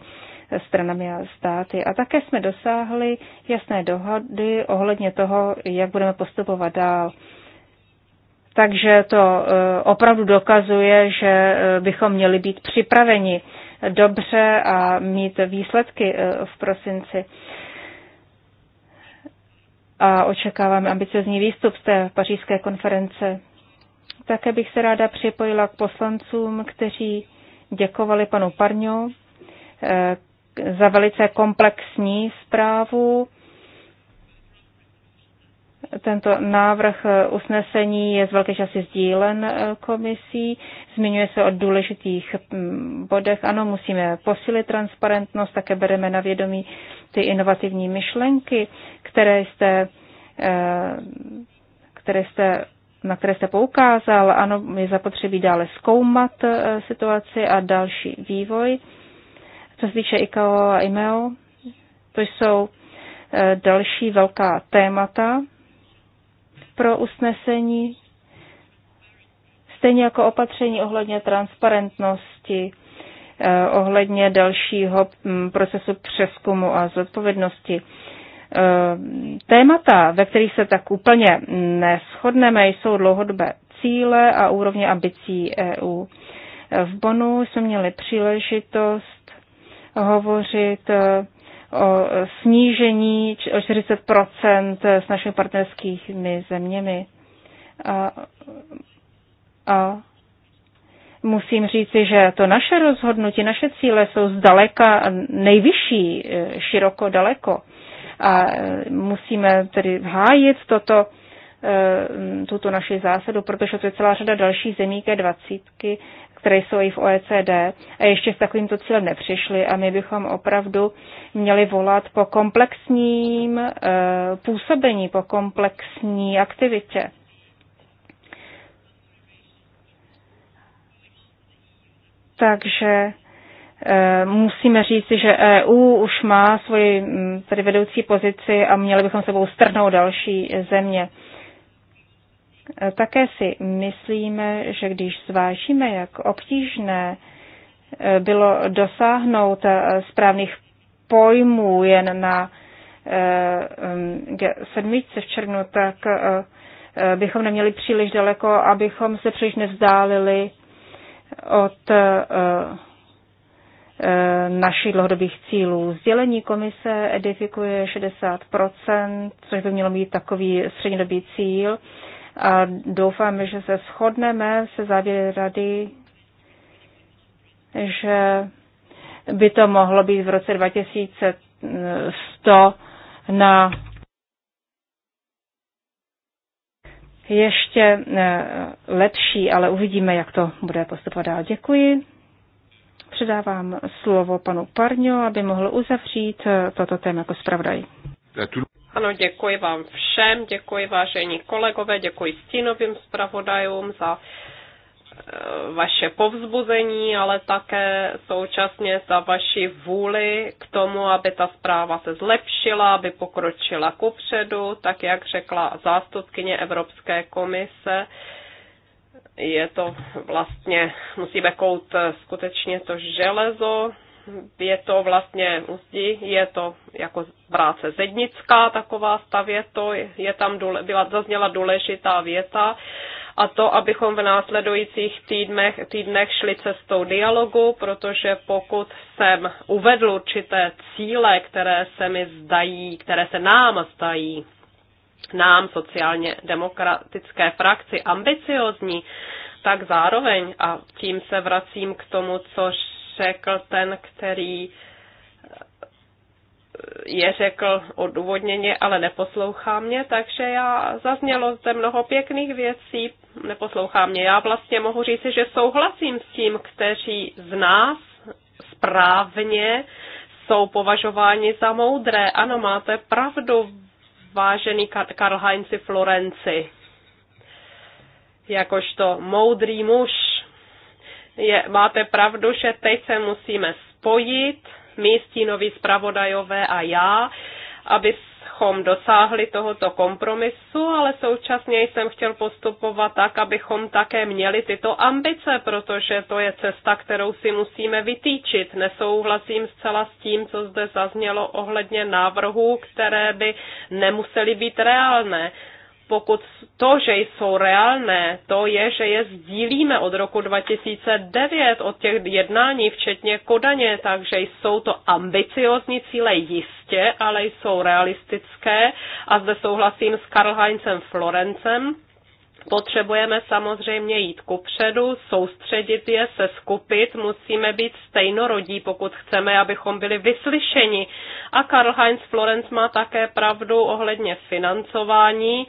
stranami a státy. A také jsme dosáhli jasné dohody ohledně toho, jak budeme postupovat dál. Takže to e, opravdu dokazuje, že e, bychom měli být připraveni dobře a mít výsledky e, v prosinci. A očekáváme ambiciozní výstup z té pařížské konference. Také bych se ráda připojila k poslancům, kteří děkovali panu Parňu za velice komplexní zprávu tento návrh eh, usnesení je z velké části sdílen eh, komisí, zmiňuje se o důležitých mm, bodech. Ano, musíme posilit transparentnost, také bereme na vědomí ty inovativní myšlenky, které jste, eh, které jste, na které jste poukázal. Ano, je zapotřebí dále zkoumat situaci a další vývoj. Co se týče ICAO a IMEO, to jsou další velká témata, pro usnesení, stejně jako opatření ohledně transparentnosti, eh, ohledně dalšího mm, procesu přeskumu a zodpovědnosti. Eh, témata, ve kterých se tak úplně neschodneme, jsou dlouhodobé cíle a úrovně ambicí EU. Eh, v Bonu jsme měli příležitost hovořit o snížení o 40 s našimi partnerskými zeměmi. A, a musím říci, že to naše rozhodnutí, naše cíle jsou zdaleka nejvyšší, e, široko daleko. A e, musíme tedy hájit toto, e, tuto naši zásadu, protože to je celá řada dalších zemí ke dvacítky které jsou i v OECD a ještě s takovýmto cílem nepřišli a my bychom opravdu měli volat po komplexním eh, působení, po komplexní aktivitě. Takže eh, musíme říci, že EU už má svoji mm, tedy vedoucí pozici a měli bychom sebou strhnout další země. Eh, také si myslíme, že když zvážíme, jak obtížné eh, bylo dosáhnout eh, správných pojmů jen na G7 v červnu, tak bychom neměli příliš daleko, abychom se příliš nevzdálili od našich dlouhodobých cílů. Sdělení komise edifikuje 60%, což by mělo být takový střednědobý cíl a doufáme, že se shodneme se závěry rady, že by to mohlo být v roce 2100 na ještě eh, lepší, ale uvidíme, jak to bude postupovat dál. Děkuji. Předávám slovo panu Parňo, aby mohl uzavřít eh, toto téma jako zpravodaj. Ano, děkuji vám všem, děkuji vážení kolegové, děkuji stínovým zpravodajům za e, vaše povzbuzení, ale také současně za vaši vůli k tomu, aby ta zpráva se zlepšila, aby pokročila kupředu, tak jak řekla zástupkyně Evropské komise. Je to vlastně, musíme kout e, skutečně to železo, je to vlastně uzdí, je to jako práce zednická taková stavě, to je tam důle, byla, zazněla důležitá věta a to, abychom v následujících týdnech, týdnech šli cestou dialogu, protože pokud jsem uvedl určité cíle, které se mi zdají, které se nám zdají, nám sociálně demokratické frakci ambiciozní, tak zároveň, a tím se vracím k tomu, co řekl ten, který eh, je řekl odůvodněně, ale neposlouchá mě, takže já zaznělo zde mnoho pěkných věcí, neposlouchá mě. Já vlastně mohu říct, že souhlasím s tím, kteří z nás správně jsou považováni za moudré. Ano, máte pravdu, vážený Karl Heinz Florenci. Jakožto moudrý muž, je, máte pravdu, že teď se musíme spojit, místí noví zpravodajové a já, aby abychom dosáhli tohoto kompromisu, ale současně jsem chtěl postupovat tak, abychom také měli tyto ambice, protože to je cesta, kterou si musíme vytýčit. Nesouhlasím zcela s tím, co zde zaznělo ohledně návrhů, které by nemusely být reálné pokud to, že jsou reálné, to je, že je sdílíme od roku 2009, od těch jednání, včetně Kodaně, takže jsou to ambiciozní cíle jistě, ale jsou realistické a zde souhlasím s Karl Heinzem Florencem, Potřebujeme samozřejmě jít kupředu, soustředit je, se skupit, musíme být stejnorodí, pokud chceme, abychom byli vyslyšeni. A Karl Heinz Florenz má také pravdu ohledně financování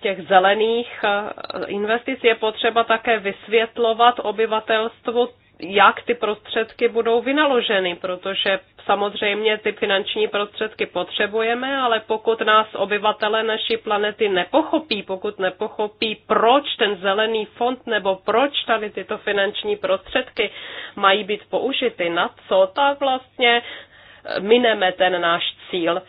těch zelených eh, investic je potřeba také vysvětlovat obyvatelstvu jak ty prostředky budou vynaloženy, protože samozřejmě ty finanční prostředky potřebujeme, ale pokud nás obyvatele naší planety nepochopí, pokud nepochopí, proč ten zelený fond nebo proč tady tyto finanční prostředky mají být použity, na co, tak vlastně mineme ten náš cíl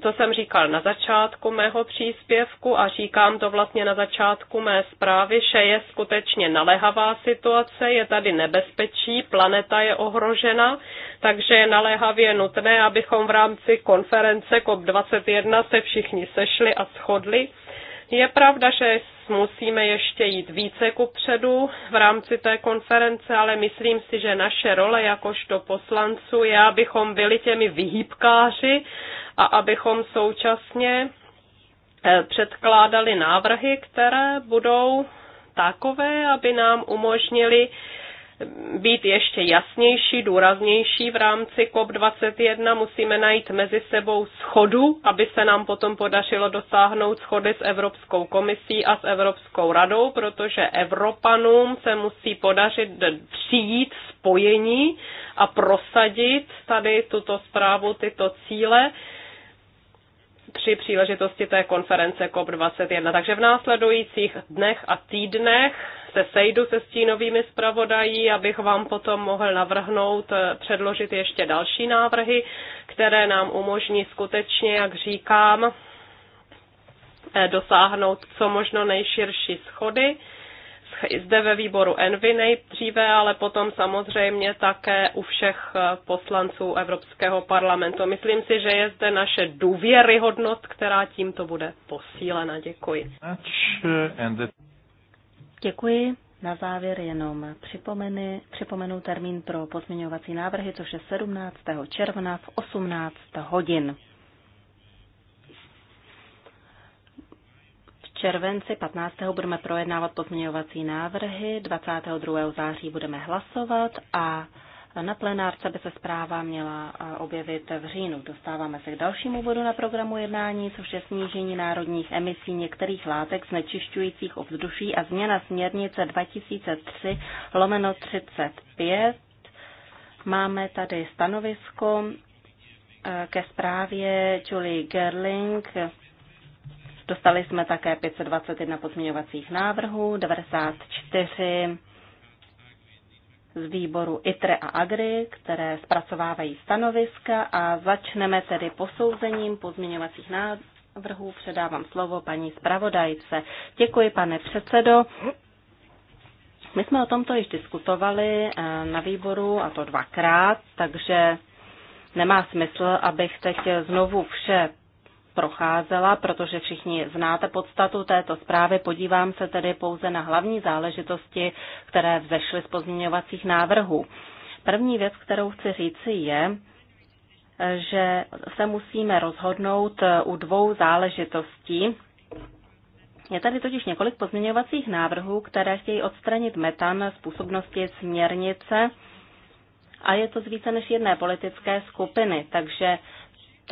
to jsem říkal na začátku mého příspěvku a říkám to vlastně na začátku mé zprávy, že je skutečně naléhavá situace, je tady nebezpečí, planeta je ohrožena, takže je naléhavě nutné, abychom v rámci konference COP21 se všichni sešli a shodli. Je pravda, že musíme ještě jít více ku předu v rámci té konference, ale myslím si, že naše role jakožto poslanců je, abychom byli těmi vyhýbkáři a abychom současně eh, předkládali návrhy, které budou takové, aby nám umožnili být ještě jasnější, důraznější v rámci COP21. Musíme najít mezi sebou schodu, aby se nám potom podařilo dosáhnout schody s Evropskou komisí a s Evropskou radou, protože Evropanům se musí podařit přijít spojení a prosadit tady tuto zprávu, tyto cíle při příležitosti té konference COP21. Takže v následujících dnech a týdnech se sejdu se stínovými zpravodají, abych vám potom mohl navrhnout, eh, předložit ještě další návrhy, které nám umožní skutečně, jak říkám, eh, dosáhnout co možno nejširší schody zde ve výboru Envy nejdříve, ale potom samozřejmě také u všech eh, poslanců Evropského parlamentu. Myslím si, že je zde naše důvěryhodnost, která tímto bude posílena. Děkuji. Děkuji. Na závěr jenom připomenu, připomenu termín pro pozměňovací návrhy, což je 17. června v 18 hodin. červenci 15. budeme projednávat pozměňovací návrhy, 22. září budeme hlasovat a na plenárce by se zpráva měla objevit v říjnu. Dostáváme se k dalšímu bodu na programu jednání, což je snížení národních emisí některých látek znečišťujících ovzduší a změna směrnice 2003 lomeno 35. Máme tady stanovisko e, ke zprávě Julie Gerling Dostali jsme také 521 pozměňovacích návrhů, 94 z výboru ITRE a AGRI, které zpracovávají stanoviska a začneme tedy posouzením pozměňovacích návrhů. Předávám slovo paní zpravodajce. Děkuji, pane předsedo. My jsme o tomto již diskutovali eh, na výboru a to dvakrát, takže nemá smysl, abych teď znovu vše procházela, protože všichni znáte podstatu této zprávy. Podívám se tedy pouze na hlavní záležitosti, které vzešly z pozměňovacích návrhů. První věc, kterou chci říci, je, že se musíme rozhodnout u dvou záležitostí. Je tady totiž několik pozměňovacích návrhů, které chtějí odstranit metan z působnosti směrnice a je to z více než jedné politické skupiny, takže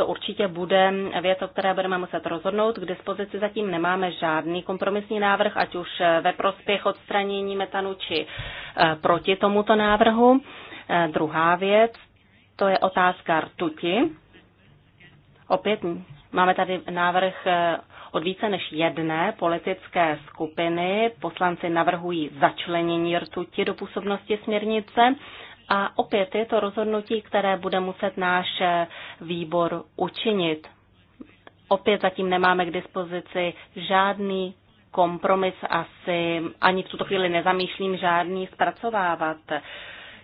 to určitě bude věc, o které budeme muset rozhodnout. K dispozici zatím nemáme žádný kompromisní návrh, ať už ve prospěch odstranění metanu či eh, proti tomuto návrhu. Eh, druhá věc, to je otázka rtuti. Opět máme tady návrh eh, od více než jedné politické skupiny. Poslanci navrhují začlenění rtuti do působnosti směrnice. A opět je to rozhodnutí, které bude muset náš eh, výbor učinit. Opět zatím nemáme k dispozici žádný kompromis, asi ani v tuto chvíli nezamýšlím žádný zpracovávat.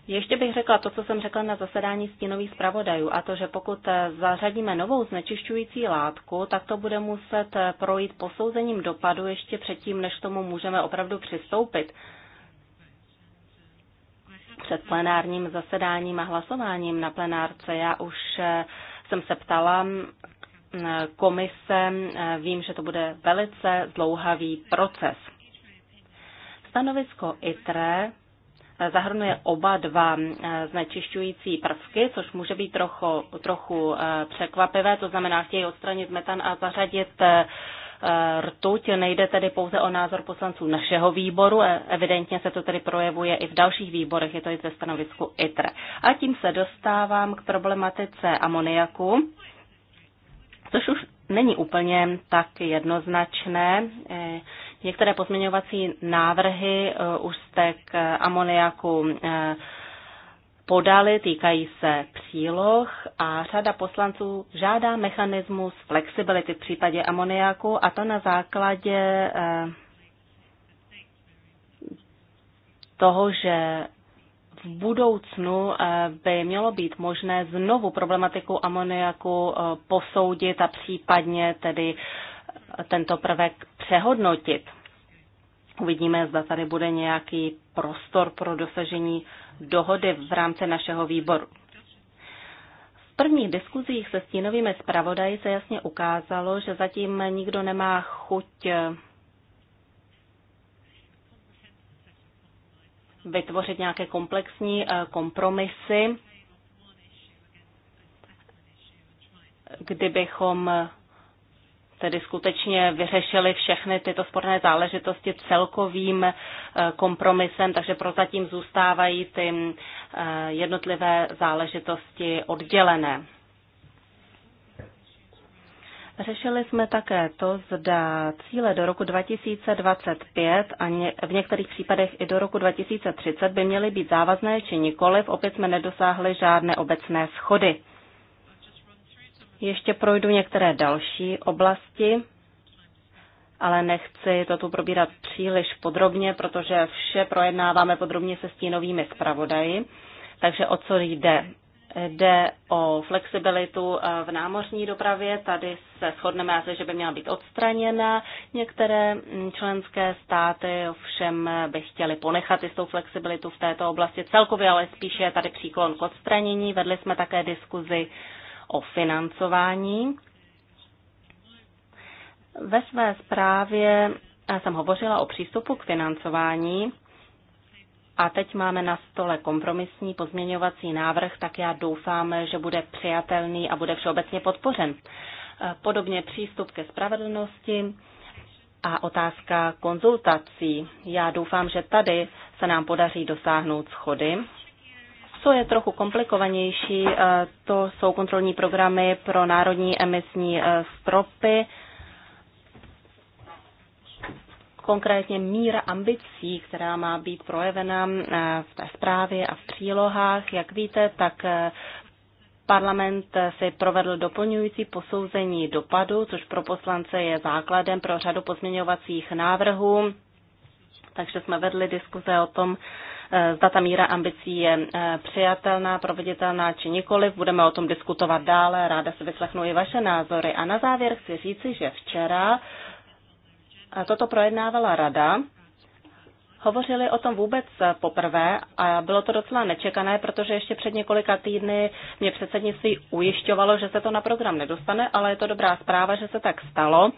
Ještě bych řekla to, co jsem řekla na zasedání stínových zpravodajů, a to, že pokud eh, zařadíme novou znečišťující látku, tak to bude muset eh, projít posouzením dopadu ještě předtím, než tomu můžeme opravdu přistoupit před plenárním zasedáním a hlasováním na plenárce. Já už eh, jsem se ptala komise, eh, vím, že to bude velice zdlouhavý proces. Stanovisko ITRE eh, zahrnuje oba dva znečišťující prvky, což může být trochu, trochu překvapivé, to znamená, chtějí odstranit metan a zařadit rtuť. Nejde tedy pouze o názor poslanců našeho výboru, e, evidentně se to tedy projevuje i v dalších výborech, je to i ze stanovisku ITRE. A tím se dostávám k problematice amoniaku, což už není úplně tak jednoznačné. E, některé pozměňovací návrhy e, už jste k amoniaku podali, týkají se příloh a řada poslanců žádá mechanismus flexibility v případě amoniaku a to na základě eh, toho, že v budoucnu eh, by mělo být možné znovu problematiku amoniaku eh, posoudit a případně tedy tento prvek přehodnotit. Uvidíme, zda tady bude nějaký prostor pro dosažení dohody v rámci našeho výboru. V prvních diskuzích se stínovými zpravodaji se jasně ukázalo, že zatím nikdo nemá chuť eh, vytvořit nějaké komplexní eh, kompromisy, kdybychom eh, tedy skutečně vyřešili všechny tyto sporné záležitosti celkovým eh, kompromisem, takže prozatím zůstávají ty eh, jednotlivé záležitosti oddělené. Řešili jsme také to, zda cíle do roku 2025 a v některých případech i do roku 2030 by měly být závazné či nikoliv. Opět jsme nedosáhli žádné obecné schody. Ještě projdu některé další oblasti, ale nechci to tu probírat příliš podrobně, protože vše projednáváme podrobně se stínovými zpravodaji. Takže o co jde? Jde o flexibilitu eh, v námořní dopravě. Tady se shodneme asi, že by měla být odstraněna. Některé mm, členské státy ovšem eh, by chtěly ponechat jistou flexibilitu v této oblasti celkově, ale spíše je tady příklon k odstranění. Vedli jsme také diskuzi o financování. Ve své zprávě eh, jsem hovořila o přístupu k financování a teď máme na stole kompromisní pozměňovací návrh, tak já doufám, že bude přijatelný a bude všeobecně podpořen. Eh, podobně přístup ke spravedlnosti a otázka konzultací. Já doufám, že tady se nám podaří dosáhnout schody co je trochu komplikovanější, eh, to jsou kontrolní programy pro národní emisní eh, stropy, konkrétně míra ambicí, která má být projevena eh, v té zprávě a v přílohách. Jak víte, tak Parlament si provedl doplňující posouzení dopadu, což pro poslance je základem pro řadu pozměňovacích návrhů. Takže jsme vedli diskuze o tom, Eh, zda ta míra ambicí je eh, přijatelná, proveditelná či nikoliv. Budeme o tom diskutovat dále, ráda si vyslechnu i vaše názory. A na závěr chci říci, že včera eh, toto projednávala rada hovořili o tom vůbec poprvé a bylo to docela nečekané, protože ještě před několika týdny mě předsednictví ujišťovalo, že se to na program nedostane, ale je to dobrá zpráva, že se tak stalo.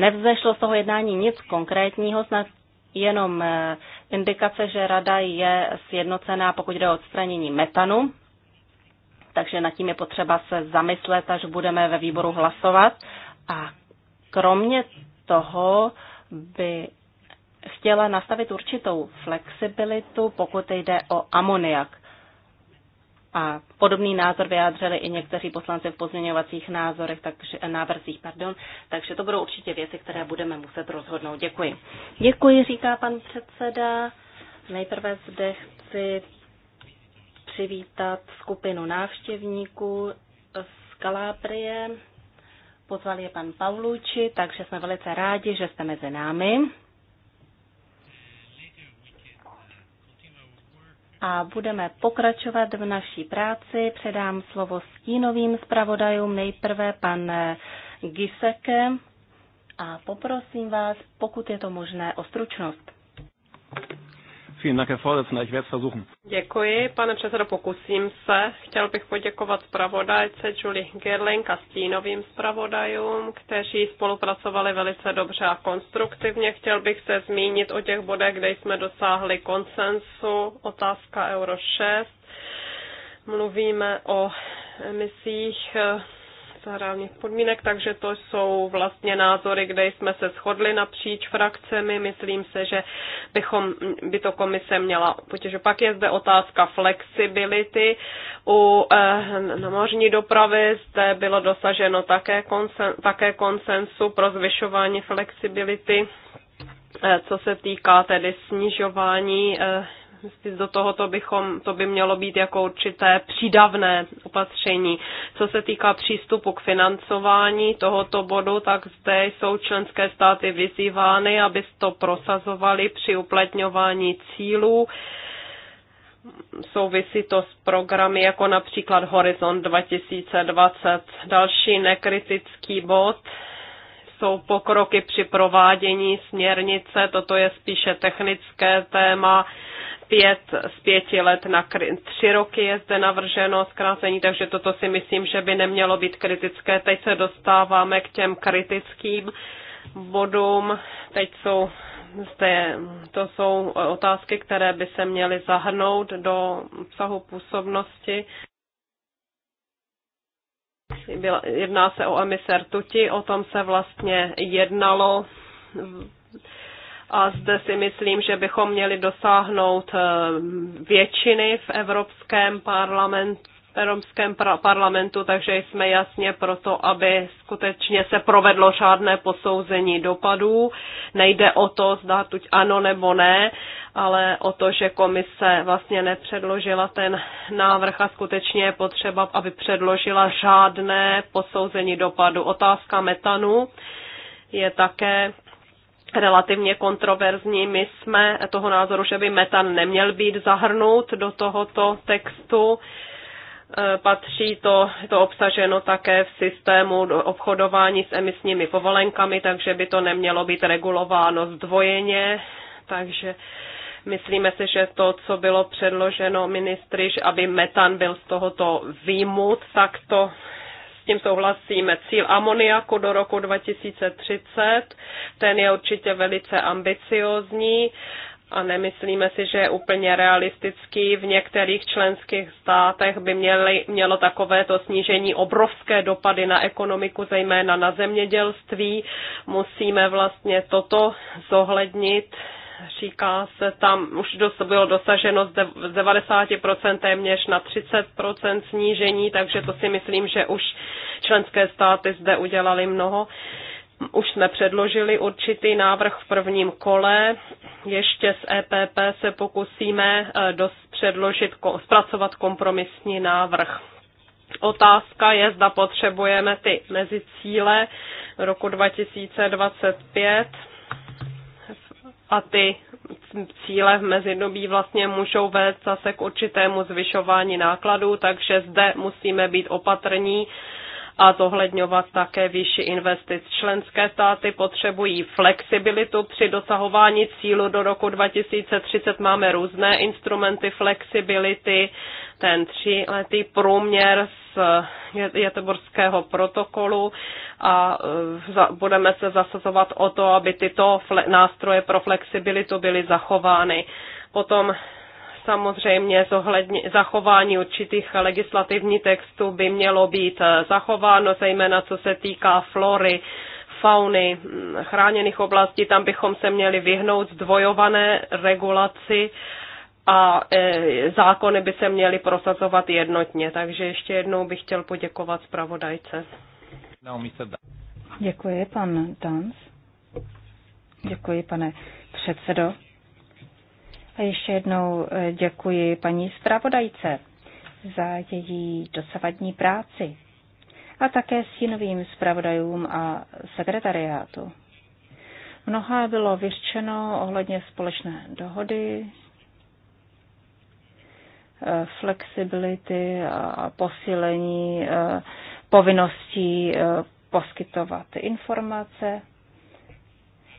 Nevzešlo z toho jednání nic konkrétního, snad jenom eh, indikace, že rada je sjednocená, pokud jde o odstranění metanu, takže nad tím je potřeba se zamyslet, až budeme ve výboru hlasovat. A kromě toho by chtěla nastavit určitou flexibilitu, pokud jde o amoniak. A podobný názor vyjádřili i někteří poslanci v pozměňovacích názorech, takže, návrzích. Pardon. Takže to budou určitě věci, které budeme muset rozhodnout. Děkuji. Děkuji, říká pan předseda. Nejprve zde chci přivítat skupinu návštěvníků z Kalábrie. Pozval je pan Pavluči, takže jsme velice rádi, že jste mezi námi. a budeme pokračovat v naší práci. Předám slovo stínovým zpravodajům, nejprve pan Giseke a poprosím vás, pokud je to možné, o stručnost. Děkuji, na Herr Ich werde versuchen. Děkuji, pane předsedo, pokusím se. Chtěl bych poděkovat zpravodajce Julie Gerling a stínovým zpravodajům, kteří spolupracovali velice dobře a konstruktivně. Chtěl bych se zmínit o těch bodech, kde jsme dosáhli konsensu. Otázka Euro 6. Mluvíme o emisích za podmínek, takže to jsou vlastně názory, kde jsme se shodli napříč frakcemi. Myslím se, že bychom, by to komise měla, protože pak je zde otázka flexibility. U eh, námořní dopravy zde bylo dosaženo také, konsen, také konsensu pro zvyšování flexibility eh, co se týká tedy snižování eh, do to, bychom, to by mělo být jako určité přídavné opatření. Co se týká přístupu k financování tohoto bodu, tak zde jsou členské státy vyzývány, aby to prosazovali při uplatňování cílů souvisí to s programy jako například Horizon 2020. Další nekritický bod jsou pokroky při provádění směrnice, toto je spíše technické téma, pět z pěti let na tři roky je zde navrženo zkrácení, takže toto si myslím, že by nemělo být kritické. Teď se dostáváme k těm kritickým bodům. Teď jsou zde, to jsou otázky, které by se měly zahrnout do obsahu působnosti. Byla, jedná se o emise rtuti, o tom se vlastně jednalo a zde si myslím, že bychom měli dosáhnout eh, většiny v Evropském parlamentu romském parlamentu, takže jsme jasně proto, aby skutečně se provedlo žádné posouzení dopadů. Nejde o to, zda tuť ano nebo ne, ale o to, že komise vlastně nepředložila ten návrh a skutečně je potřeba, aby předložila žádné posouzení dopadu. Otázka metanu je také relativně kontroverzní. My jsme toho názoru, že by metan neměl být zahrnut do tohoto textu. E, patří to, to obsaženo také v systému obchodování s emisními povolenkami, takže by to nemělo být regulováno zdvojeně. Takže myslíme si, že to, co bylo předloženo ministry, že aby metan byl z tohoto výmut, tak to tím souhlasíme. Cíl amoniaku do roku 2030, ten je určitě velice ambiciozní a nemyslíme si, že je úplně realistický. V některých členských státech by měli, mělo takovéto snížení obrovské dopady na ekonomiku, zejména na zemědělství. Musíme vlastně toto zohlednit. Říká se tam, už dos, bylo dosaženo z 90% téměř na 30% snížení, takže to si myslím, že už členské státy zde udělali mnoho. Uh, už jsme předložili určitý návrh v prvním kole. Ještě s EPP se pokusíme eh, dost předložit, zpracovat kompromisní návrh. Otázka je, zda potřebujeme ty mezicíle roku 2025 a ty cíle v mezidobí vlastně můžou vést zase k určitému zvyšování nákladů, takže zde musíme být opatrní a zohledňovat také vyšší investic. Členské státy potřebují flexibilitu při dosahování cílu do roku 2030. Máme různé instrumenty flexibility, ten tříletý průměr z Jeteborského protokolu a e, budeme se zasazovat o to, aby tyto nástroje pro flexibilitu byly zachovány. Potom samozřejmě zohledně, zachování určitých legislativních textů by mělo být eh, zachováno, zejména co se týká flory, fauny, mm, chráněných oblastí. Tam bychom se měli vyhnout zdvojované regulaci a eh, zákony by se měly prosazovat jednotně. Takže ještě jednou bych chtěl poděkovat zpravodajce. Děkuji, pan Dans. Děkuji, pane předsedo. A ještě jednou eh, děkuji paní zpravodajce za její dosavadní práci a také jinovým zpravodajům a sekretariátu. Mnoha bylo vyřčeno ohledně společné dohody, eh, flexibility a posílení eh, povinností poskytovat informace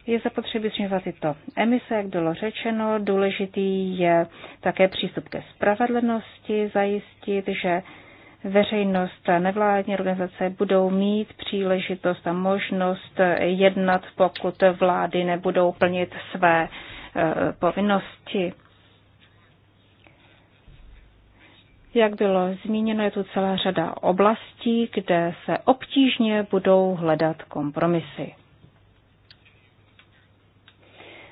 je zapotřebí i to emise, jak bylo řečeno. Důležitý je také přístup ke spravedlnosti, zajistit, že veřejnost a nevládní organizace budou mít příležitost a možnost jednat, pokud vlády nebudou plnit své eh, povinnosti. Jak bylo zmíněno, je tu celá řada oblastí, kde se obtížně budou hledat kompromisy.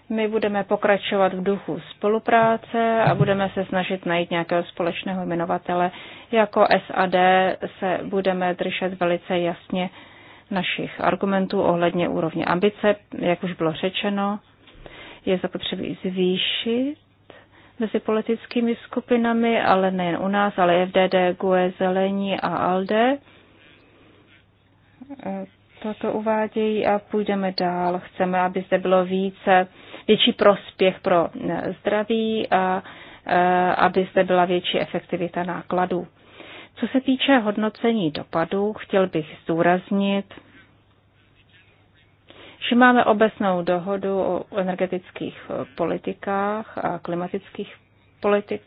My budeme pokračovat v duchu spolupráce a budeme se snažit najít nějakého společného jmenovatele. Jako SAD se budeme držet velice jasně našich argumentů ohledně úrovně ambice, jak už bylo řečeno, je zapotřebí zvýšit mezi politickými skupinami, ale nejen u nás, ale FDD, GUE, Zelení a ALDE. Toto uvádějí a půjdeme dál. Chceme, aby zde bylo více větší prospěch pro eh, zdraví a eh, aby zde byla větší efektivita nákladů. Co se týče hodnocení dopadů, chtěl bych zdůraznit, že máme obecnou dohodu o energetických eh, politikách a klimatických politik.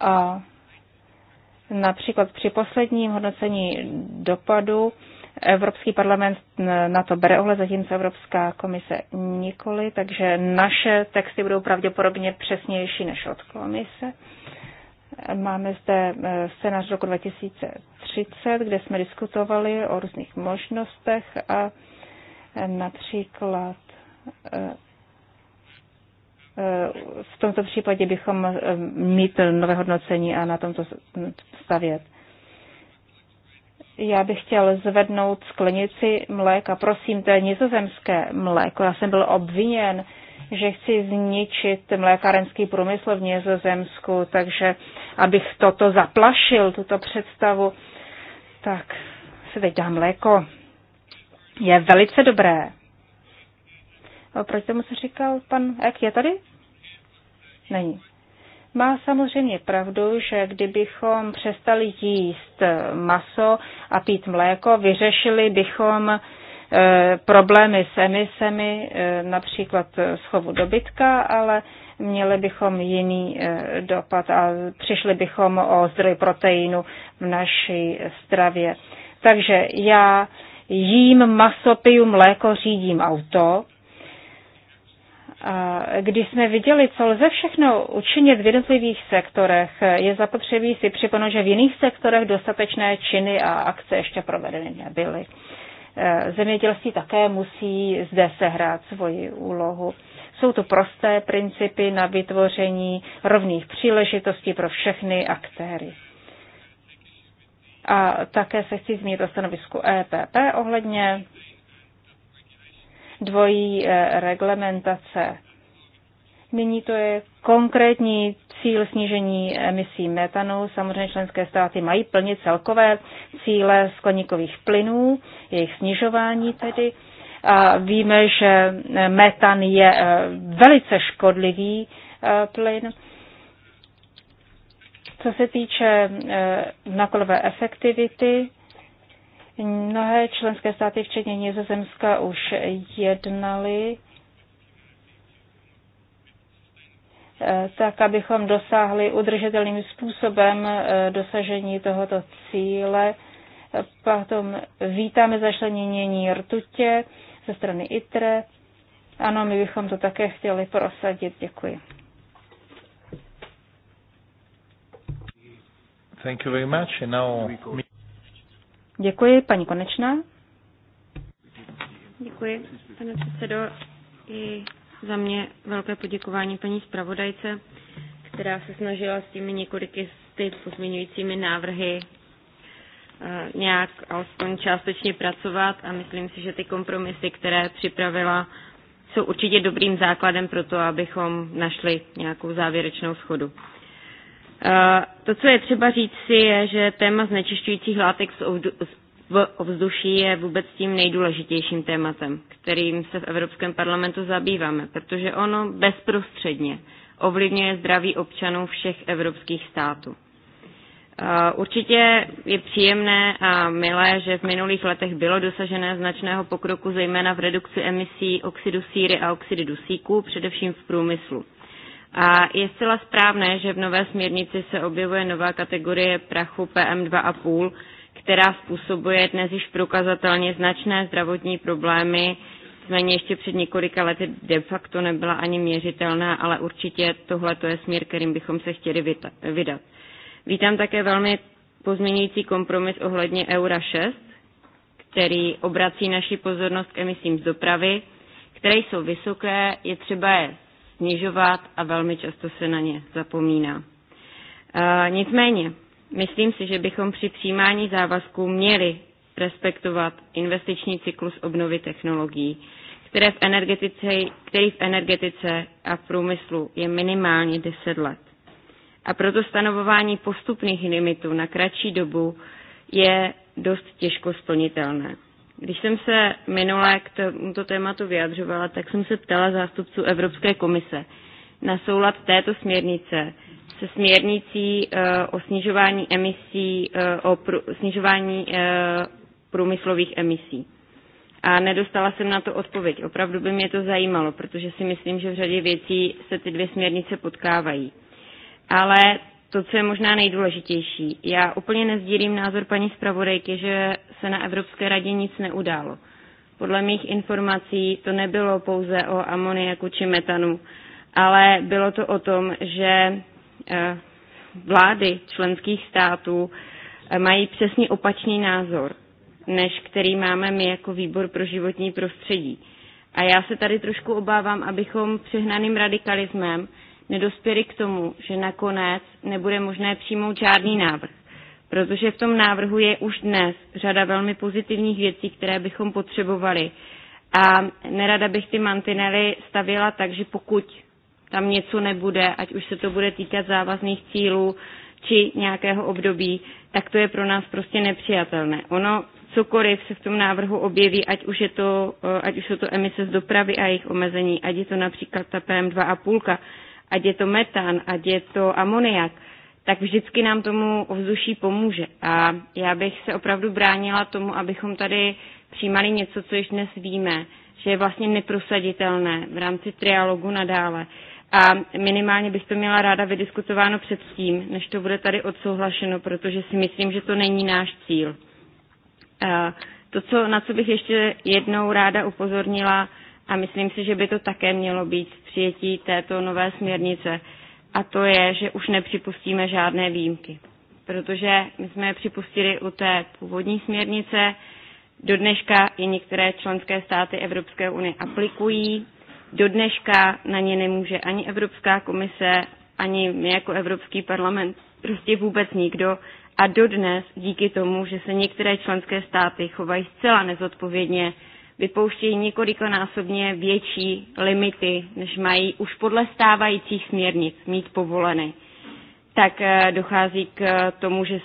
A například při posledním hodnocení dopadu Evropský parlament na to bere ohled, zatímco Evropská komise nikoli, takže naše texty budou pravděpodobně přesnější než od komise. Máme zde eh, scénář roku 2030, kde jsme diskutovali o různých možnostech a eh, například eh, v tomto případě bychom mít nové hodnocení a na tomto stavět já bych chtěl zvednout sklenici mléka. Prosím, to je nizozemské mléko. Já jsem byl obviněn, že chci zničit mlékárenský průmysl v Nizozemsku, takže abych toto zaplašil, tuto představu, tak se teď dám mléko. Je velice dobré. A proč tomu se říkal pan Ek? Je tady? Není. Má samozřejmě pravdu, že kdybychom přestali jíst maso a pít mléko, vyřešili bychom e, problémy s emisemi, e, například schovu dobytka, ale měli bychom jiný e, dopad a přišli bychom o zdroj proteinu v naší stravě. Takže já jím maso, piju mléko, řídím auto když jsme viděli, co lze všechno učinit v jednotlivých sektorech, je zapotřebí si připomenout, že v jiných sektorech dostatečné činy a akce ještě provedeny nebyly. E, zemědělství také musí zde sehrát svoji úlohu. Jsou to prosté principy na vytvoření rovných příležitostí pro všechny aktéry. A také se chci zmínit o stanovisku EPP ohledně dvojí eh, reglementace. Nyní to je konkrétní cíl snížení emisí metanu. Samozřejmě členské státy mají plnit celkové cíle skleníkových plynů, jejich snižování tedy. A víme, že eh, metan je eh, velice škodlivý plyn. Co se týče nakolové efektivity, Mnohé členské státy, včetně Nizozemska, už jednali, tak, abychom dosáhli udržitelným způsobem eh, dosažení tohoto cíle. Potom vítáme začlenění rtutě ze strany ITRE. Ano, my bychom to také chtěli prosadit. Děkuji. Thank you very much. And now... Děkuji, paní Konečná. Děkuji, pane předsedo. I za mě velké poděkování paní zpravodajce, která se snažila s těmi několiky ty pozměňujícími návrhy eh, nějak alespoň částečně pracovat a myslím si, že ty kompromisy, které připravila, jsou určitě dobrým základem pro to, abychom našli nějakou závěrečnou schodu. Eh, to, co je třeba říct si, je, že téma znečišťujících látek v ovzduší je vůbec tím nejdůležitějším tématem, kterým se v Evropském parlamentu zabýváme, protože ono bezprostředně ovlivňuje zdraví občanů všech evropských států. Eh, určitě je příjemné a milé, že v minulých letech bylo dosažené značného pokroku zejména v redukci emisí oxidu síry a oxidu dusíku, především v průmyslu. A je zcela správné, že v nové směrnici se objevuje nová kategorie prachu PM2,5, která způsobuje dnes již prokazatelně značné zdravotní problémy, nicméně ještě před několika lety de facto nebyla ani měřitelná, ale určitě tohle to je směr, kterým bychom se chtěli vydat. Vítám také velmi pozměňující kompromis ohledně Eura 6, který obrací naši pozornost k emisím z dopravy, které jsou vysoké, je třeba je snižovat a velmi často se na ně zapomíná. E, nicméně, myslím si, že bychom při přijímání závazků měli respektovat investiční cyklus obnovy technologií, které v energetice, který v energetice a v průmyslu je minimálně 10 let. A proto stanovování postupných limitů na kratší dobu je dost těžko splnitelné. Když jsem se minule k tomuto tématu vyjadřovala, tak jsem se ptala zástupců Evropské komise na soulad této směrnice se směrnicí eh, o snižování emisí, eh, o snižování eh, průmyslových emisí. A nedostala jsem na to odpověď. Opravdu by mě to zajímalo, protože si myslím, že v řadě věcí se ty dvě směrnice potkávají. Ale to, co je možná nejdůležitější. Já úplně nezdílím názor paní zpravodajky, že se na Evropské radě nic neudálo. Podle mých informací to nebylo pouze o amoniaku či metanu, ale bylo to o tom, že eh, vlády členských států eh, mají přesně opačný názor, než který máme my jako výbor pro životní prostředí. A já se tady trošku obávám, abychom přehnaným radikalismem nedospěli k tomu, že nakonec nebude možné přijmout žádný návrh, protože v tom návrhu je už dnes řada velmi pozitivních věcí, které bychom potřebovali. A nerada bych ty mantinely stavěla tak, že pokud tam něco nebude, ať už se to bude týkat závazných cílů či nějakého období, tak to je pro nás prostě nepřijatelné. Ono cokoliv se v tom návrhu objeví, ať už, je to, eh, ať už jsou to emise z dopravy a jejich omezení, ať je to například ta PM2,5, ať je to metan, ať je to amoniak, tak vždycky nám tomu ovzduší pomůže. A já bych se opravdu bránila tomu, abychom tady přijímali něco, co již dnes víme, že je vlastně neprosaditelné v rámci trialogu nadále. A minimálně bych to měla ráda vydiskutováno předtím, než to bude tady odsouhlašeno, protože si myslím, že to není náš cíl. Eh, to, co, na co bych ještě jednou ráda upozornila, a myslím si, že by to také mělo být v přijetí této nové směrnice. A to je, že už nepřipustíme žádné výjimky. Protože my jsme je připustili u té původní směrnice, do dneška i některé členské státy Evropské unie aplikují, do dneška na ně nemůže ani Evropská komise, ani my jako Evropský parlament, prostě vůbec nikdo. A dodnes díky tomu, že se některé členské státy chovají zcela nezodpovědně, vypouštějí několikonásobně větší limity, než mají už podle stávajících směrnic mít povoleny, tak eh, dochází k eh, tomu, že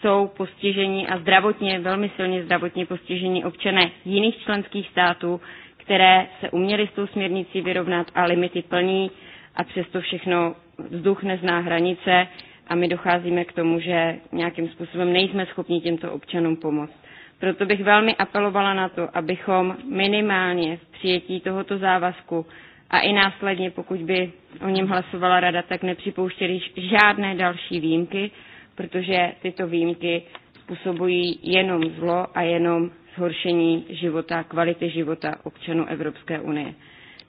jsou postižení a zdravotně, velmi silně zdravotně postižení občané jiných členských států, které se uměly s tou směrnicí vyrovnat a limity plní a přesto všechno vzduch nezná hranice a my docházíme k tomu, že nějakým způsobem nejsme schopni těmto občanům pomoct. Proto bych velmi apelovala na to, abychom minimálně v přijetí tohoto závazku a i následně, pokud by o něm hlasovala rada, tak nepřipouštěli žádné další výjimky, protože tyto výjimky způsobují jenom zlo a jenom zhoršení života, kvality života občanů Evropské unie.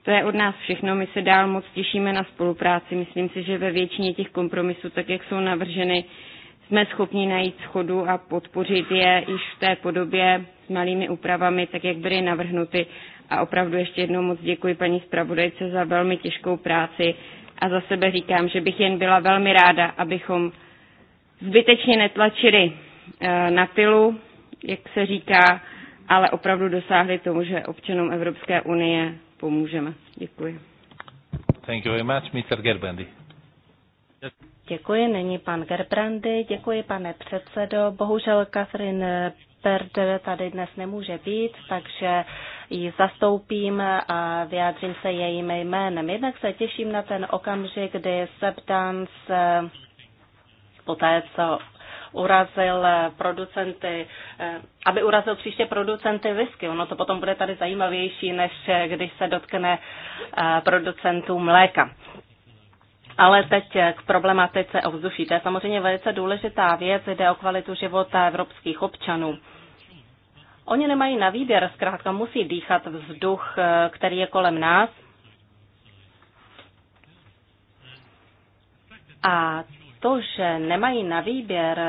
To je od nás všechno, my se dál moc těšíme na spolupráci. Myslím si, že ve většině těch kompromisů, tak jak jsou navrženy, jsme schopni najít schodu a podpořit je již v té podobě s malými úpravami, tak jak byly navrhnuty. A opravdu ještě jednou moc děkuji paní zpravodajce za velmi těžkou práci a za sebe říkám, že bych jen byla velmi ráda, abychom zbytečně netlačili eh, na pilu, jak se říká, ale opravdu dosáhli tomu, že občanům Evropské unie pomůžeme. Děkuji. Thank you very much, Mr. Gerbendi. Děkuji, není pan Gerbrandy. Děkuji, pane předsedo. Bohužel Katrin Perder tady dnes nemůže být, takže ji zastoupím a vyjádřím se jejím jménem. Jednak se těším na ten okamžik, kdy Septans eh, poté, co urazil producenty, eh, aby urazil příště producenty whisky. Ono to potom bude tady zajímavější, než eh, když se dotkne producentů mléka. Ale teď k problematice ovzduší. To je samozřejmě velice důležitá věc, jde o kvalitu života evropských občanů. Oni nemají na výběr, zkrátka musí dýchat vzduch, který je kolem nás. A to, že nemají na výběr,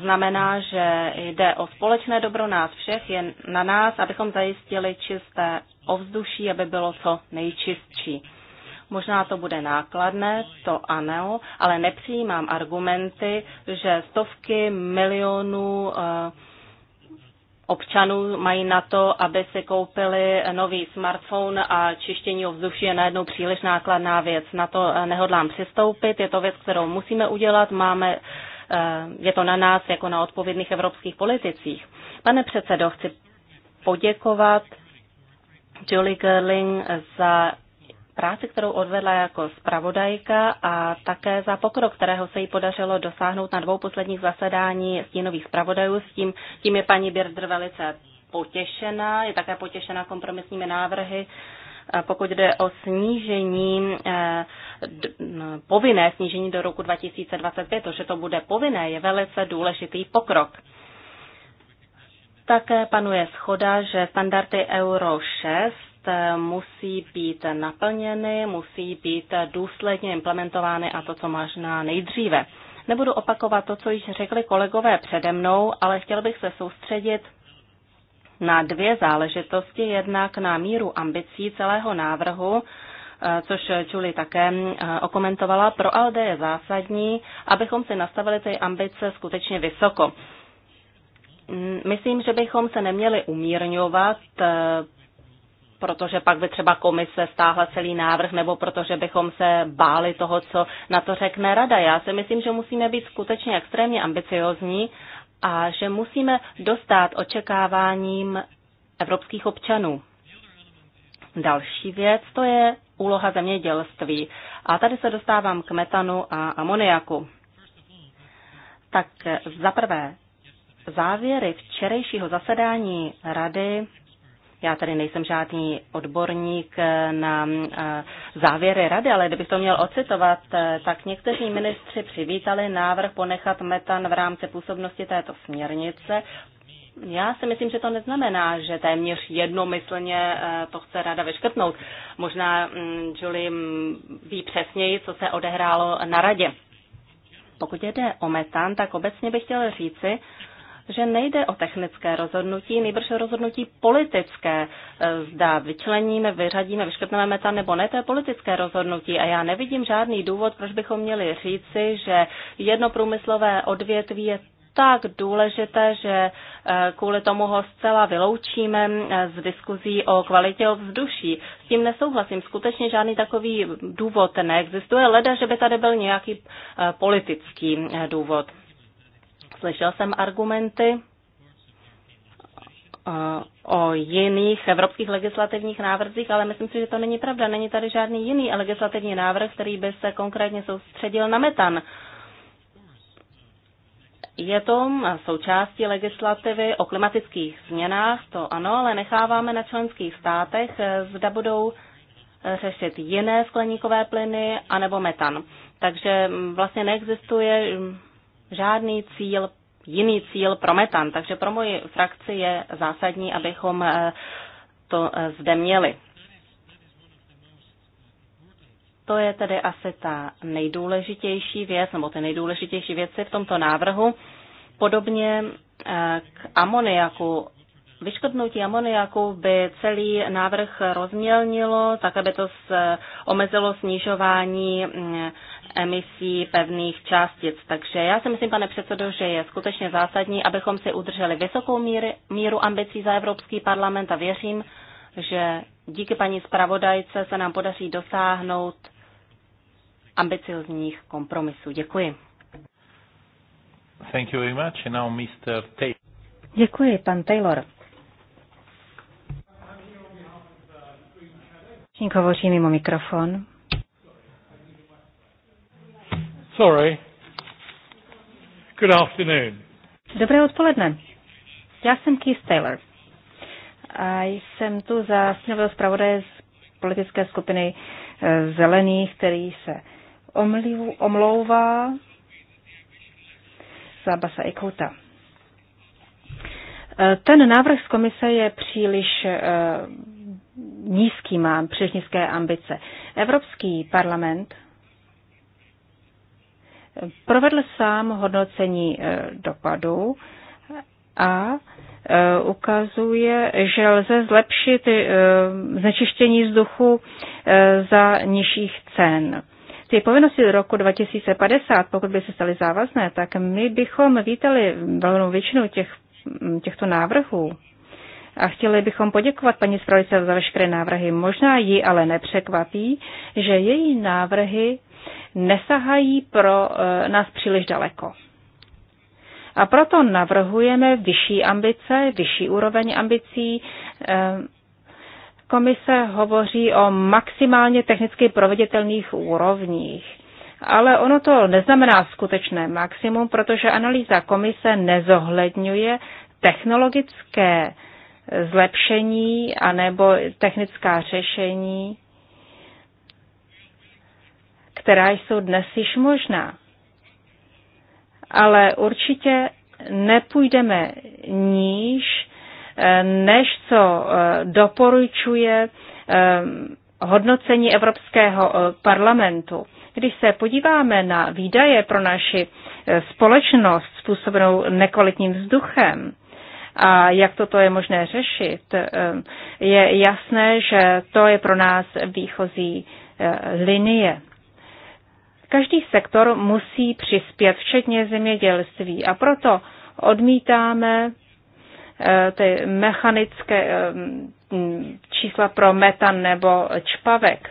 znamená, že jde o společné dobro nás všech, je na nás, abychom zajistili čisté ovzduší, aby bylo co nejčistší. Možná to bude nákladné, to ano, ale nepřijímám argumenty, že stovky milionů eh, občanů mají na to, aby si koupili nový smartphone a čištění ovzduší je najednou příliš nákladná věc. Na to eh, nehodlám přistoupit, je to věc, kterou musíme udělat, máme eh, je to na nás jako na odpovědných evropských politicích. Pane předsedo, chci poděkovat Julie Gerling za práci, kterou odvedla jako zpravodajka a také za pokrok, kterého se jí podařilo dosáhnout na dvou posledních zasedání stínových zpravodajů. S tím, tím je paní Birdr velice potěšena, je také potěšena kompromisními návrhy, pokud jde o snížení, eh, povinné snížení do roku 2025, to, že to bude povinné, je velice důležitý pokrok. Také panuje schoda, že standardy Euro 6 Eh, musí být naplněny, musí být důsledně implementovány a to, co možná nejdříve. Nebudu opakovat to, co již řekli kolegové přede mnou, ale chtěl bych se soustředit na dvě záležitosti, jednak na míru ambicí celého návrhu, eh, což Čuli také eh, okomentovala. Pro ALD je zásadní, abychom si nastavili ty ambice skutečně vysoko. Myslím, že bychom se neměli umírňovat, protože pak by třeba komise stáhla celý návrh, nebo protože bychom se báli toho, co na to řekne rada. Já si myslím, že musíme být skutečně extrémně ambiciozní a že musíme dostat očekáváním evropských občanů. Další věc to je úloha zemědělství. A tady se dostávám k metanu a amoniaku. Tak za prvé, závěry včerejšího zasedání rady já tady nejsem žádný odborník eh, na eh, závěry rady, ale kdybych to měl ocitovat, eh, tak někteří ministři přivítali návrh ponechat metan v rámci působnosti této směrnice, já si myslím, že to neznamená, že téměř jednomyslně to chce rada vyškrtnout. Možná mm, Julie ví přesněji, co se odehrálo na radě. Pokud jde o metan, tak obecně bych chtěl říci, že nejde o technické rozhodnutí, nejbrž o rozhodnutí politické. E, zda vyčleníme, vyřadíme, vyškrtneme meta nebo ne, to je politické rozhodnutí. A já nevidím žádný důvod, proč bychom měli říci, že jedno průmyslové odvětví je tak důležité, že e, kvůli tomu ho zcela vyloučíme e, z diskuzí o kvalitě ovzduší. S tím nesouhlasím. Skutečně žádný takový důvod neexistuje. Leda, že by tady byl nějaký politický důvod. Slyšel jsem argumenty eh, o jiných evropských legislativních návrzích, ale myslím si, že to není pravda. Není tady žádný jiný legislativní návrh, který by se konkrétně soustředil na metan. Je to součástí legislativy o klimatických změnách, to ano, ale necháváme na členských státech, eh, zda budou eh, řešit jiné skleníkové plyny anebo metan. Takže mm, vlastně neexistuje mm, žádný cíl, jiný cíl pro metan. Takže pro moji frakci je zásadní, abychom eh, to eh, zde měli. To je tedy asi ta nejdůležitější věc, nebo ty nejdůležitější věci v tomto návrhu. Podobně eh, k amoniaku. Vyškodnutí amoniaku by celý návrh rozmělnilo, tak aby to omezilo snižování mm, emisí pevných částic. Takže já si myslím, pane předsedo, že je skutečně zásadní, abychom si udrželi vysokou míry, míru ambicí za Evropský parlament a věřím, že díky paní zpravodajce se nám podaří dosáhnout ambiciozních kompromisů. Děkuji. Thank you very much. now Mr. Taylor. Děkuji, pan Taylor. Čink hovoří mimo mikrofon. Sorry. Good afternoon. Dobré odpoledne. Já jsem Keith Taylor. A jsem tu za sněmového zpravodaje z politické skupiny eh, zelených, který se omlouvá za Basa Ikuta. Eh, ten návrh z komise je příliš eh, nízký, mám příliš nízké ambice. Evropský parlament provedl sám hodnocení eh, dopadu a eh, ukazuje, že lze zlepšit eh, znečištění vzduchu za nižších cen. Ty povinnosti do roku 2050, pokud by se staly závazné, tak my bychom vítali velkou většinu těch, mm, těchto návrhů. A chtěli bychom poděkovat paní zpravodajce za veškeré návrhy. Možná ji ale nepřekvapí, že její návrhy nesahají pro eh, nás příliš daleko. A proto navrhujeme vyšší ambice, vyšší úroveň ambicí. Eh, komise hovoří o maximálně technicky proveditelných úrovních. Ale ono to neznamená skutečné maximum, protože analýza komise nezohledňuje technologické zlepšení anebo technická řešení která jsou dnes již možná. Ale určitě nepůjdeme níž, eh, než co eh, doporučuje eh, hodnocení Evropského parlamentu. Když se podíváme na výdaje pro naši společnost způsobenou nekvalitním vzduchem, a jak toto je možné řešit, je jasné, že to je pro nás výchozí linie. Každý sektor musí přispět, včetně zemědělství. A proto odmítáme eh, ty mechanické eh, čísla pro metan nebo čpavek.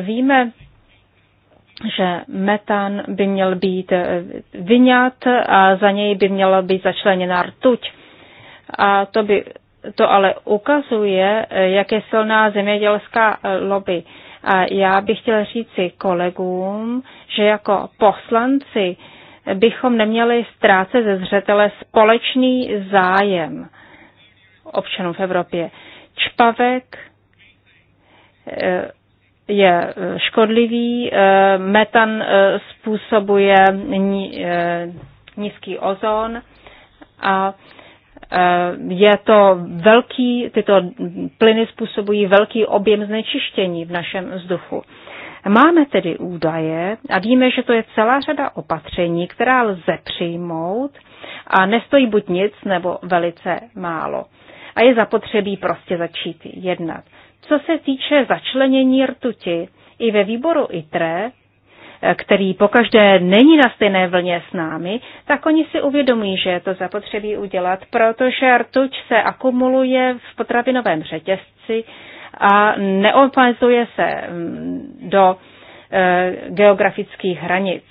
Víme, že metan by měl být eh, vyňat a za něj by měla být začleněna rtuť. A to, by, to ale ukazuje, jak je silná zemědělská lobby. A já bych chtěl říci kolegům, že jako poslanci bychom neměli ztrácet ze zřetele společný zájem občanů v Evropě. Čpavek eh, je eh, škodlivý, eh, metan způsobuje nízký ozon a je to velký, tyto plyny způsobují velký objem znečištění v našem vzduchu. Máme tedy údaje a víme, že to je celá řada opatření, která lze přijmout a nestojí buď nic nebo velice málo. A je zapotřebí prostě začít jednat. Co se týče začlenění rtuti, i ve výboru ITRE který pokaždé není na stejné vlně s námi, tak oni si uvědomují, že je to zapotřebí udělat, protože rtuť se akumuluje v potravinovém řetězci a neomezuje se mm, do eh, geografických hranic.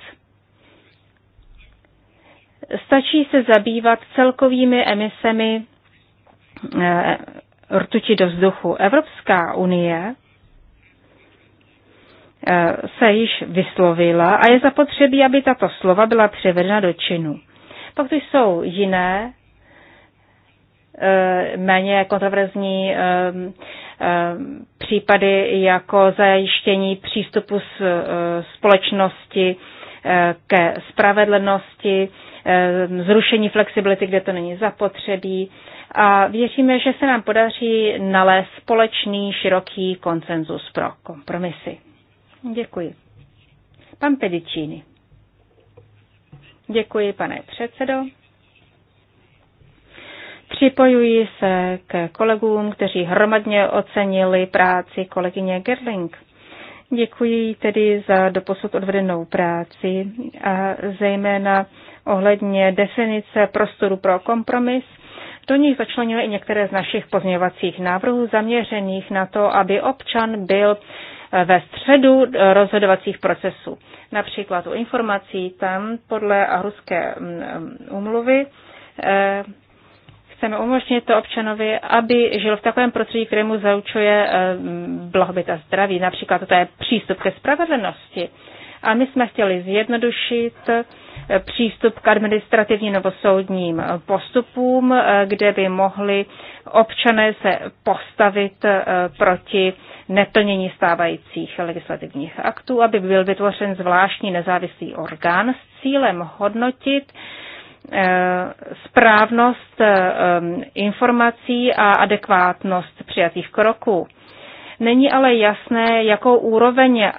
Stačí se zabývat celkovými emisemi eh, rtuti do vzduchu. Evropská unie eh, se již vyslovila a je zapotřebí, aby tato slova byla převedena do činu. Pak tu jsou jiné Eh, méně kontroverzní eh, eh, případy jako zajištění přístupu z společnosti ke spravedlnosti, zrušení flexibility, kde to není zapotřebí. A věříme, že se nám podaří nalézt společný široký konsenzus pro kompromisy. Děkuji. Pan Pedicini. Děkuji, pane předsedo. Připojuji se k kolegům, kteří hromadně ocenili práci kolegyně Gerling. Děkuji tedy za doposud odvedenou práci a zejména ohledně definice prostoru pro kompromis. Do nich začlenuje i některé z našich pozměňovacích návrhů zaměřených na to, aby občan byl ve středu rozhodovacích procesů. Například u informací tam podle ruské mm, mm, umluvy eh, chceme umožnit to občanovi, aby žil v takovém prostředí, které mu zaučuje eh, blahobyt a zdraví. Například to je přístup ke spravedlnosti. A my jsme chtěli zjednodušit eh, přístup k administrativním nebo soudním eh, postupům, kde by mohli občané se postavit proti neplnění stávajících legislativních aktů, aby byl vytvořen zvláštní nezávislý orgán s cílem hodnotit Eh, správnost eh, informací a adekvátnost přijatých kroků. Není ale jasné, jakou úroveň eh,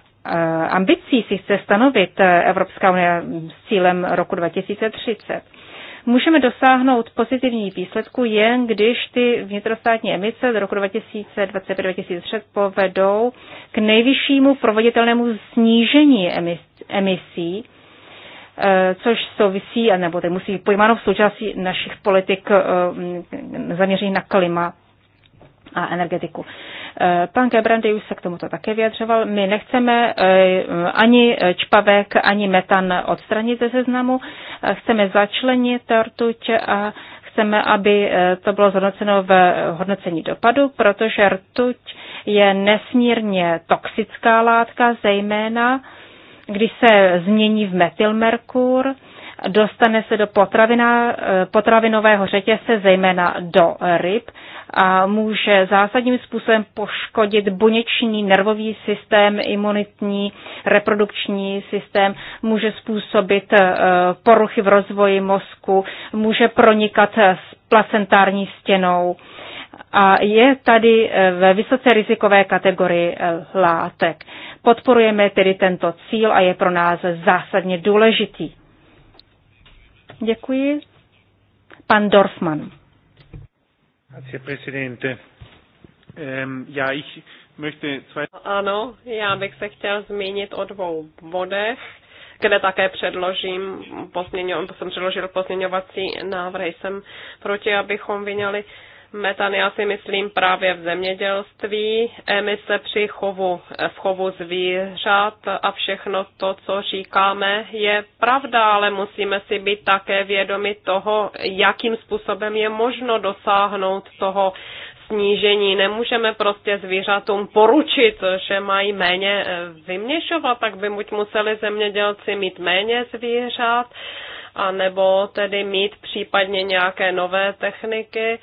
ambicí si chce stanovit Evropská unie s cílem roku 2030. Můžeme dosáhnout pozitivní výsledku jen, když ty vnitrostátní emice z roku 2025-2030 povedou k nejvyššímu proveditelnému snížení emisí Eh, což souvisí, nebo to musí být pojmáno v součástí našich politik eh, zaměřených na klima a energetiku. Eh, pan Gebrandy už se k tomuto také vyjadřoval. My nechceme ani čpavek, ani metan odstranit ze seznamu. Chceme začlenit rtuť a chceme, aby to bylo zhodnoceno v hodnocení dopadu, protože rtuť je nesmírně toxická látka, zejména když se změní v metylmerkur, dostane se do potravina, eh, potravinového řetězce, zejména do ryb, a může zásadním způsobem poškodit buněční nervový systém, imunitní, reprodukční systém, může způsobit eh, poruchy v rozvoji mozku, může pronikat s placentární stěnou a je tady eh, ve vysoce rizikové kategorii eh, látek. Podporujeme tedy tento cíl a je pro nás zásadně důležitý. Děkuji. Pan Dorfman. Ehm, ano, já bych se chtěl zmínit o dvou bodech kde také předložím, posměňo, jsem předložil pozměňovací návrhy. Jsem proti, abychom vyňali metan, já si myslím právě v zemědělství, emise při chovu, v chovu zvířat a všechno to, co říkáme, je pravda, ale musíme si být také vědomi toho, jakým způsobem je možno dosáhnout toho snížení. Nemůžeme prostě zvířatům poručit, že mají méně eh, vyměšovat, tak by buď museli zemědělci mít méně zvířat, anebo tedy mít případně nějaké nové techniky,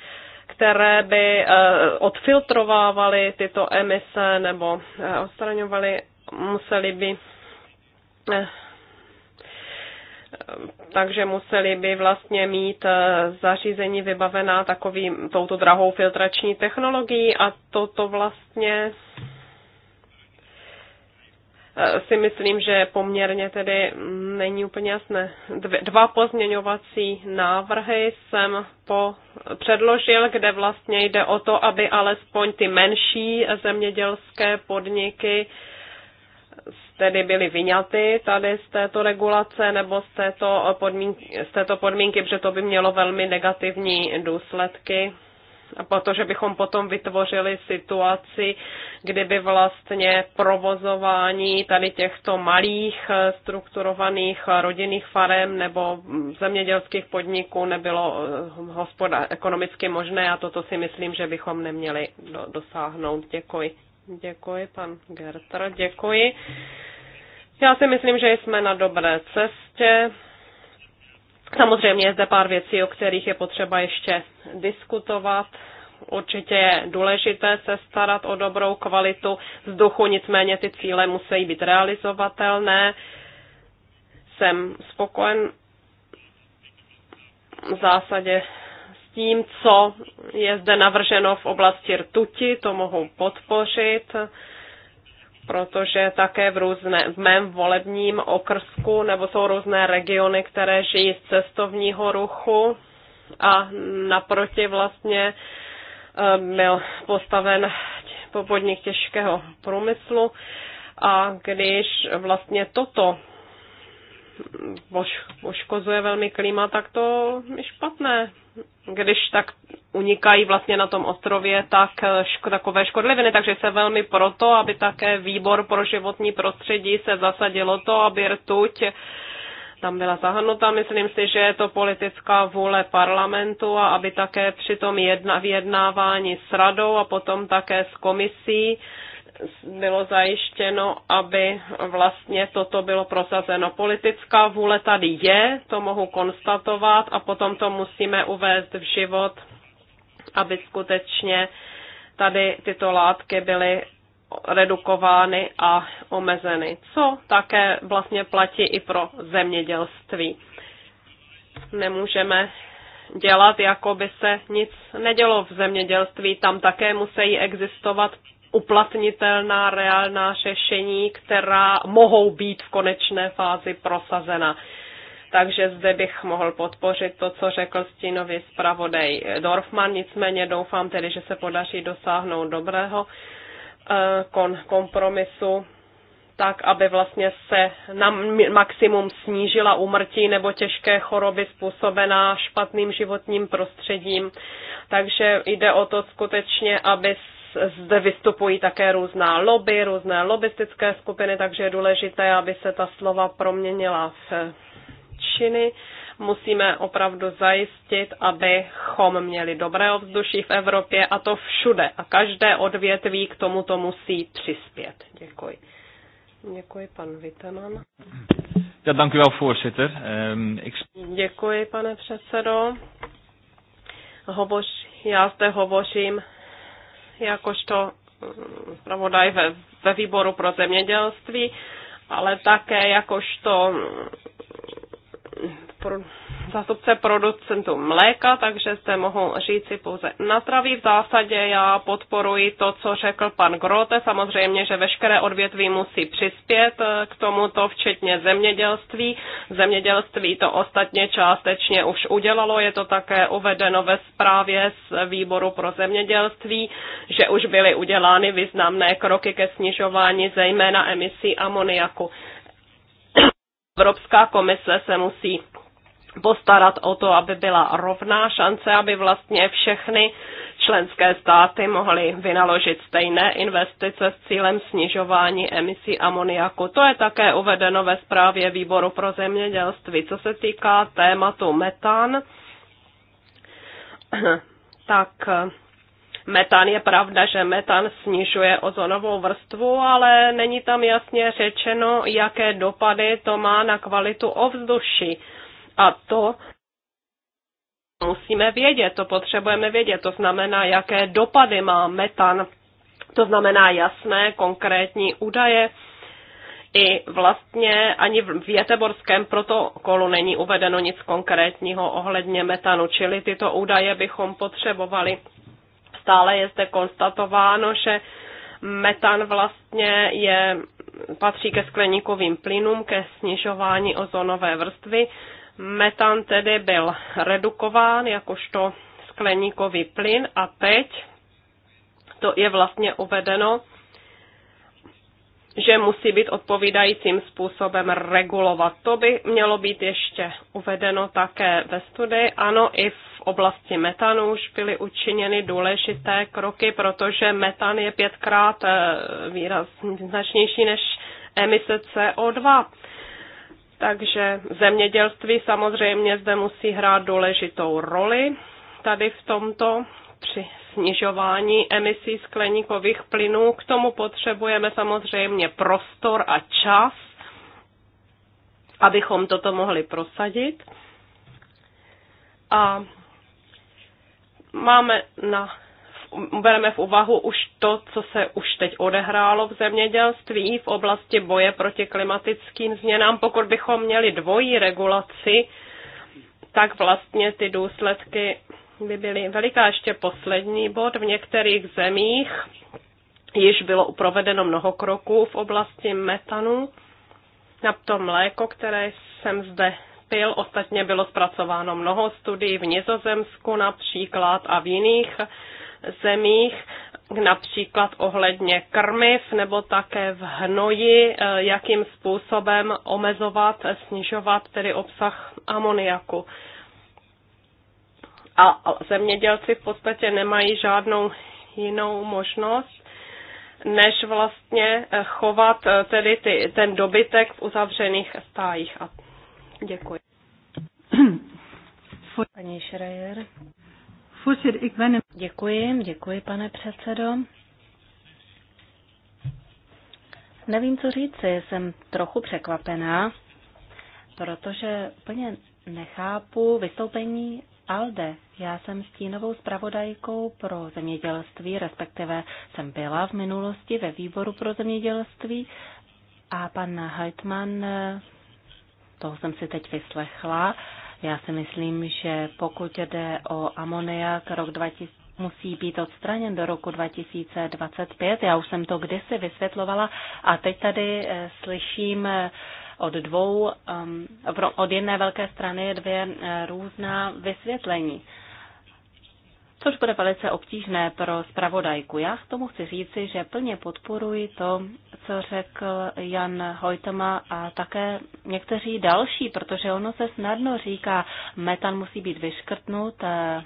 které by eh, odfiltrovávaly tyto emise nebo eh, odstraňovaly, museli by eh, takže museli by vlastně mít zařízení vybavená takovým touto drahou filtrační technologií a toto vlastně Eh, si myslím, že poměrně tedy není úplně jasné. Dva pozměňovací návrhy jsem po, předložil, kde vlastně jde o to, aby alespoň ty menší zemědělské podniky tedy byly vyňaty tady z této regulace nebo z této podmínky, z této podmínky protože to by mělo velmi negativní důsledky protože bychom potom vytvořili situaci, kdyby vlastně provozování tady těchto malých eh, strukturovaných eh, rodinných farem nebo mm, zemědělských podniků nebylo eh, hospoda- ekonomicky možné a toto si myslím, že bychom neměli do- dosáhnout. Děkuji. Děkuji, pan Gertr, děkuji. Já si myslím, že jsme na dobré cestě. Samozřejmě je zde pár věcí, o kterých je potřeba ještě diskutovat. Určitě je důležité se starat o dobrou kvalitu vzduchu, nicméně ty cíle musí být realizovatelné. Jsem spokojen v zásadě s tím, co je zde navrženo v oblasti rtuti, to mohu podpořit protože také v, různé, v mém volebním okrsku nebo jsou různé regiony, které žijí z cestovního ruchu a naproti vlastně eh, byl postaven po podnik těžkého průmyslu a když vlastně toto poškozuje velmi klima, tak to je špatné když tak unikají vlastně na tom ostrově tak eh, ško, takové škodliviny, takže se velmi proto, aby také výbor pro životní prostředí se zasadilo to, aby rtuť tam byla zahrnuta. Myslím si, že je to politická vůle parlamentu a aby také při tom jedna, vyjednávání s radou a potom také s komisí bylo zajištěno, aby vlastně toto bylo prosazeno. Politická vůle tady je, to mohu konstatovat, a potom to musíme uvést v život, aby skutečně tady tyto látky byly redukovány a omezeny, co také vlastně platí i pro zemědělství. Nemůžeme dělat, jako by se nic nedělo v zemědělství. Tam také musí existovat uplatnitelná reálná řešení, která mohou být v konečné fázi prosazena. Takže zde bych mohl podpořit to, co řekl stínový zpravodaj Dorfman, nicméně doufám tedy, že se podaří dosáhnout dobrého eh, kompromisu tak, aby vlastně se na maximum snížila umrtí nebo těžké choroby způsobená špatným životním prostředím. Takže jde o to skutečně, aby zde vystupují také různá lobby, různé lobistické skupiny, takže je důležité, aby se ta slova proměnila v činy. Musíme opravdu zajistit, abychom měli dobré ovzduší v Evropě a to všude. A každé odvětví k tomuto musí přispět. Děkuji. Děkuji, pan Vitanan. Ja, dank u wel, voorzitter. Um, ik... Děkuji, pane předsedo. Hovoř, já zde hovořím jakožto eh, zpravodaj ve, ve výboru pro zemědělství, ale také jakožto eh, zástupce producentů mléka, takže zde mohu říci pouze na zdraví. V zásadě já podporuji to, co řekl pan Grote. Samozřejmě, že veškeré odvětví musí přispět eh, k tomuto, včetně zemědělství. Zemědělství to ostatně částečně už udělalo. Je to také uvedeno ve zprávě z výboru pro zemědělství, že už byly udělány významné kroky ke snižování zejména emisí amoniaku. Evropská komise se musí postarat o to, aby byla rovná šance, aby vlastně všechny členské státy mohly vynaložit stejné investice s cílem snižování emisí amoniaku. To je také uvedeno ve zprávě Výboru pro zemědělství. Co se týká tématu metan, tak eh, metan je pravda, že metan snižuje ozonovou vrstvu, ale není tam jasně řečeno, jaké dopady to má na kvalitu ovzduší a to musíme vědět, to potřebujeme vědět. To znamená, jaké dopady má metan. To znamená jasné, konkrétní údaje. I vlastně ani v Věteborském protokolu není uvedeno nic konkrétního ohledně metanu, čili tyto údaje bychom potřebovali. Stále je zde konstatováno, že metan vlastně je, patří ke skleníkovým plynům, ke snižování ozonové vrstvy, Metan tedy byl redukován jakožto skleníkový plyn a teď to je vlastně uvedeno, že musí být odpovídajícím způsobem regulovat. To by mělo být ještě uvedeno také ve studii. Ano, i v oblasti metanu už byly učiněny důležité kroky, protože metan je pětkrát eh, výrazně značnější než emise CO2. Takže zemědělství samozřejmě zde musí hrát důležitou roli tady v tomto při snižování emisí skleníkových plynů. K tomu potřebujeme samozřejmě prostor a čas, abychom toto mohli prosadit. A máme na bereme v úvahu už to, co se už teď odehrálo v zemědělství v oblasti boje proti klimatickým změnám. Pokud bychom měli dvojí regulaci, tak vlastně ty důsledky by byly veliká. Ještě poslední bod. V některých zemích již bylo provedeno mnoho kroků v oblasti metanu. Na to mléko, které jsem zde pil, ostatně bylo zpracováno mnoho studií v Nizozemsku například a v jiných zemích, například ohledně krmiv nebo také v hnoji, eh, jakým způsobem omezovat, snižovat tedy obsah amoniaku. A zemědělci v podstatě nemají žádnou jinou možnost, než vlastně eh, chovat eh, tedy ty, ten dobytek v uzavřených stájích. A děkuji. Paní Schreier. Děkuji, děkuji, pane předsedo. Nevím, co říci, jsem trochu překvapená, protože úplně nechápu vystoupení Alde. Já jsem stínovou zpravodajkou pro zemědělství, respektive jsem byla v minulosti ve výboru pro zemědělství a pan Heitman, eh, toho jsem si teď vyslechla, já si myslím, že pokud jde o amoniak, rok 2000, musí být odstraněn do roku 2025. Já už jsem to kdysi vysvětlovala a teď tady eh, slyším eh, od dvou, ehm, od jedné velké strany dvě eh, různá vysvětlení což bude velice obtížné pro zpravodajku. Já k tomu chci říci, že plně podporuji to, co řekl Jan Hojtema a také někteří další, protože ono se snadno říká, metan musí být vyškrtnut, eh,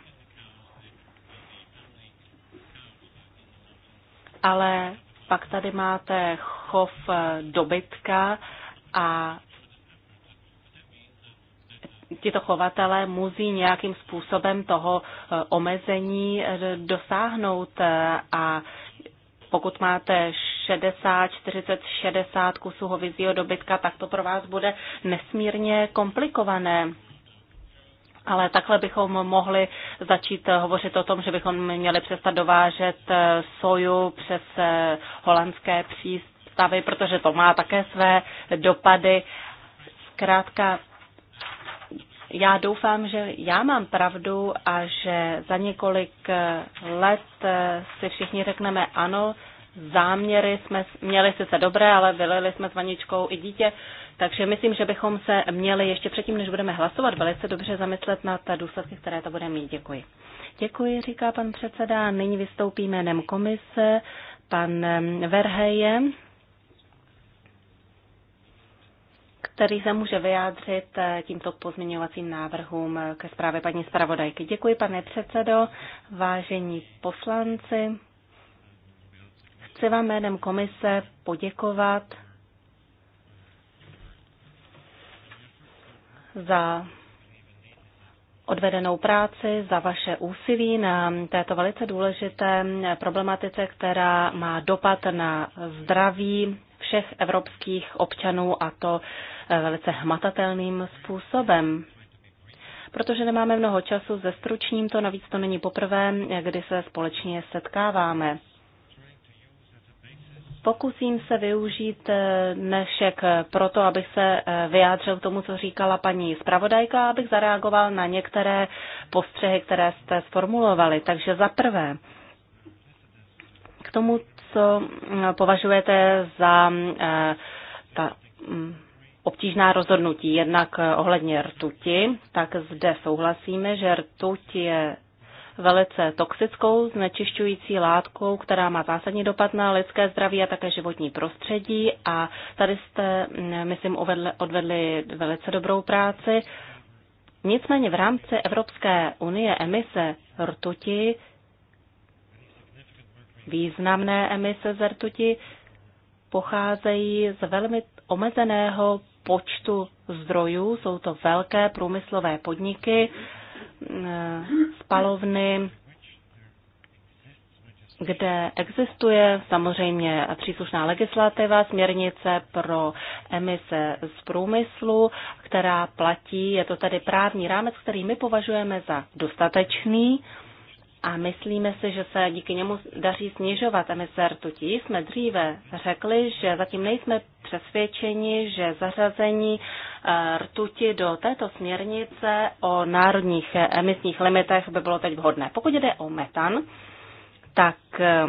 ale pak tady máte chov dobytka a tito chovatelé musí nějakým způsobem toho eh, omezení eh, dosáhnout eh, a pokud máte 60, 40, 60 kusů hovězího dobytka, tak to pro vás bude nesmírně komplikované. Ale takhle bychom mohli začít hovořit o tom, že bychom měli přestat dovážet soju přes holandské přístavy, protože to má také své dopady. Zkrátka já doufám, že já mám pravdu a že za několik eh, let eh, si všichni řekneme ano, záměry jsme měli sice dobré, ale vylili jsme s vaničkou i dítě, takže myslím, že bychom se měli ještě předtím, než budeme hlasovat, velice dobře zamyslet na ta důsledky, které to bude mít. Děkuji. Děkuji, říká pan předseda. Nyní vystoupí jménem komise pan eh, Verheje. který se může vyjádřit eh, tímto pozměňovacím návrhům eh, ke zprávě paní zpravodajky. Děkuji, pane předsedo, vážení poslanci. Chci vám jménem komise poděkovat za odvedenou práci, za vaše úsilí na této velice důležité problematice, která má dopad na zdraví všech evropských občanů a to eh, velice hmatatelným způsobem. Protože nemáme mnoho času, ze stručním to navíc to není poprvé, kdy se společně setkáváme. Pokusím se využít eh, dnešek proto, abych se eh, vyjádřil tomu, co říkala paní zpravodajka, abych zareagoval na některé postřehy, které jste sformulovali. Takže za prvé, k tomu, co mm, považujete za eh, ta mm, obtížná rozhodnutí. Jednak eh, ohledně rtuti, tak zde souhlasíme, že rtuť je velice toxickou znečišťující látkou, která má zásadní dopad na lidské zdraví a také životní prostředí. A tady jste, mm, myslím, uvedli, odvedli velice dobrou práci. Nicméně v rámci Evropské unie emise rtuti Významné emise z rtuti pocházejí z velmi omezeného počtu zdrojů. Jsou to velké průmyslové podniky, eh, spalovny, kde existuje samozřejmě příslušná legislativa, směrnice pro emise z průmyslu, která platí. Je to tedy právní rámec, který my považujeme za dostatečný a myslíme si, že se díky němu daří snižovat emise rtutí. Jsme dříve řekli, že zatím nejsme přesvědčeni, že zařazení eh, rtuti do této směrnice o národních eh, emisních limitech by bylo teď vhodné. Pokud jde o metan, tak eh,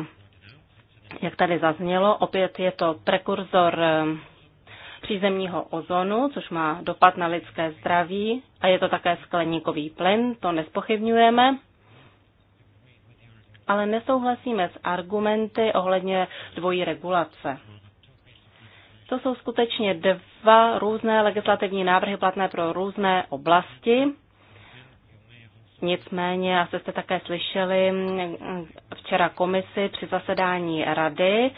jak tady zaznělo, opět je to prekurzor přízemního ozonu, což má dopad na lidské zdraví a je to také skleníkový plyn, to nespochybňujeme ale nesouhlasíme s argumenty ohledně dvojí regulace. To jsou skutečně dva různé legislativní návrhy platné pro různé oblasti. Nicméně, asi jste také slyšeli včera komisi při zasedání rady,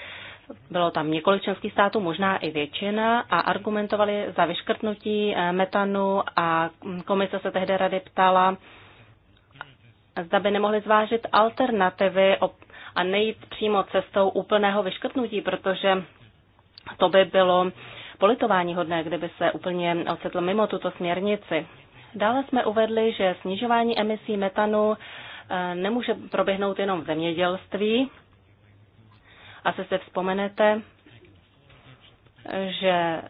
bylo tam několik členských států, možná i většina, a argumentovali za vyškrtnutí eh, metanu a mm, komise se tehdy rady ptala, zda by nemohli zvážit alternativy a nejít přímo cestou úplného vyškrtnutí, protože to by bylo politování hodné, kdyby se úplně ocitl mimo tuto směrnici. Dále jsme uvedli, že snižování emisí metanu eh, nemůže proběhnout jenom v zemědělství. Asi se vzpomenete, že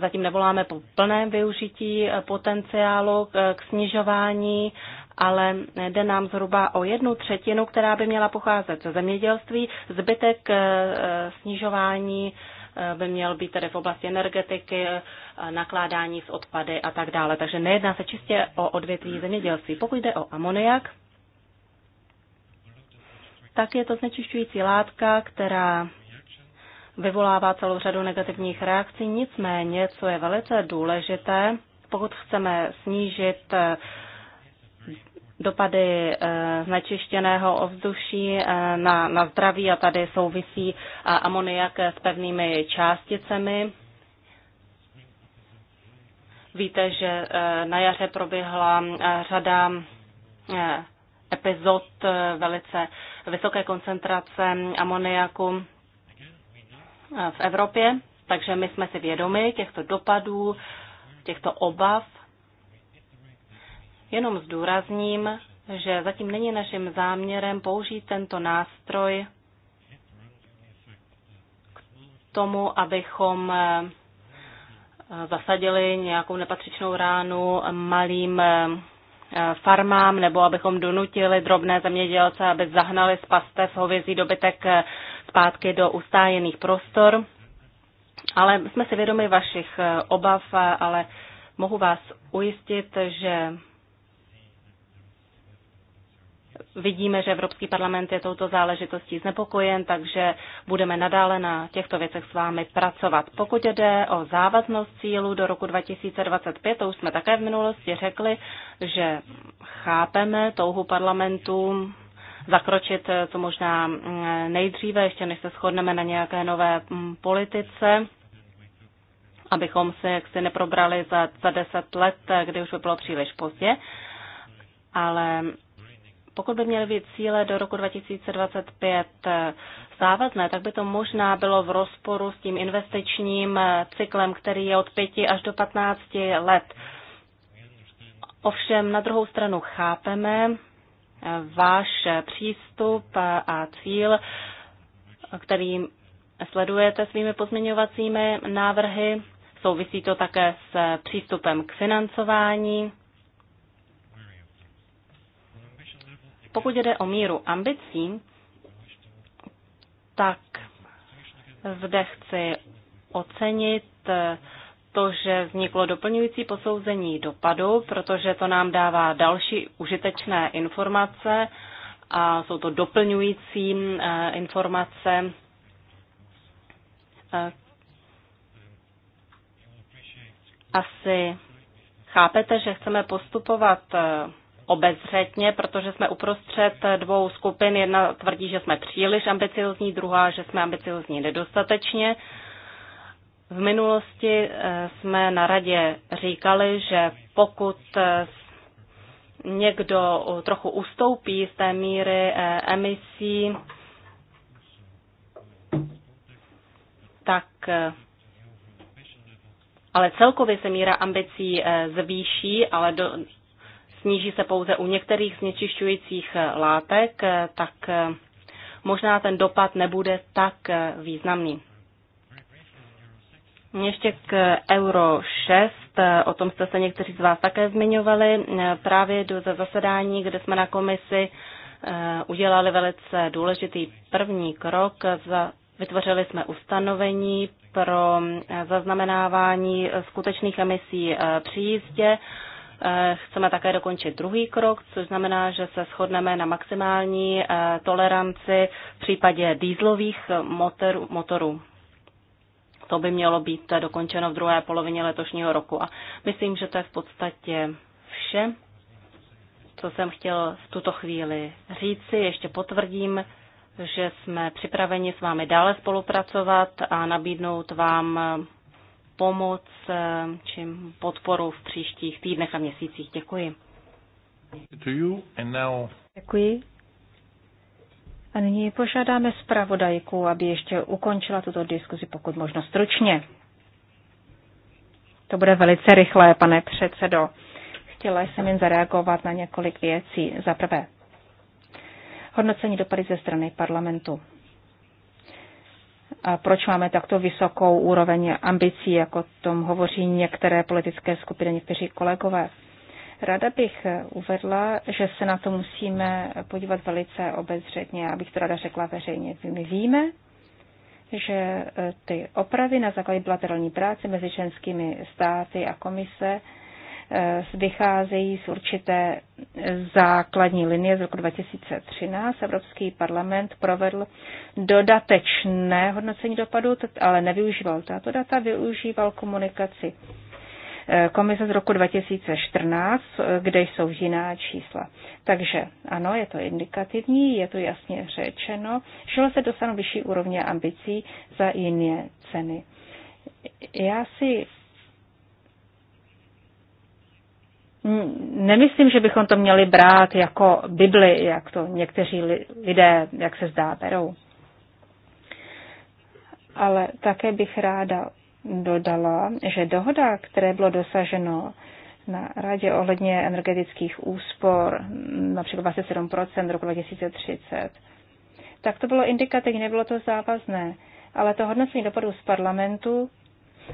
zatím nevoláme po plném využití eh, potenciálu k snižování ale jde nám zhruba o jednu třetinu, která by měla pocházet ze zemědělství. Zbytek eh, snižování eh, by měl být tedy v oblasti energetiky, eh, nakládání s odpady a tak dále. Takže nejedná se čistě o odvětví zemědělství. Pokud jde o amoniak, tak je to znečišťující látka, která vyvolává celou řadu negativních reakcí. Nicméně, co je velice důležité, pokud chceme snížit dopady eh, znečištěného ovzduší eh, na, na zdraví a tady souvisí eh, amoniak s pevnými částicemi. Víte, že na jaře proběhla řada epizod velice vysoké koncentrace amoniaku v Evropě, takže my jsme si vědomi těchto dopadů, těchto obav Jenom zdůrazním, že zatím není naším záměrem použít tento nástroj k tomu, abychom eh, zasadili nějakou nepatřičnou ránu malým eh, farmám nebo abychom donutili drobné zemědělce, aby zahnali z pastev hovězí dobytek eh, zpátky do ustájených prostor. Ale jsme si vědomi vašich obav, ale mohu vás ujistit, že Vidíme, že Evropský parlament je touto záležitostí znepokojen, takže budeme nadále na těchto věcech s vámi pracovat. Pokud jde o závaznost cílu do roku 2025, to už jsme také v minulosti řekli, že chápeme touhu parlamentu zakročit eh, co možná mm, nejdříve, ještě než se shodneme na nějaké nové mm, politice abychom se jaksi neprobrali za, za deset let, eh, kdy už by bylo příliš pozdě. Ale pokud by měly být cíle do roku 2025 závazné, tak by to možná bylo v rozporu s tím investičním cyklem, který je od 5 až do 15 let. Ovšem na druhou stranu chápeme eh, váš přístup a cíl, který sledujete svými pozměňovacími návrhy. Souvisí to také s přístupem k financování Pokud jde o míru ambicí, tak zde chci ocenit to, že vzniklo doplňující posouzení dopadu, protože to nám dává další užitečné informace a jsou to doplňující eh, informace, eh, asi chápete, že chceme postupovat eh, obezřetně, protože jsme uprostřed dvou skupin. Jedna tvrdí, že jsme příliš ambiciozní, druhá, že jsme ambiciozní nedostatečně. V minulosti eh, jsme na radě říkali, že pokud eh, někdo trochu ustoupí z té míry eh, emisí, tak ale celkově se míra ambicí zvýší, ale do, sníží se pouze u některých znečišťujících látek, tak eh, možná ten dopad nebude tak eh, významný. Ještě k Euro 6, eh, o tom jste se někteří z vás také zmiňovali, právě do zasedání, kde jsme na komisi udělali velice důležitý první krok. Vytvořili jsme ustanovení pro zaznamenávání skutečných emisí při jízdě Eh, chceme také dokončit druhý krok, což znamená, že se shodneme na maximální eh, toleranci v případě dýzlových motorů. motorů. To by mělo být dokončeno v druhé polovině letošního roku. A myslím, že to je v podstatě vše, co jsem chtěl v tuto chvíli říci. Ještě potvrdím, že jsme připraveni s vámi dále spolupracovat a nabídnout vám pomoc eh, či podporu v příštích týdnech a měsících. Děkuji. Děkuji. A nyní požádáme zpravodajku, aby ještě ukončila tuto diskuzi, pokud možno stručně. To bude velice rychlé, pane předsedo. Chtěla jsem jen zareagovat na několik věcí. Za prvé, hodnocení dopady ze strany parlamentu a proč máme takto vysokou úroveň ambicí, jako o tom hovoří některé politické skupiny, někteří kolegové. Rada bych uvedla, že se na to musíme podívat velice obezřetně, abych to rada řekla veřejně. My víme, že eh, ty opravy na základě bilaterální práce mezi členskými státy a komise Eh, vycházejí z určité základní linie z roku 2013. Evropský parlament provedl dodatečné hodnocení dopadu, ale nevyužíval tato data, využíval komunikaci eh, komise z roku 2014, kde jsou jiná čísla. Takže ano, je to indikativní, je to jasně řečeno, že se dostanou vyšší úrovně ambicí za jiné ceny. Já si nemyslím, že bychom to měli brát jako Bibli, jak to někteří lidé, jak se zdá, berou. Ale také bych ráda dodala, že dohoda, které bylo dosaženo na radě ohledně energetických úspor, například 27% roku 2030, tak to bylo indikativní, nebylo to závazné, ale to hodnocení dopadu z parlamentu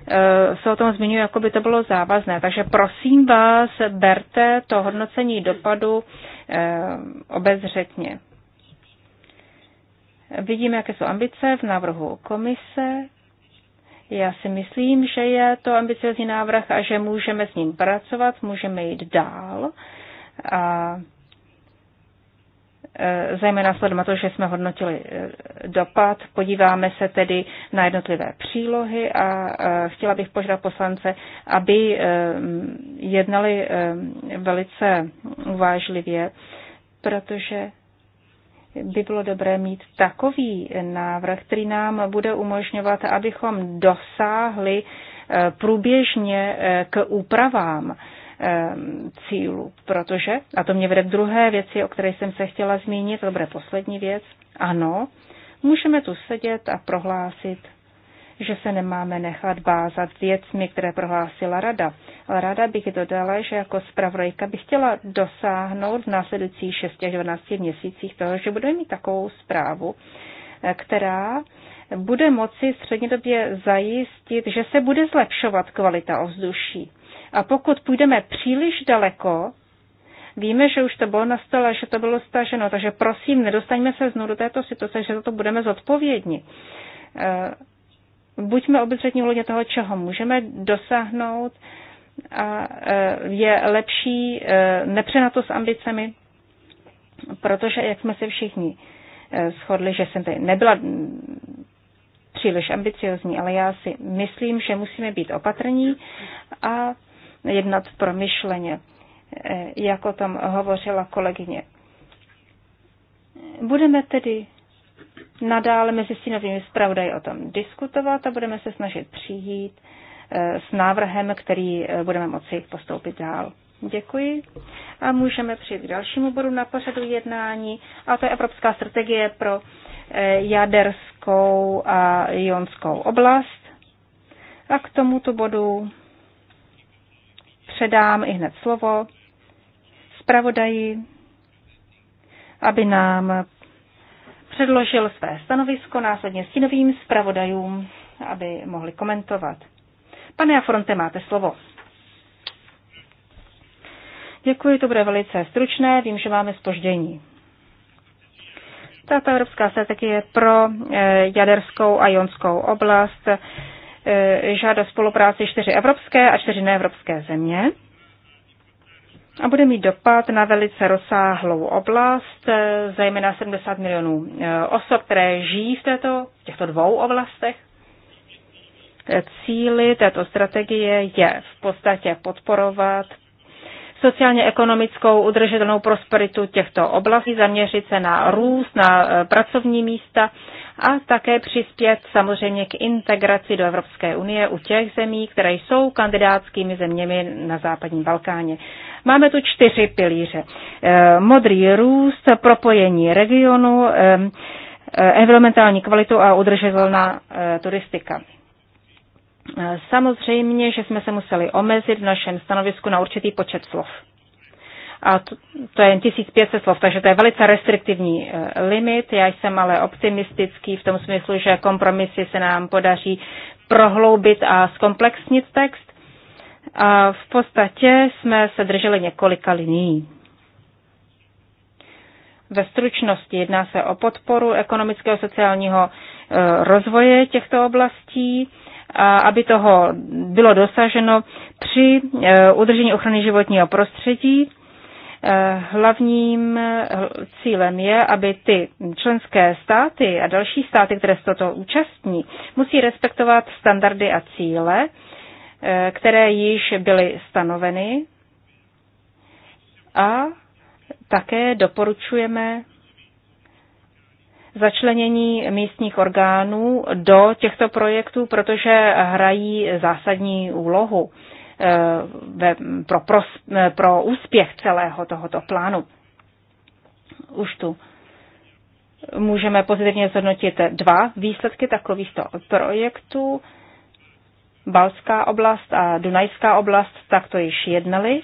Eh, se o tom zmiňuje, jako by to bylo závazné. Takže prosím vás, berte to hodnocení dopadu eh, obezřetně. Vidíme, jaké jsou ambice v návrhu komise. Já si myslím, že je to ambiciozní návrh a že můžeme s ním pracovat, můžeme jít dál. A E, zejména vzhledem na to, že jsme hodnotili e, dopad. Podíváme se tedy na jednotlivé přílohy a e, chtěla bych požádat poslance, aby jednali velice uvážlivě, protože by bylo dobré mít takový návrh, který nám bude umožňovat, abychom dosáhli průběžně k úpravám Ehm, cílů, protože, a to mě vede k druhé věci, o které jsem se chtěla zmínit, to bude poslední věc, ano, můžeme tu sedět a prohlásit, že se nemáme nechat bázat věcmi, které prohlásila rada. Ale rada bych dodala, že jako zpravodajka bych chtěla dosáhnout v následujících 6 až 12 měsících toho, že budeme mít takovou zprávu, eh, která bude moci střednědobě zajistit, že se bude zlepšovat kvalita ovzduší. A pokud půjdeme příliš daleko, víme, že už to bylo na stole, že to bylo staženo, takže prosím, nedostaňme se znovu do této situace, že za to budeme zodpovědní. Eh, buďme obezřetní ohledně toho, čeho můžeme dosáhnout a eh, je lepší eh, nepřenat to s ambicemi, protože jak jsme se všichni shodli, že jsem tady nebyla příliš ambiciozní, ale já si myslím, že musíme být opatrní a jednat promyšleně, eh, jak o tom hovořila kolegyně. Budeme tedy nadále mezi synovými zpravodaji o tom diskutovat a budeme se snažit přijít eh, s návrhem, který eh, budeme moci postoupit dál. Děkuji. A můžeme přijít k dalšímu bodu na pořadu jednání, a to je Evropská strategie pro jaderskou a jonskou oblast. A k tomuto bodu předám i hned slovo zpravodaji, aby nám předložil své stanovisko, následně stínovým zpravodajům, aby mohli komentovat. Pane Afronte, máte slovo. Děkuji, to bude velice stručné, vím, že máme spoždění. Tato evropská strategie pro eh, jaderskou a jonskou oblast Eh, žádat spolupráci čtyři evropské a čtyři neevropské země a bude mít dopad na velice rozsáhlou oblast, eh, zejména 70 milionů eh, osob, které žijí v, této, v těchto dvou oblastech. Cíly této strategie je v podstatě podporovat sociálně-ekonomickou udržitelnou prosperitu těchto oblastí, zaměřit se na růst, na e, pracovní místa a také přispět samozřejmě k integraci do Evropské unie u těch zemí, které jsou kandidátskými zeměmi na západním Balkáně. Máme tu čtyři pilíře. E, modrý růst, propojení regionu, e, environmentální kvalitu a udržitelná turistika. Eh, samozřejmě, že jsme se museli omezit v našem stanovisku na určitý počet slov. A to, to je jen 1500 slov, takže to je velice restriktivní eh, limit. Já jsem ale optimistický v tom smyslu, že kompromisy se nám podaří prohloubit a zkomplexnit text. A v podstatě jsme se drželi několika linií. Ve stručnosti jedná se o podporu ekonomického sociálního eh, rozvoje těchto oblastí a aby toho bylo dosaženo při e, udržení ochrany životního prostředí. E, hlavním e, cílem je, aby ty členské státy a další státy, které se toto účastní, musí respektovat standardy a cíle, které již byly stanoveny a také doporučujeme začlenění místních orgánů do těchto projektů, protože hrají zásadní úlohu eh, pro, pro, eh, pro úspěch celého tohoto plánu. Už tu můžeme pozitivně zhodnotit dva výsledky takovýchto projektů. Balská oblast a Dunajská oblast takto již jednali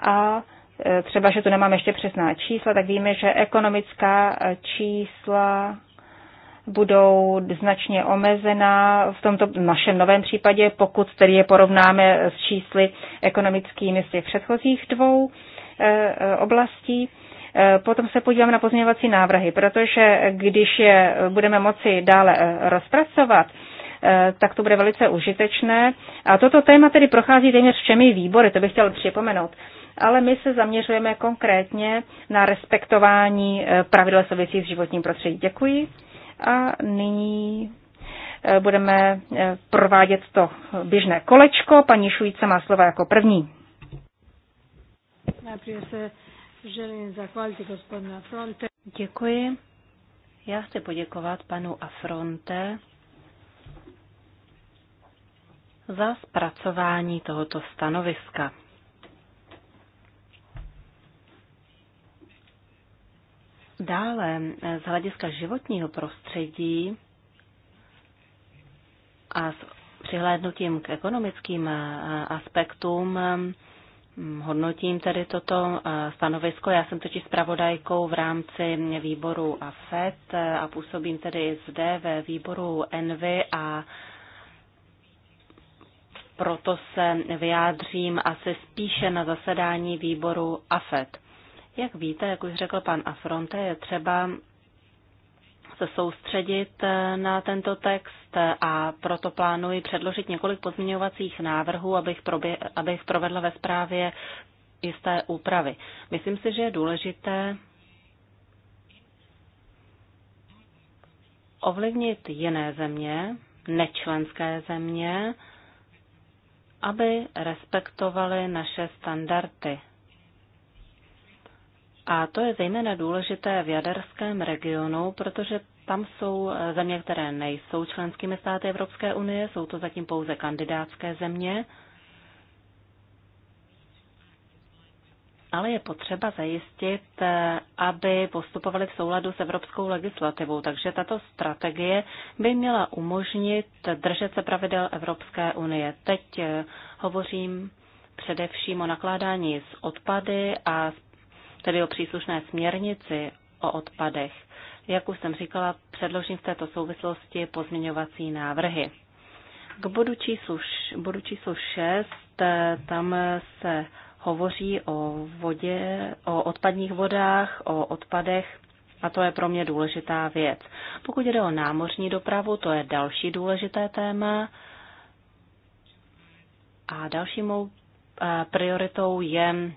a Eh, třeba, že tu nemám ještě přesná čísla, tak víme, že ekonomická eh, čísla budou značně omezená v tomto našem novém případě, pokud tedy je porovnáme s čísly ekonomickými z těch předchozích dvou eh, oblastí. Potom se podívám na pozměňovací návrhy, protože když je budeme moci dále rozpracovat, tak to bude velice užitečné. A toto téma tedy prochází téměř všemi výbory, to bych chtěl připomenout ale my se zaměřujeme konkrétně na respektování eh, pravidel souvisí s životním prostředí. Děkuji. A nyní eh, budeme eh, provádět to běžné kolečko. Paní Šujice má slova jako první. Nejprve se želim zahvaliti gospodina Fronte. Děkuji. Já chci poděkovat panu Afronte za zpracování tohoto stanoviska. Dále eh, z hlediska životního prostředí a s přihlédnutím k ekonomickým eh, aspektům mm, hodnotím tedy toto eh, stanovisko. Já jsem totiž zpravodajkou v rámci výboru AFET a působím tedy zde ve výboru ENVY a proto se vyjádřím asi spíše na zasedání výboru AFET. Jak víte, jak už řekl pan Afronte, je třeba se soustředit eh, na tento text eh, a proto plánuji předložit několik pozměňovacích návrhů, abych, probě, abych provedla ve zprávě jisté úpravy. Myslím si, že je důležité ovlivnit jiné země, nečlenské země, aby respektovali naše standardy. A to je zejména důležité v jaderském regionu, protože tam jsou eh, země, které nejsou členskými státy Evropské unie, jsou to zatím pouze kandidátské země. Ale je potřeba zajistit, eh, aby postupovali v souladu s evropskou legislativou. Takže tato strategie by měla umožnit držet se pravidel Evropské unie. Teď eh, hovořím především o nakládání s odpady a s tedy o příslušné směrnici o odpadech. Jak už jsem říkala, předložím v této souvislosti pozměňovací návrhy. K bodu číslu, bodu číslu 6, eh, tam se hovoří o vodě, o odpadních vodách, o odpadech a to je pro mě důležitá věc. Pokud jde o námořní dopravu, to je další důležité téma. A další mou eh, prioritou je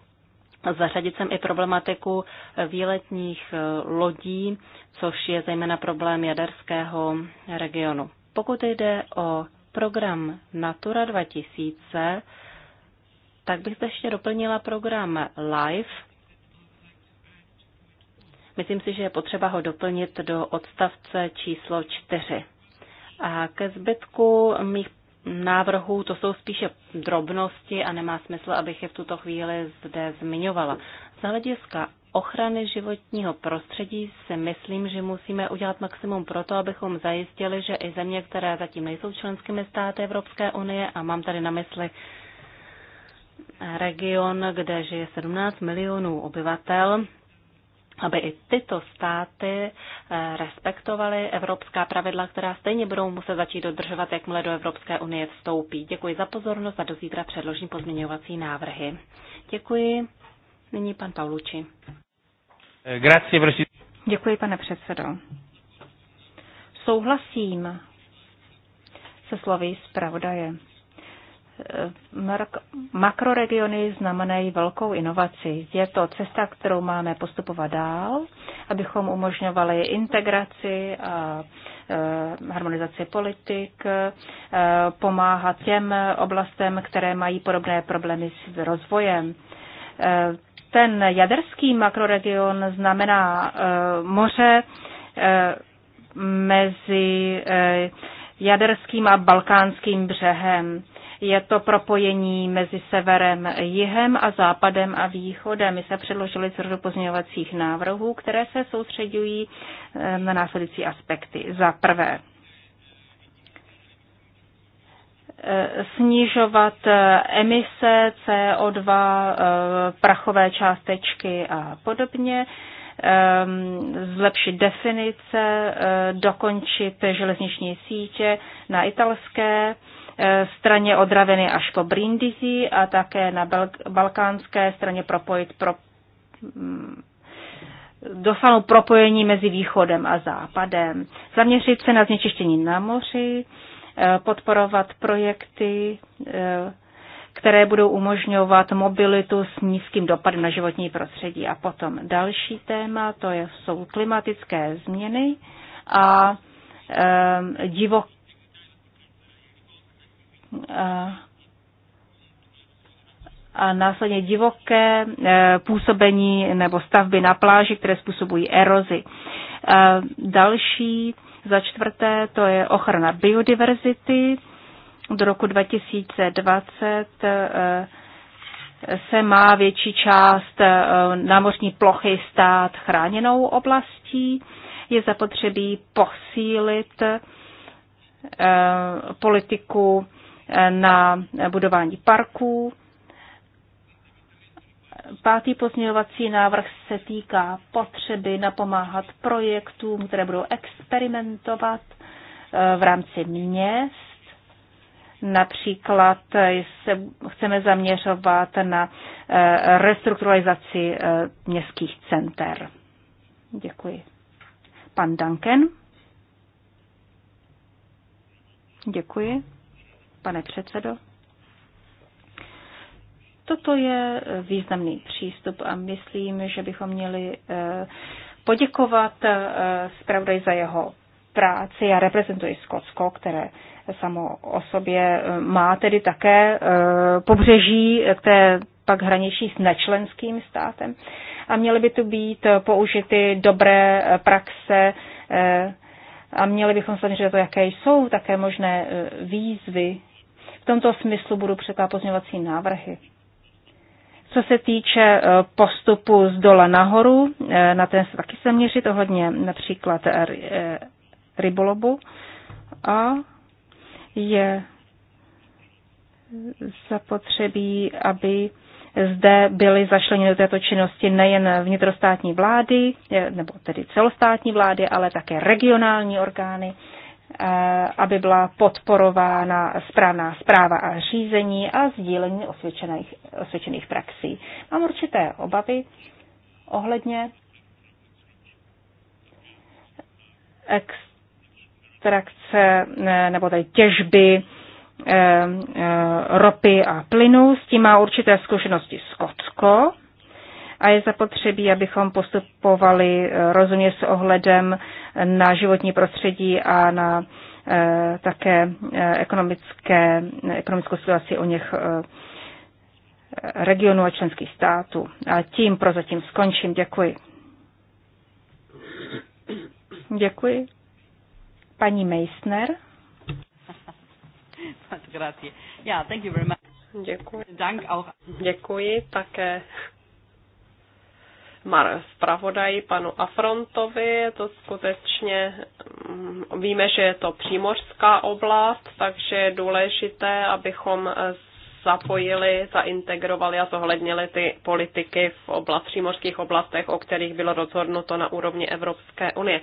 Zařadit sem i problematiku eh, výletních eh, lodí, což je zejména problém jaderského regionu. Pokud jde o program Natura 2000, tak bych zde ještě doplnila program LIFE. Myslím si, že je potřeba ho doplnit do odstavce číslo 4. A ke zbytku mých návrhů, to jsou spíše drobnosti a nemá smysl, abych je v tuto chvíli zde zmiňovala. Z hlediska ochrany životního prostředí si myslím, že musíme udělat maximum pro to, abychom zajistili, že i země, které zatím nejsou členskými státy Evropské unie, a mám tady na mysli region, kde žije 17 milionů obyvatel, aby i tyto státy eh, respektovaly evropská pravidla, která stejně budou muset začít dodržovat, jakmile do Evropské unie vstoupí. Děkuji za pozornost a do zítra předložím pozměňovací návrhy. Děkuji. Nyní pan Pauluči. Eh, Děkuji, pane předsedo. Souhlasím se slovy zpravodaje. Makroregiony znamenají velkou inovaci. Je to cesta, kterou máme postupovat dál, abychom umožňovali integraci a e, harmonizaci politik, e, pomáhat těm oblastem, které mají podobné problémy s rozvojem. E, ten jaderský makroregion znamená moře mezi jaderským a balkánským břehem. Je to propojení mezi severem, jihem a západem a východem. My se předložili řadu pozměňovacích návrhů, které se soustředují eh, na následující aspekty. Za prvé, eh, snižovat eh, emise CO2, prachové částečky a podobně, zlepšit definice, dokončit železniční sítě na italské Eh, straně od Raveny až po Brindisi a také na balkánské straně propojit pro, mm, dosáhnout propojení mezi východem a západem. Zaměřit se na znečištění na moři, eh, podporovat projekty, eh, které budou umožňovat mobilitu s nízkým dopadem na životní prostředí. A potom další téma, to jsou klimatické změny a divok, a, a následně divoké e, působení nebo stavby na pláži, které způsobují erozi. další, za čtvrté, to je ochrana biodiverzity. Do roku 2020 e, se má větší část e, námořní plochy stát chráněnou oblastí. Je zapotřebí posílit politiku na budování parků. Pátý pozměňovací návrh se týká potřeby napomáhat projektům, které budou experimentovat eh, v rámci měst. Například eh, se chceme zaměřovat na eh, restrukturalizaci městských center. Děkuji. Pan Duncan. Děkuji pane předsedo. Toto je významný přístup a myslím, že bychom měli eh, poděkovat eh, zpravodaj za jeho práci. Já reprezentuji Skotsko, které samo o sobě eh, má tedy také pobřeží, které pak hraničí s nečlenským státem. A měly by tu být použity dobré praxe a měli bychom samozřejmě to, jaké jsou také možné výzvy v tomto smyslu budu předkládat pozměňovací návrhy. Co se týče e, postupu z dola nahoru, e, na ten se taky se měřit ohledně například e, rybolobu a je zapotřebí, aby zde byly zašleněny do této činnosti nejen vnitrostátní vlády, nebo tedy celostátní vlády, ale také regionální orgány, Eh, aby byla podporována správná zpráva a řízení a sdílení osvědčených, osvědčených praxí. Mám určité obavy ohledně extrakce nebo tady těžby eh, eh, ropy a plynu. S tím má určité zkušenosti Skotsko a je zapotřebí, abychom postupovali eh, rozumně s ohledem na životní prostředí a na eh, také eh, ekonomické, ekonomickou situaci o něch regionu a členských států. A tím prozatím skončím. Děkuji. Děkuji. Paní Meissner. Děkuji. Děkuji také mar zpravodaji panu Afrontovi. Je to skutečně, mm, víme, že je to přímořská oblast, takže je důležité, abychom eh, zapojili, zaintegrovali a zohlednili ty politiky v oblast, přímořských oblastech, o kterých bylo rozhodnuto na úrovni Evropské unie.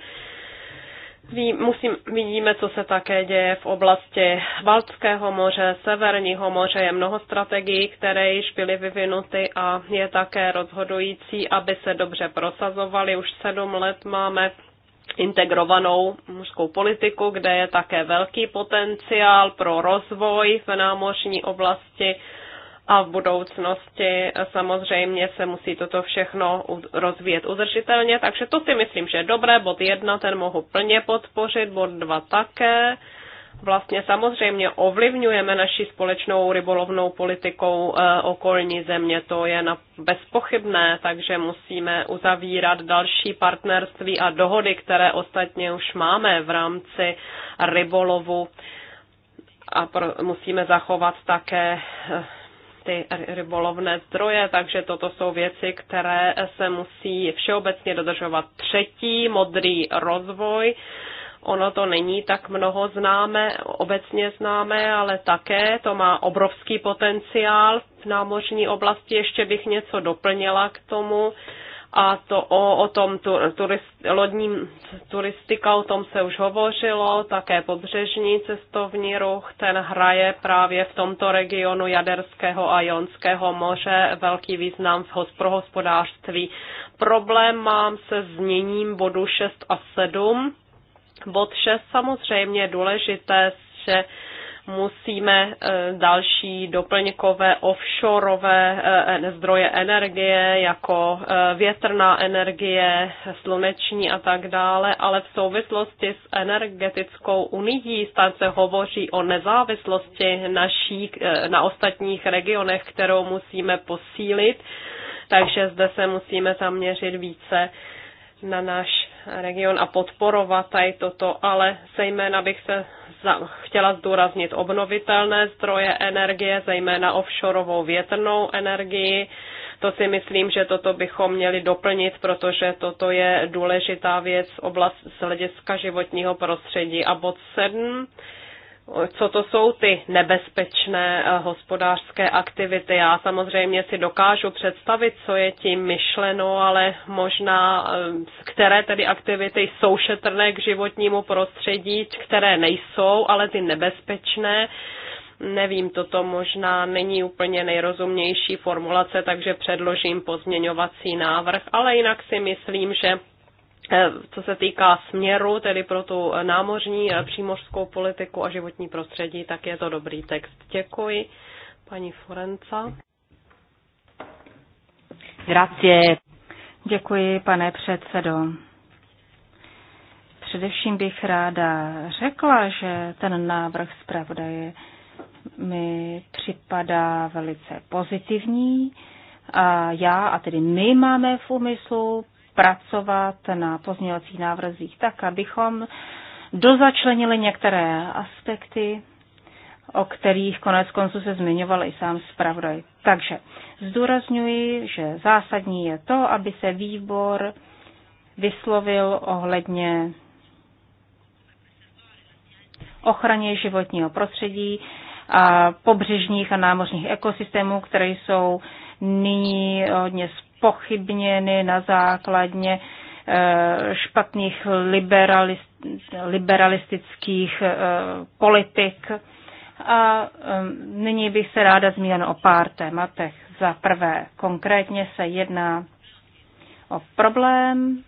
Ví, musím, vidíme, co se také děje v oblasti Baltského moře, Severního moře. Je mnoho strategií, které již byly vyvinuty a je také rozhodující, aby se dobře prosazovaly. Už sedm let máme integrovanou mužskou politiku, kde je také velký potenciál pro rozvoj v námořní oblasti a v budoucnosti samozřejmě se musí toto všechno rozvíjet udržitelně, takže to si myslím, že je dobré. Bod jedna ten mohu plně podpořit, bod dva také. Vlastně samozřejmě ovlivňujeme naši společnou rybolovnou politikou e, okolní země, to je na, bezpochybné, takže musíme uzavírat další partnerství a dohody, které ostatně už máme v rámci rybolovu a pro, musíme zachovat také e, ty rybolovné zdroje, takže toto jsou věci, které se musí všeobecně dodržovat. Třetí, modrý rozvoj. Ono to není tak mnoho známe, obecně známe, ale také to má obrovský potenciál v námořní oblasti. Ještě bych něco doplnila k tomu. Uh, a to o, o tom turist, lodním turistika, o tom se už hovořilo, také pobřežní cestovní ruch, ten hraje právě v tomto regionu Jaderského a Jonského moře velký význam pro hospodářství. Problém mám se změním bodu 6 a 7. Bod 6 samozřejmě je důležité, že musíme eh, další doplňkové offshoreové eh, zdroje energie, jako eh, větrná energie, sluneční a tak dále, ale v souvislosti s energetickou unijí stále se hovoří o nezávislosti naší, na ostatních regionech, kterou musíme posílit, takže zde se musíme zaměřit více na náš region a podporovat tady toto, ale zejména bych se chtěla zdůraznit obnovitelné zdroje energie, zejména offshoreovou větrnou energii. To si myslím, že toto bychom měli doplnit, protože toto je důležitá věc oblast z hlediska životního prostředí. A bod 7 co to jsou ty nebezpečné eh, hospodářské aktivity. Já samozřejmě si dokážu představit, co je tím myšleno, ale možná, eh, které tedy aktivity jsou šetrné k životnímu prostředí, které nejsou, ale ty nebezpečné. Nevím, toto možná není úplně nejrozumnější formulace, takže předložím pozměňovací návrh, ale jinak si myslím, že Eh, co se týká směru, tedy pro tu námořní eh, přímořskou politiku a životní prostředí, tak je to dobrý text. Děkuji, paní Forenca. Grazie. Děkuji, pane předsedo. Především bych ráda řekla, že ten návrh zpravodaje mi připadá velice pozitivní. A já, a tedy my máme v úmyslu pracovat na pozměňovacích návrzích tak, abychom dozačlenili některé aspekty, o kterých konec konců se zmiňoval i sám zpravodaj. Takže zdůrazňuji, že zásadní je to, aby se výbor vyslovil ohledně ochraně životního prostředí, a pobřežních a námořních ekosystémů, které jsou nyní hodně spochybněny na základně eh, špatných liberalistických eh, politik. A eh, nyní bych se ráda zmínila o pár tématech. Za prvé, konkrétně se jedná o problém,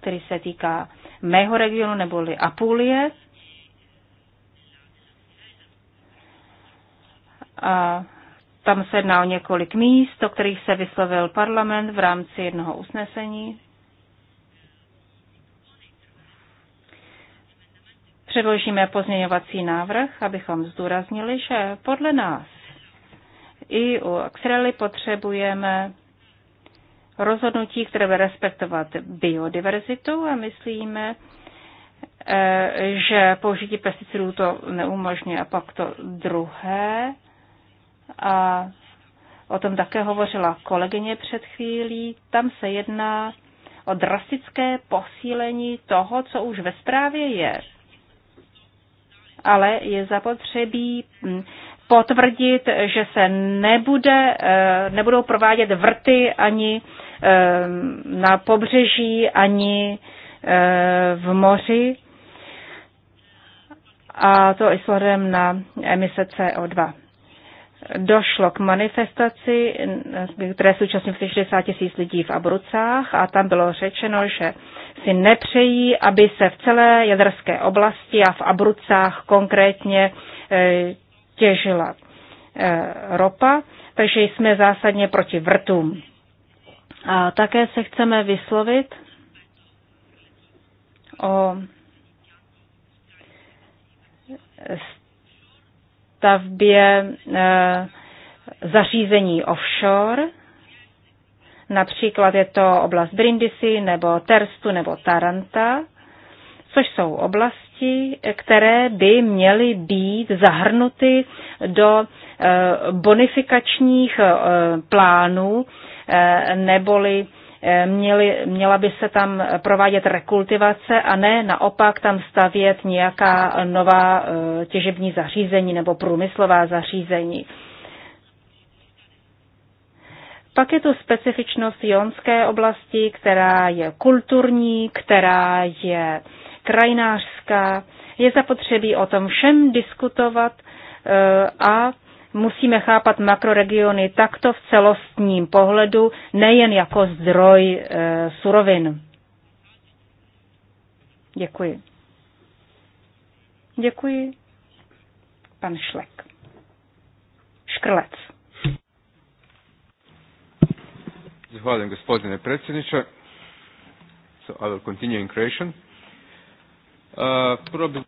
který se týká mého regionu neboli Apulie. A tam se jedná o několik míst, o kterých se vyslovil parlament v rámci jednoho usnesení. Předložíme pozměňovací návrh, abychom zdůraznili, že podle nás i u Axrely potřebujeme rozhodnutí, které bude respektovat biodiverzitu a myslíme, eh, že použití pesticidů to neumožňuje. A pak to druhé, a o tom také hovořila kolegyně před chvílí, tam se jedná o drastické posílení toho, co už ve zprávě je. Ale je zapotřebí mm, potvrdit, že se nebude, eh, nebudou provádět vrty ani eh, na pobřeží, ani eh, v moři, a to i s na emise CO2 došlo k manifestaci, které se účastnilo 60 tisíc lidí v Abrucách a tam bylo řečeno, že si nepřejí, aby se v celé jaderské oblasti a v Abrucách konkrétně e, těžila e, ropa, takže jsme zásadně proti vrtům. A také se chceme vyslovit o stavbě eh, zařízení offshore. Například je to oblast Brindisi nebo Terstu nebo Taranta, což jsou oblasti, které by měly být zahrnuty do eh, bonifikačních eh, plánů neboli měli, měla by se tam provádět rekultivace a ne naopak tam stavět nějaká nová eh, těžební zařízení nebo průmyslová zařízení. Pak je tu specifičnost jonské oblasti, která je kulturní, která je krajinářská. Je zapotřebí o tom všem diskutovat eh, a musíme chápat makroregiony takto v celostním pohledu, nejen jako zdroj e, surovin. Děkuji. Děkuji. Pan Šlek. Škrlec. Zahvaljujem gospodine predsjedniče. So I will continue in Croatian. Uh, eh, probi...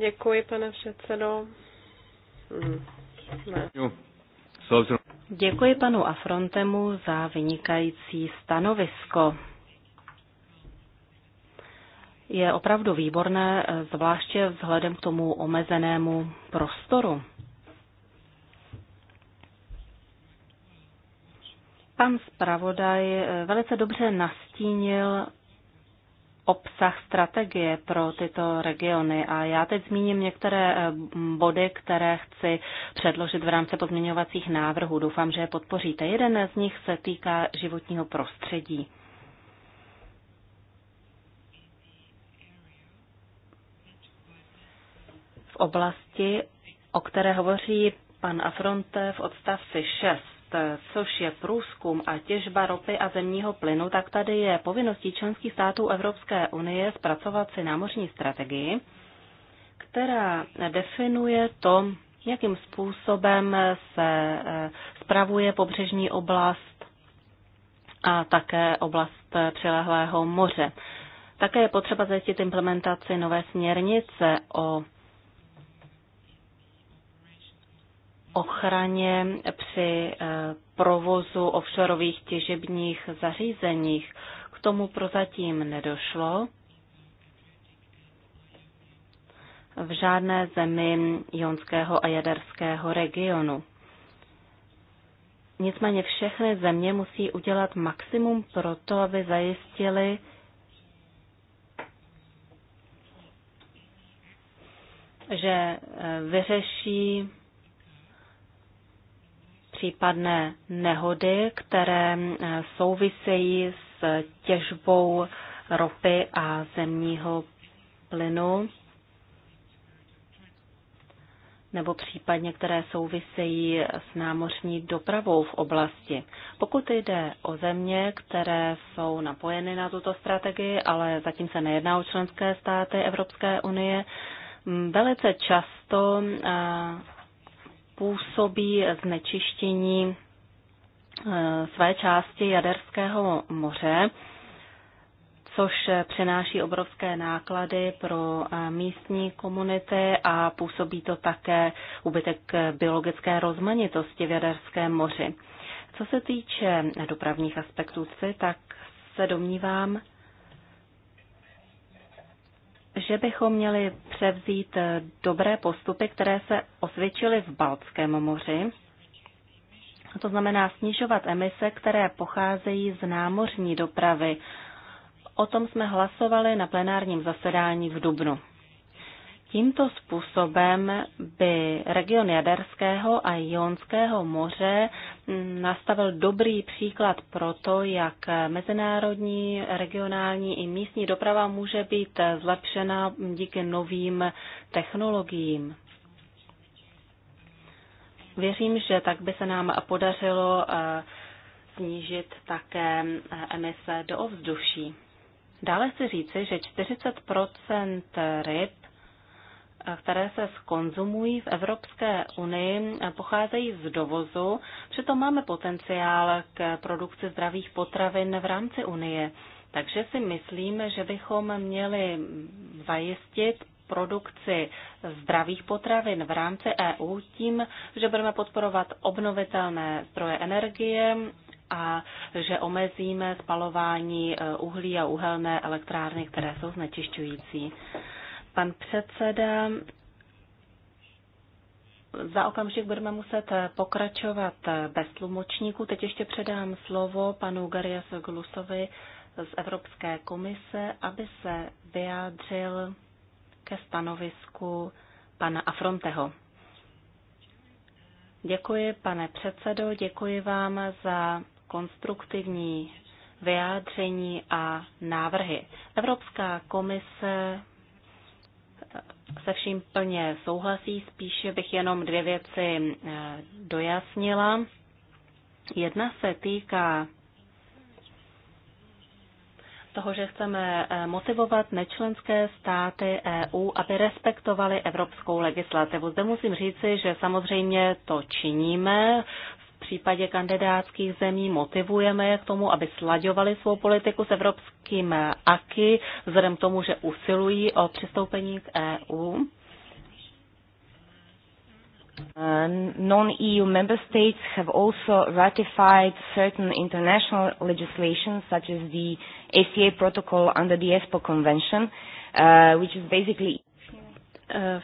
Děkuji, pane předsedo. Mm, ne. Děkuji panu Afrontemu za vynikající stanovisko. Je opravdu výborné, zvláště vzhledem k tomu omezenému prostoru. Pan zpravodaj velice dobře nastínil obsah strategie pro tyto regiony. A já teď zmíním některé eh, body, které chci předložit v rámci pozměňovacích návrhů. Doufám, že je podpoříte. Jeden z nich se týká životního prostředí. V oblasti, o které hovoří pan Afronte v odstavci 6 E, což je průzkum a těžba ropy a zemního plynu, tak tady je povinností členských států Evropské unie zpracovat si námořní strategii, která definuje to, jakým způsobem se e, spravuje pobřežní oblast a také oblast přilehlého moře. Také je potřeba zajistit implementaci nové směrnice o ochraně při eh, provozu offshoreových těžebních zařízeních. K tomu prozatím nedošlo. v žádné zemi jonského a jaderského regionu. Nicméně všechny země musí udělat maximum pro to, aby zajistili že eh, vyřeší případné nehody, které eh, souvisejí s těžbou ropy a zemního plynu nebo případně které souvisejí s námořní dopravou v oblasti. Pokud jde o země, které jsou napojeny na tuto strategii, ale zatím se nejedná o členské státy Evropské unie, mm, velice často eh, působí znečištění eh, své části Jaderského moře, což přináší obrovské náklady pro eh, místní komunity a působí to také úbytek biologické rozmanitosti v Jaderském moři. Co se týče dopravních aspektů, tak se domnívám, že bychom měli převzít eh, dobré postupy, které se osvědčily v Baltském moři. To znamená snižovat emise, které pocházejí z námořní dopravy. O tom jsme hlasovali na plenárním zasedání v Dubnu. Tímto způsobem by region Jaderského a Jonského moře nastavil dobrý příklad pro to, jak mezinárodní, regionální i místní doprava může být zlepšena díky novým technologiím. Věřím, že tak by se nám podařilo eh, snížit také eh, emise do ovzduší. Dále chci říci, že 40 ryb které se skonzumují v Evropské unii, pocházejí z dovozu, přitom máme potenciál k produkci zdravých potravin v rámci Unie. Takže si myslím, že bychom měli zajistit produkci zdravých potravin v rámci EU tím, že budeme podporovat obnovitelné zdroje energie a že omezíme spalování eh, uhlí a uhelné elektrárny, které jsou znečišťující. Pan předseda, za okamžik budeme muset pokračovat bez tlumočníků. Teď ještě předám slovo panu Garias Glusovi z Evropské komise, aby se vyjádřil ke stanovisku pana Afronteho. Děkuji, pane předsedo, děkuji vám za konstruktivní vyjádření a návrhy. Evropská komise se vším plně souhlasí, spíše bych jenom dvě věci eh, dojasnila. Jedna se týká toho, že chceme eh, motivovat nečlenské státy EU, aby respektovali evropskou legislativu. Zde musím říci, že samozřejmě to činíme případě kandidátských zemí motivujeme je k tomu, aby slaďovali svou politiku s evropským AKI, vzhledem k tomu, že usilují o přistoupení k EU. Uh, Non-EU member states have also ratified certain international legislation, such as the ACA protocol under the ESPO Convention, uh, which is basically uh,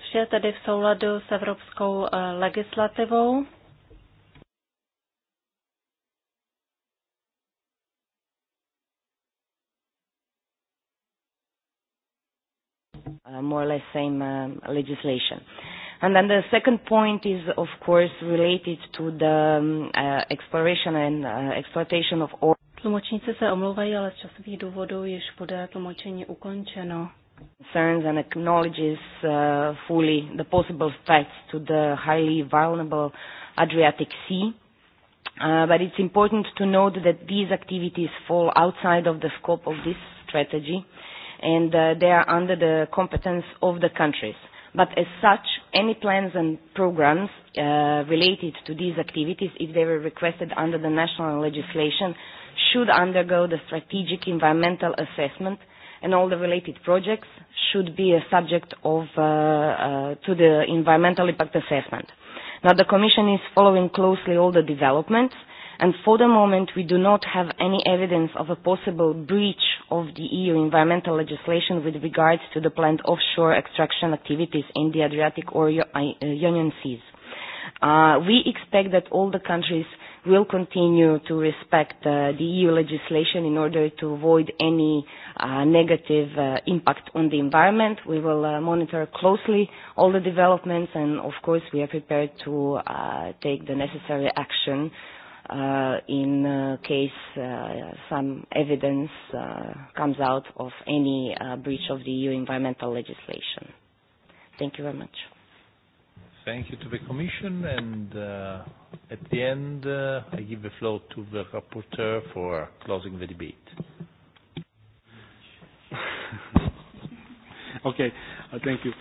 vše tedy v souladu s evropskou uh, legislativou. uh, more or less same um, legislation. And then the second point is, of course, related to the um, uh, exploration and uh, exploitation of oil. Tlumočníci se omlouvají, ale z časových důvodů již bude tlumočení ukončeno. Concerns and acknowledges uh, fully the possible threats to the highly vulnerable Adriatic Sea. Uh, but it's important to note that these activities fall outside of the scope of this strategy and uh, they are under the competence of the countries. But as such, any plans and programs uh, related to these activities, if they were requested under the national legislation, should undergo the strategic environmental assessment and all the related projects should be a subject of, uh, uh, to the environmental impact assessment. Now the Commission is following closely all the developments and for the moment we do not have any evidence of a possible breach of the EU environmental legislation with regards to the planned offshore extraction activities in the Adriatic or uh, Ionian Seas. Uh, we expect that all the countries will continue to respect uh, the EU legislation in order to avoid any uh, negative uh, impact on the environment. We will uh, monitor closely all the developments and of course we are prepared to uh, take the necessary action uh, uh, in uh, case uh, some evidence uh, comes out of any uh, breach of the EU environmental legislation. Thank you very much. Thank you to the Commission. And uh, at the end, uh, I give the floor to the rapporteur for closing the debate. okay, uh, thank you.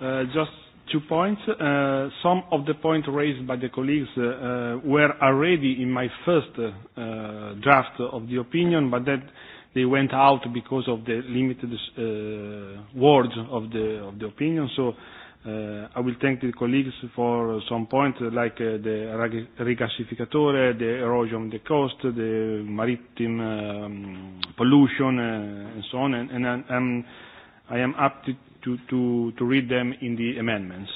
Uh, just two points. Uh, some of the points raised by the colleagues uh, uh, were already in my first draft of the opinion, but then they went out because of the limited words of the, opinion. So I will thank the colleagues for some points like the regasificatore, the erosion of the coast, the maritime um, pollution, and so on. and I am up to to, to, to read them in the amendments.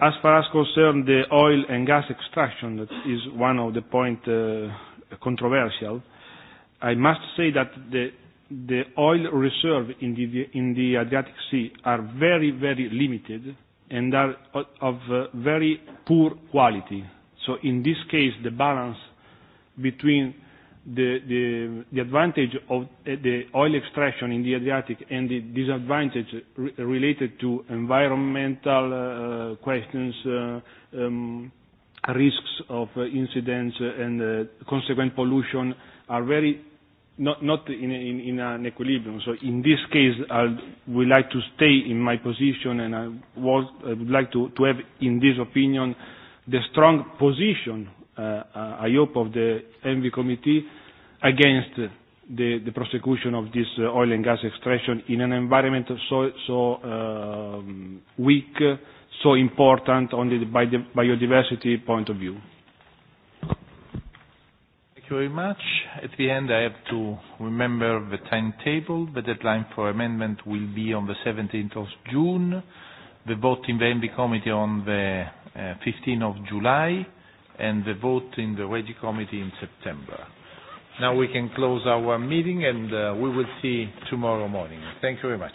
As far as concerned the oil and gas extraction, that is one of the points uh, controversial, I must say that the, the oil reserves in the, in the Adriatic Sea are very, very limited and are of uh, very poor quality. So in this case, the balance between the, the, the advantage of eh, the oil extraction in the Adriatic and the disadvantage re related to environmental uh, questions, uh, um, risks of uh, incidents and uh, consequent pollution are very not, not in, in, in an equilibrium. So in this case, I would like to stay in my position and I, would like to, to have in this opinion the strong position Uh, uh, I hope, of the Envy committee against the, the prosecution of this uh, oil and gas extraction in an environment so, so um, weak, so important on the biodiversity point of view. Thank you very much. At the end, I have to remember the timetable. The deadline for amendment will be on the 17th of June. The vote in the MB committee on the uh, 15th of July and the vote in the REGI committee in September. Now we can close our meeting, and uh, we will see tomorrow morning. Thank you very much.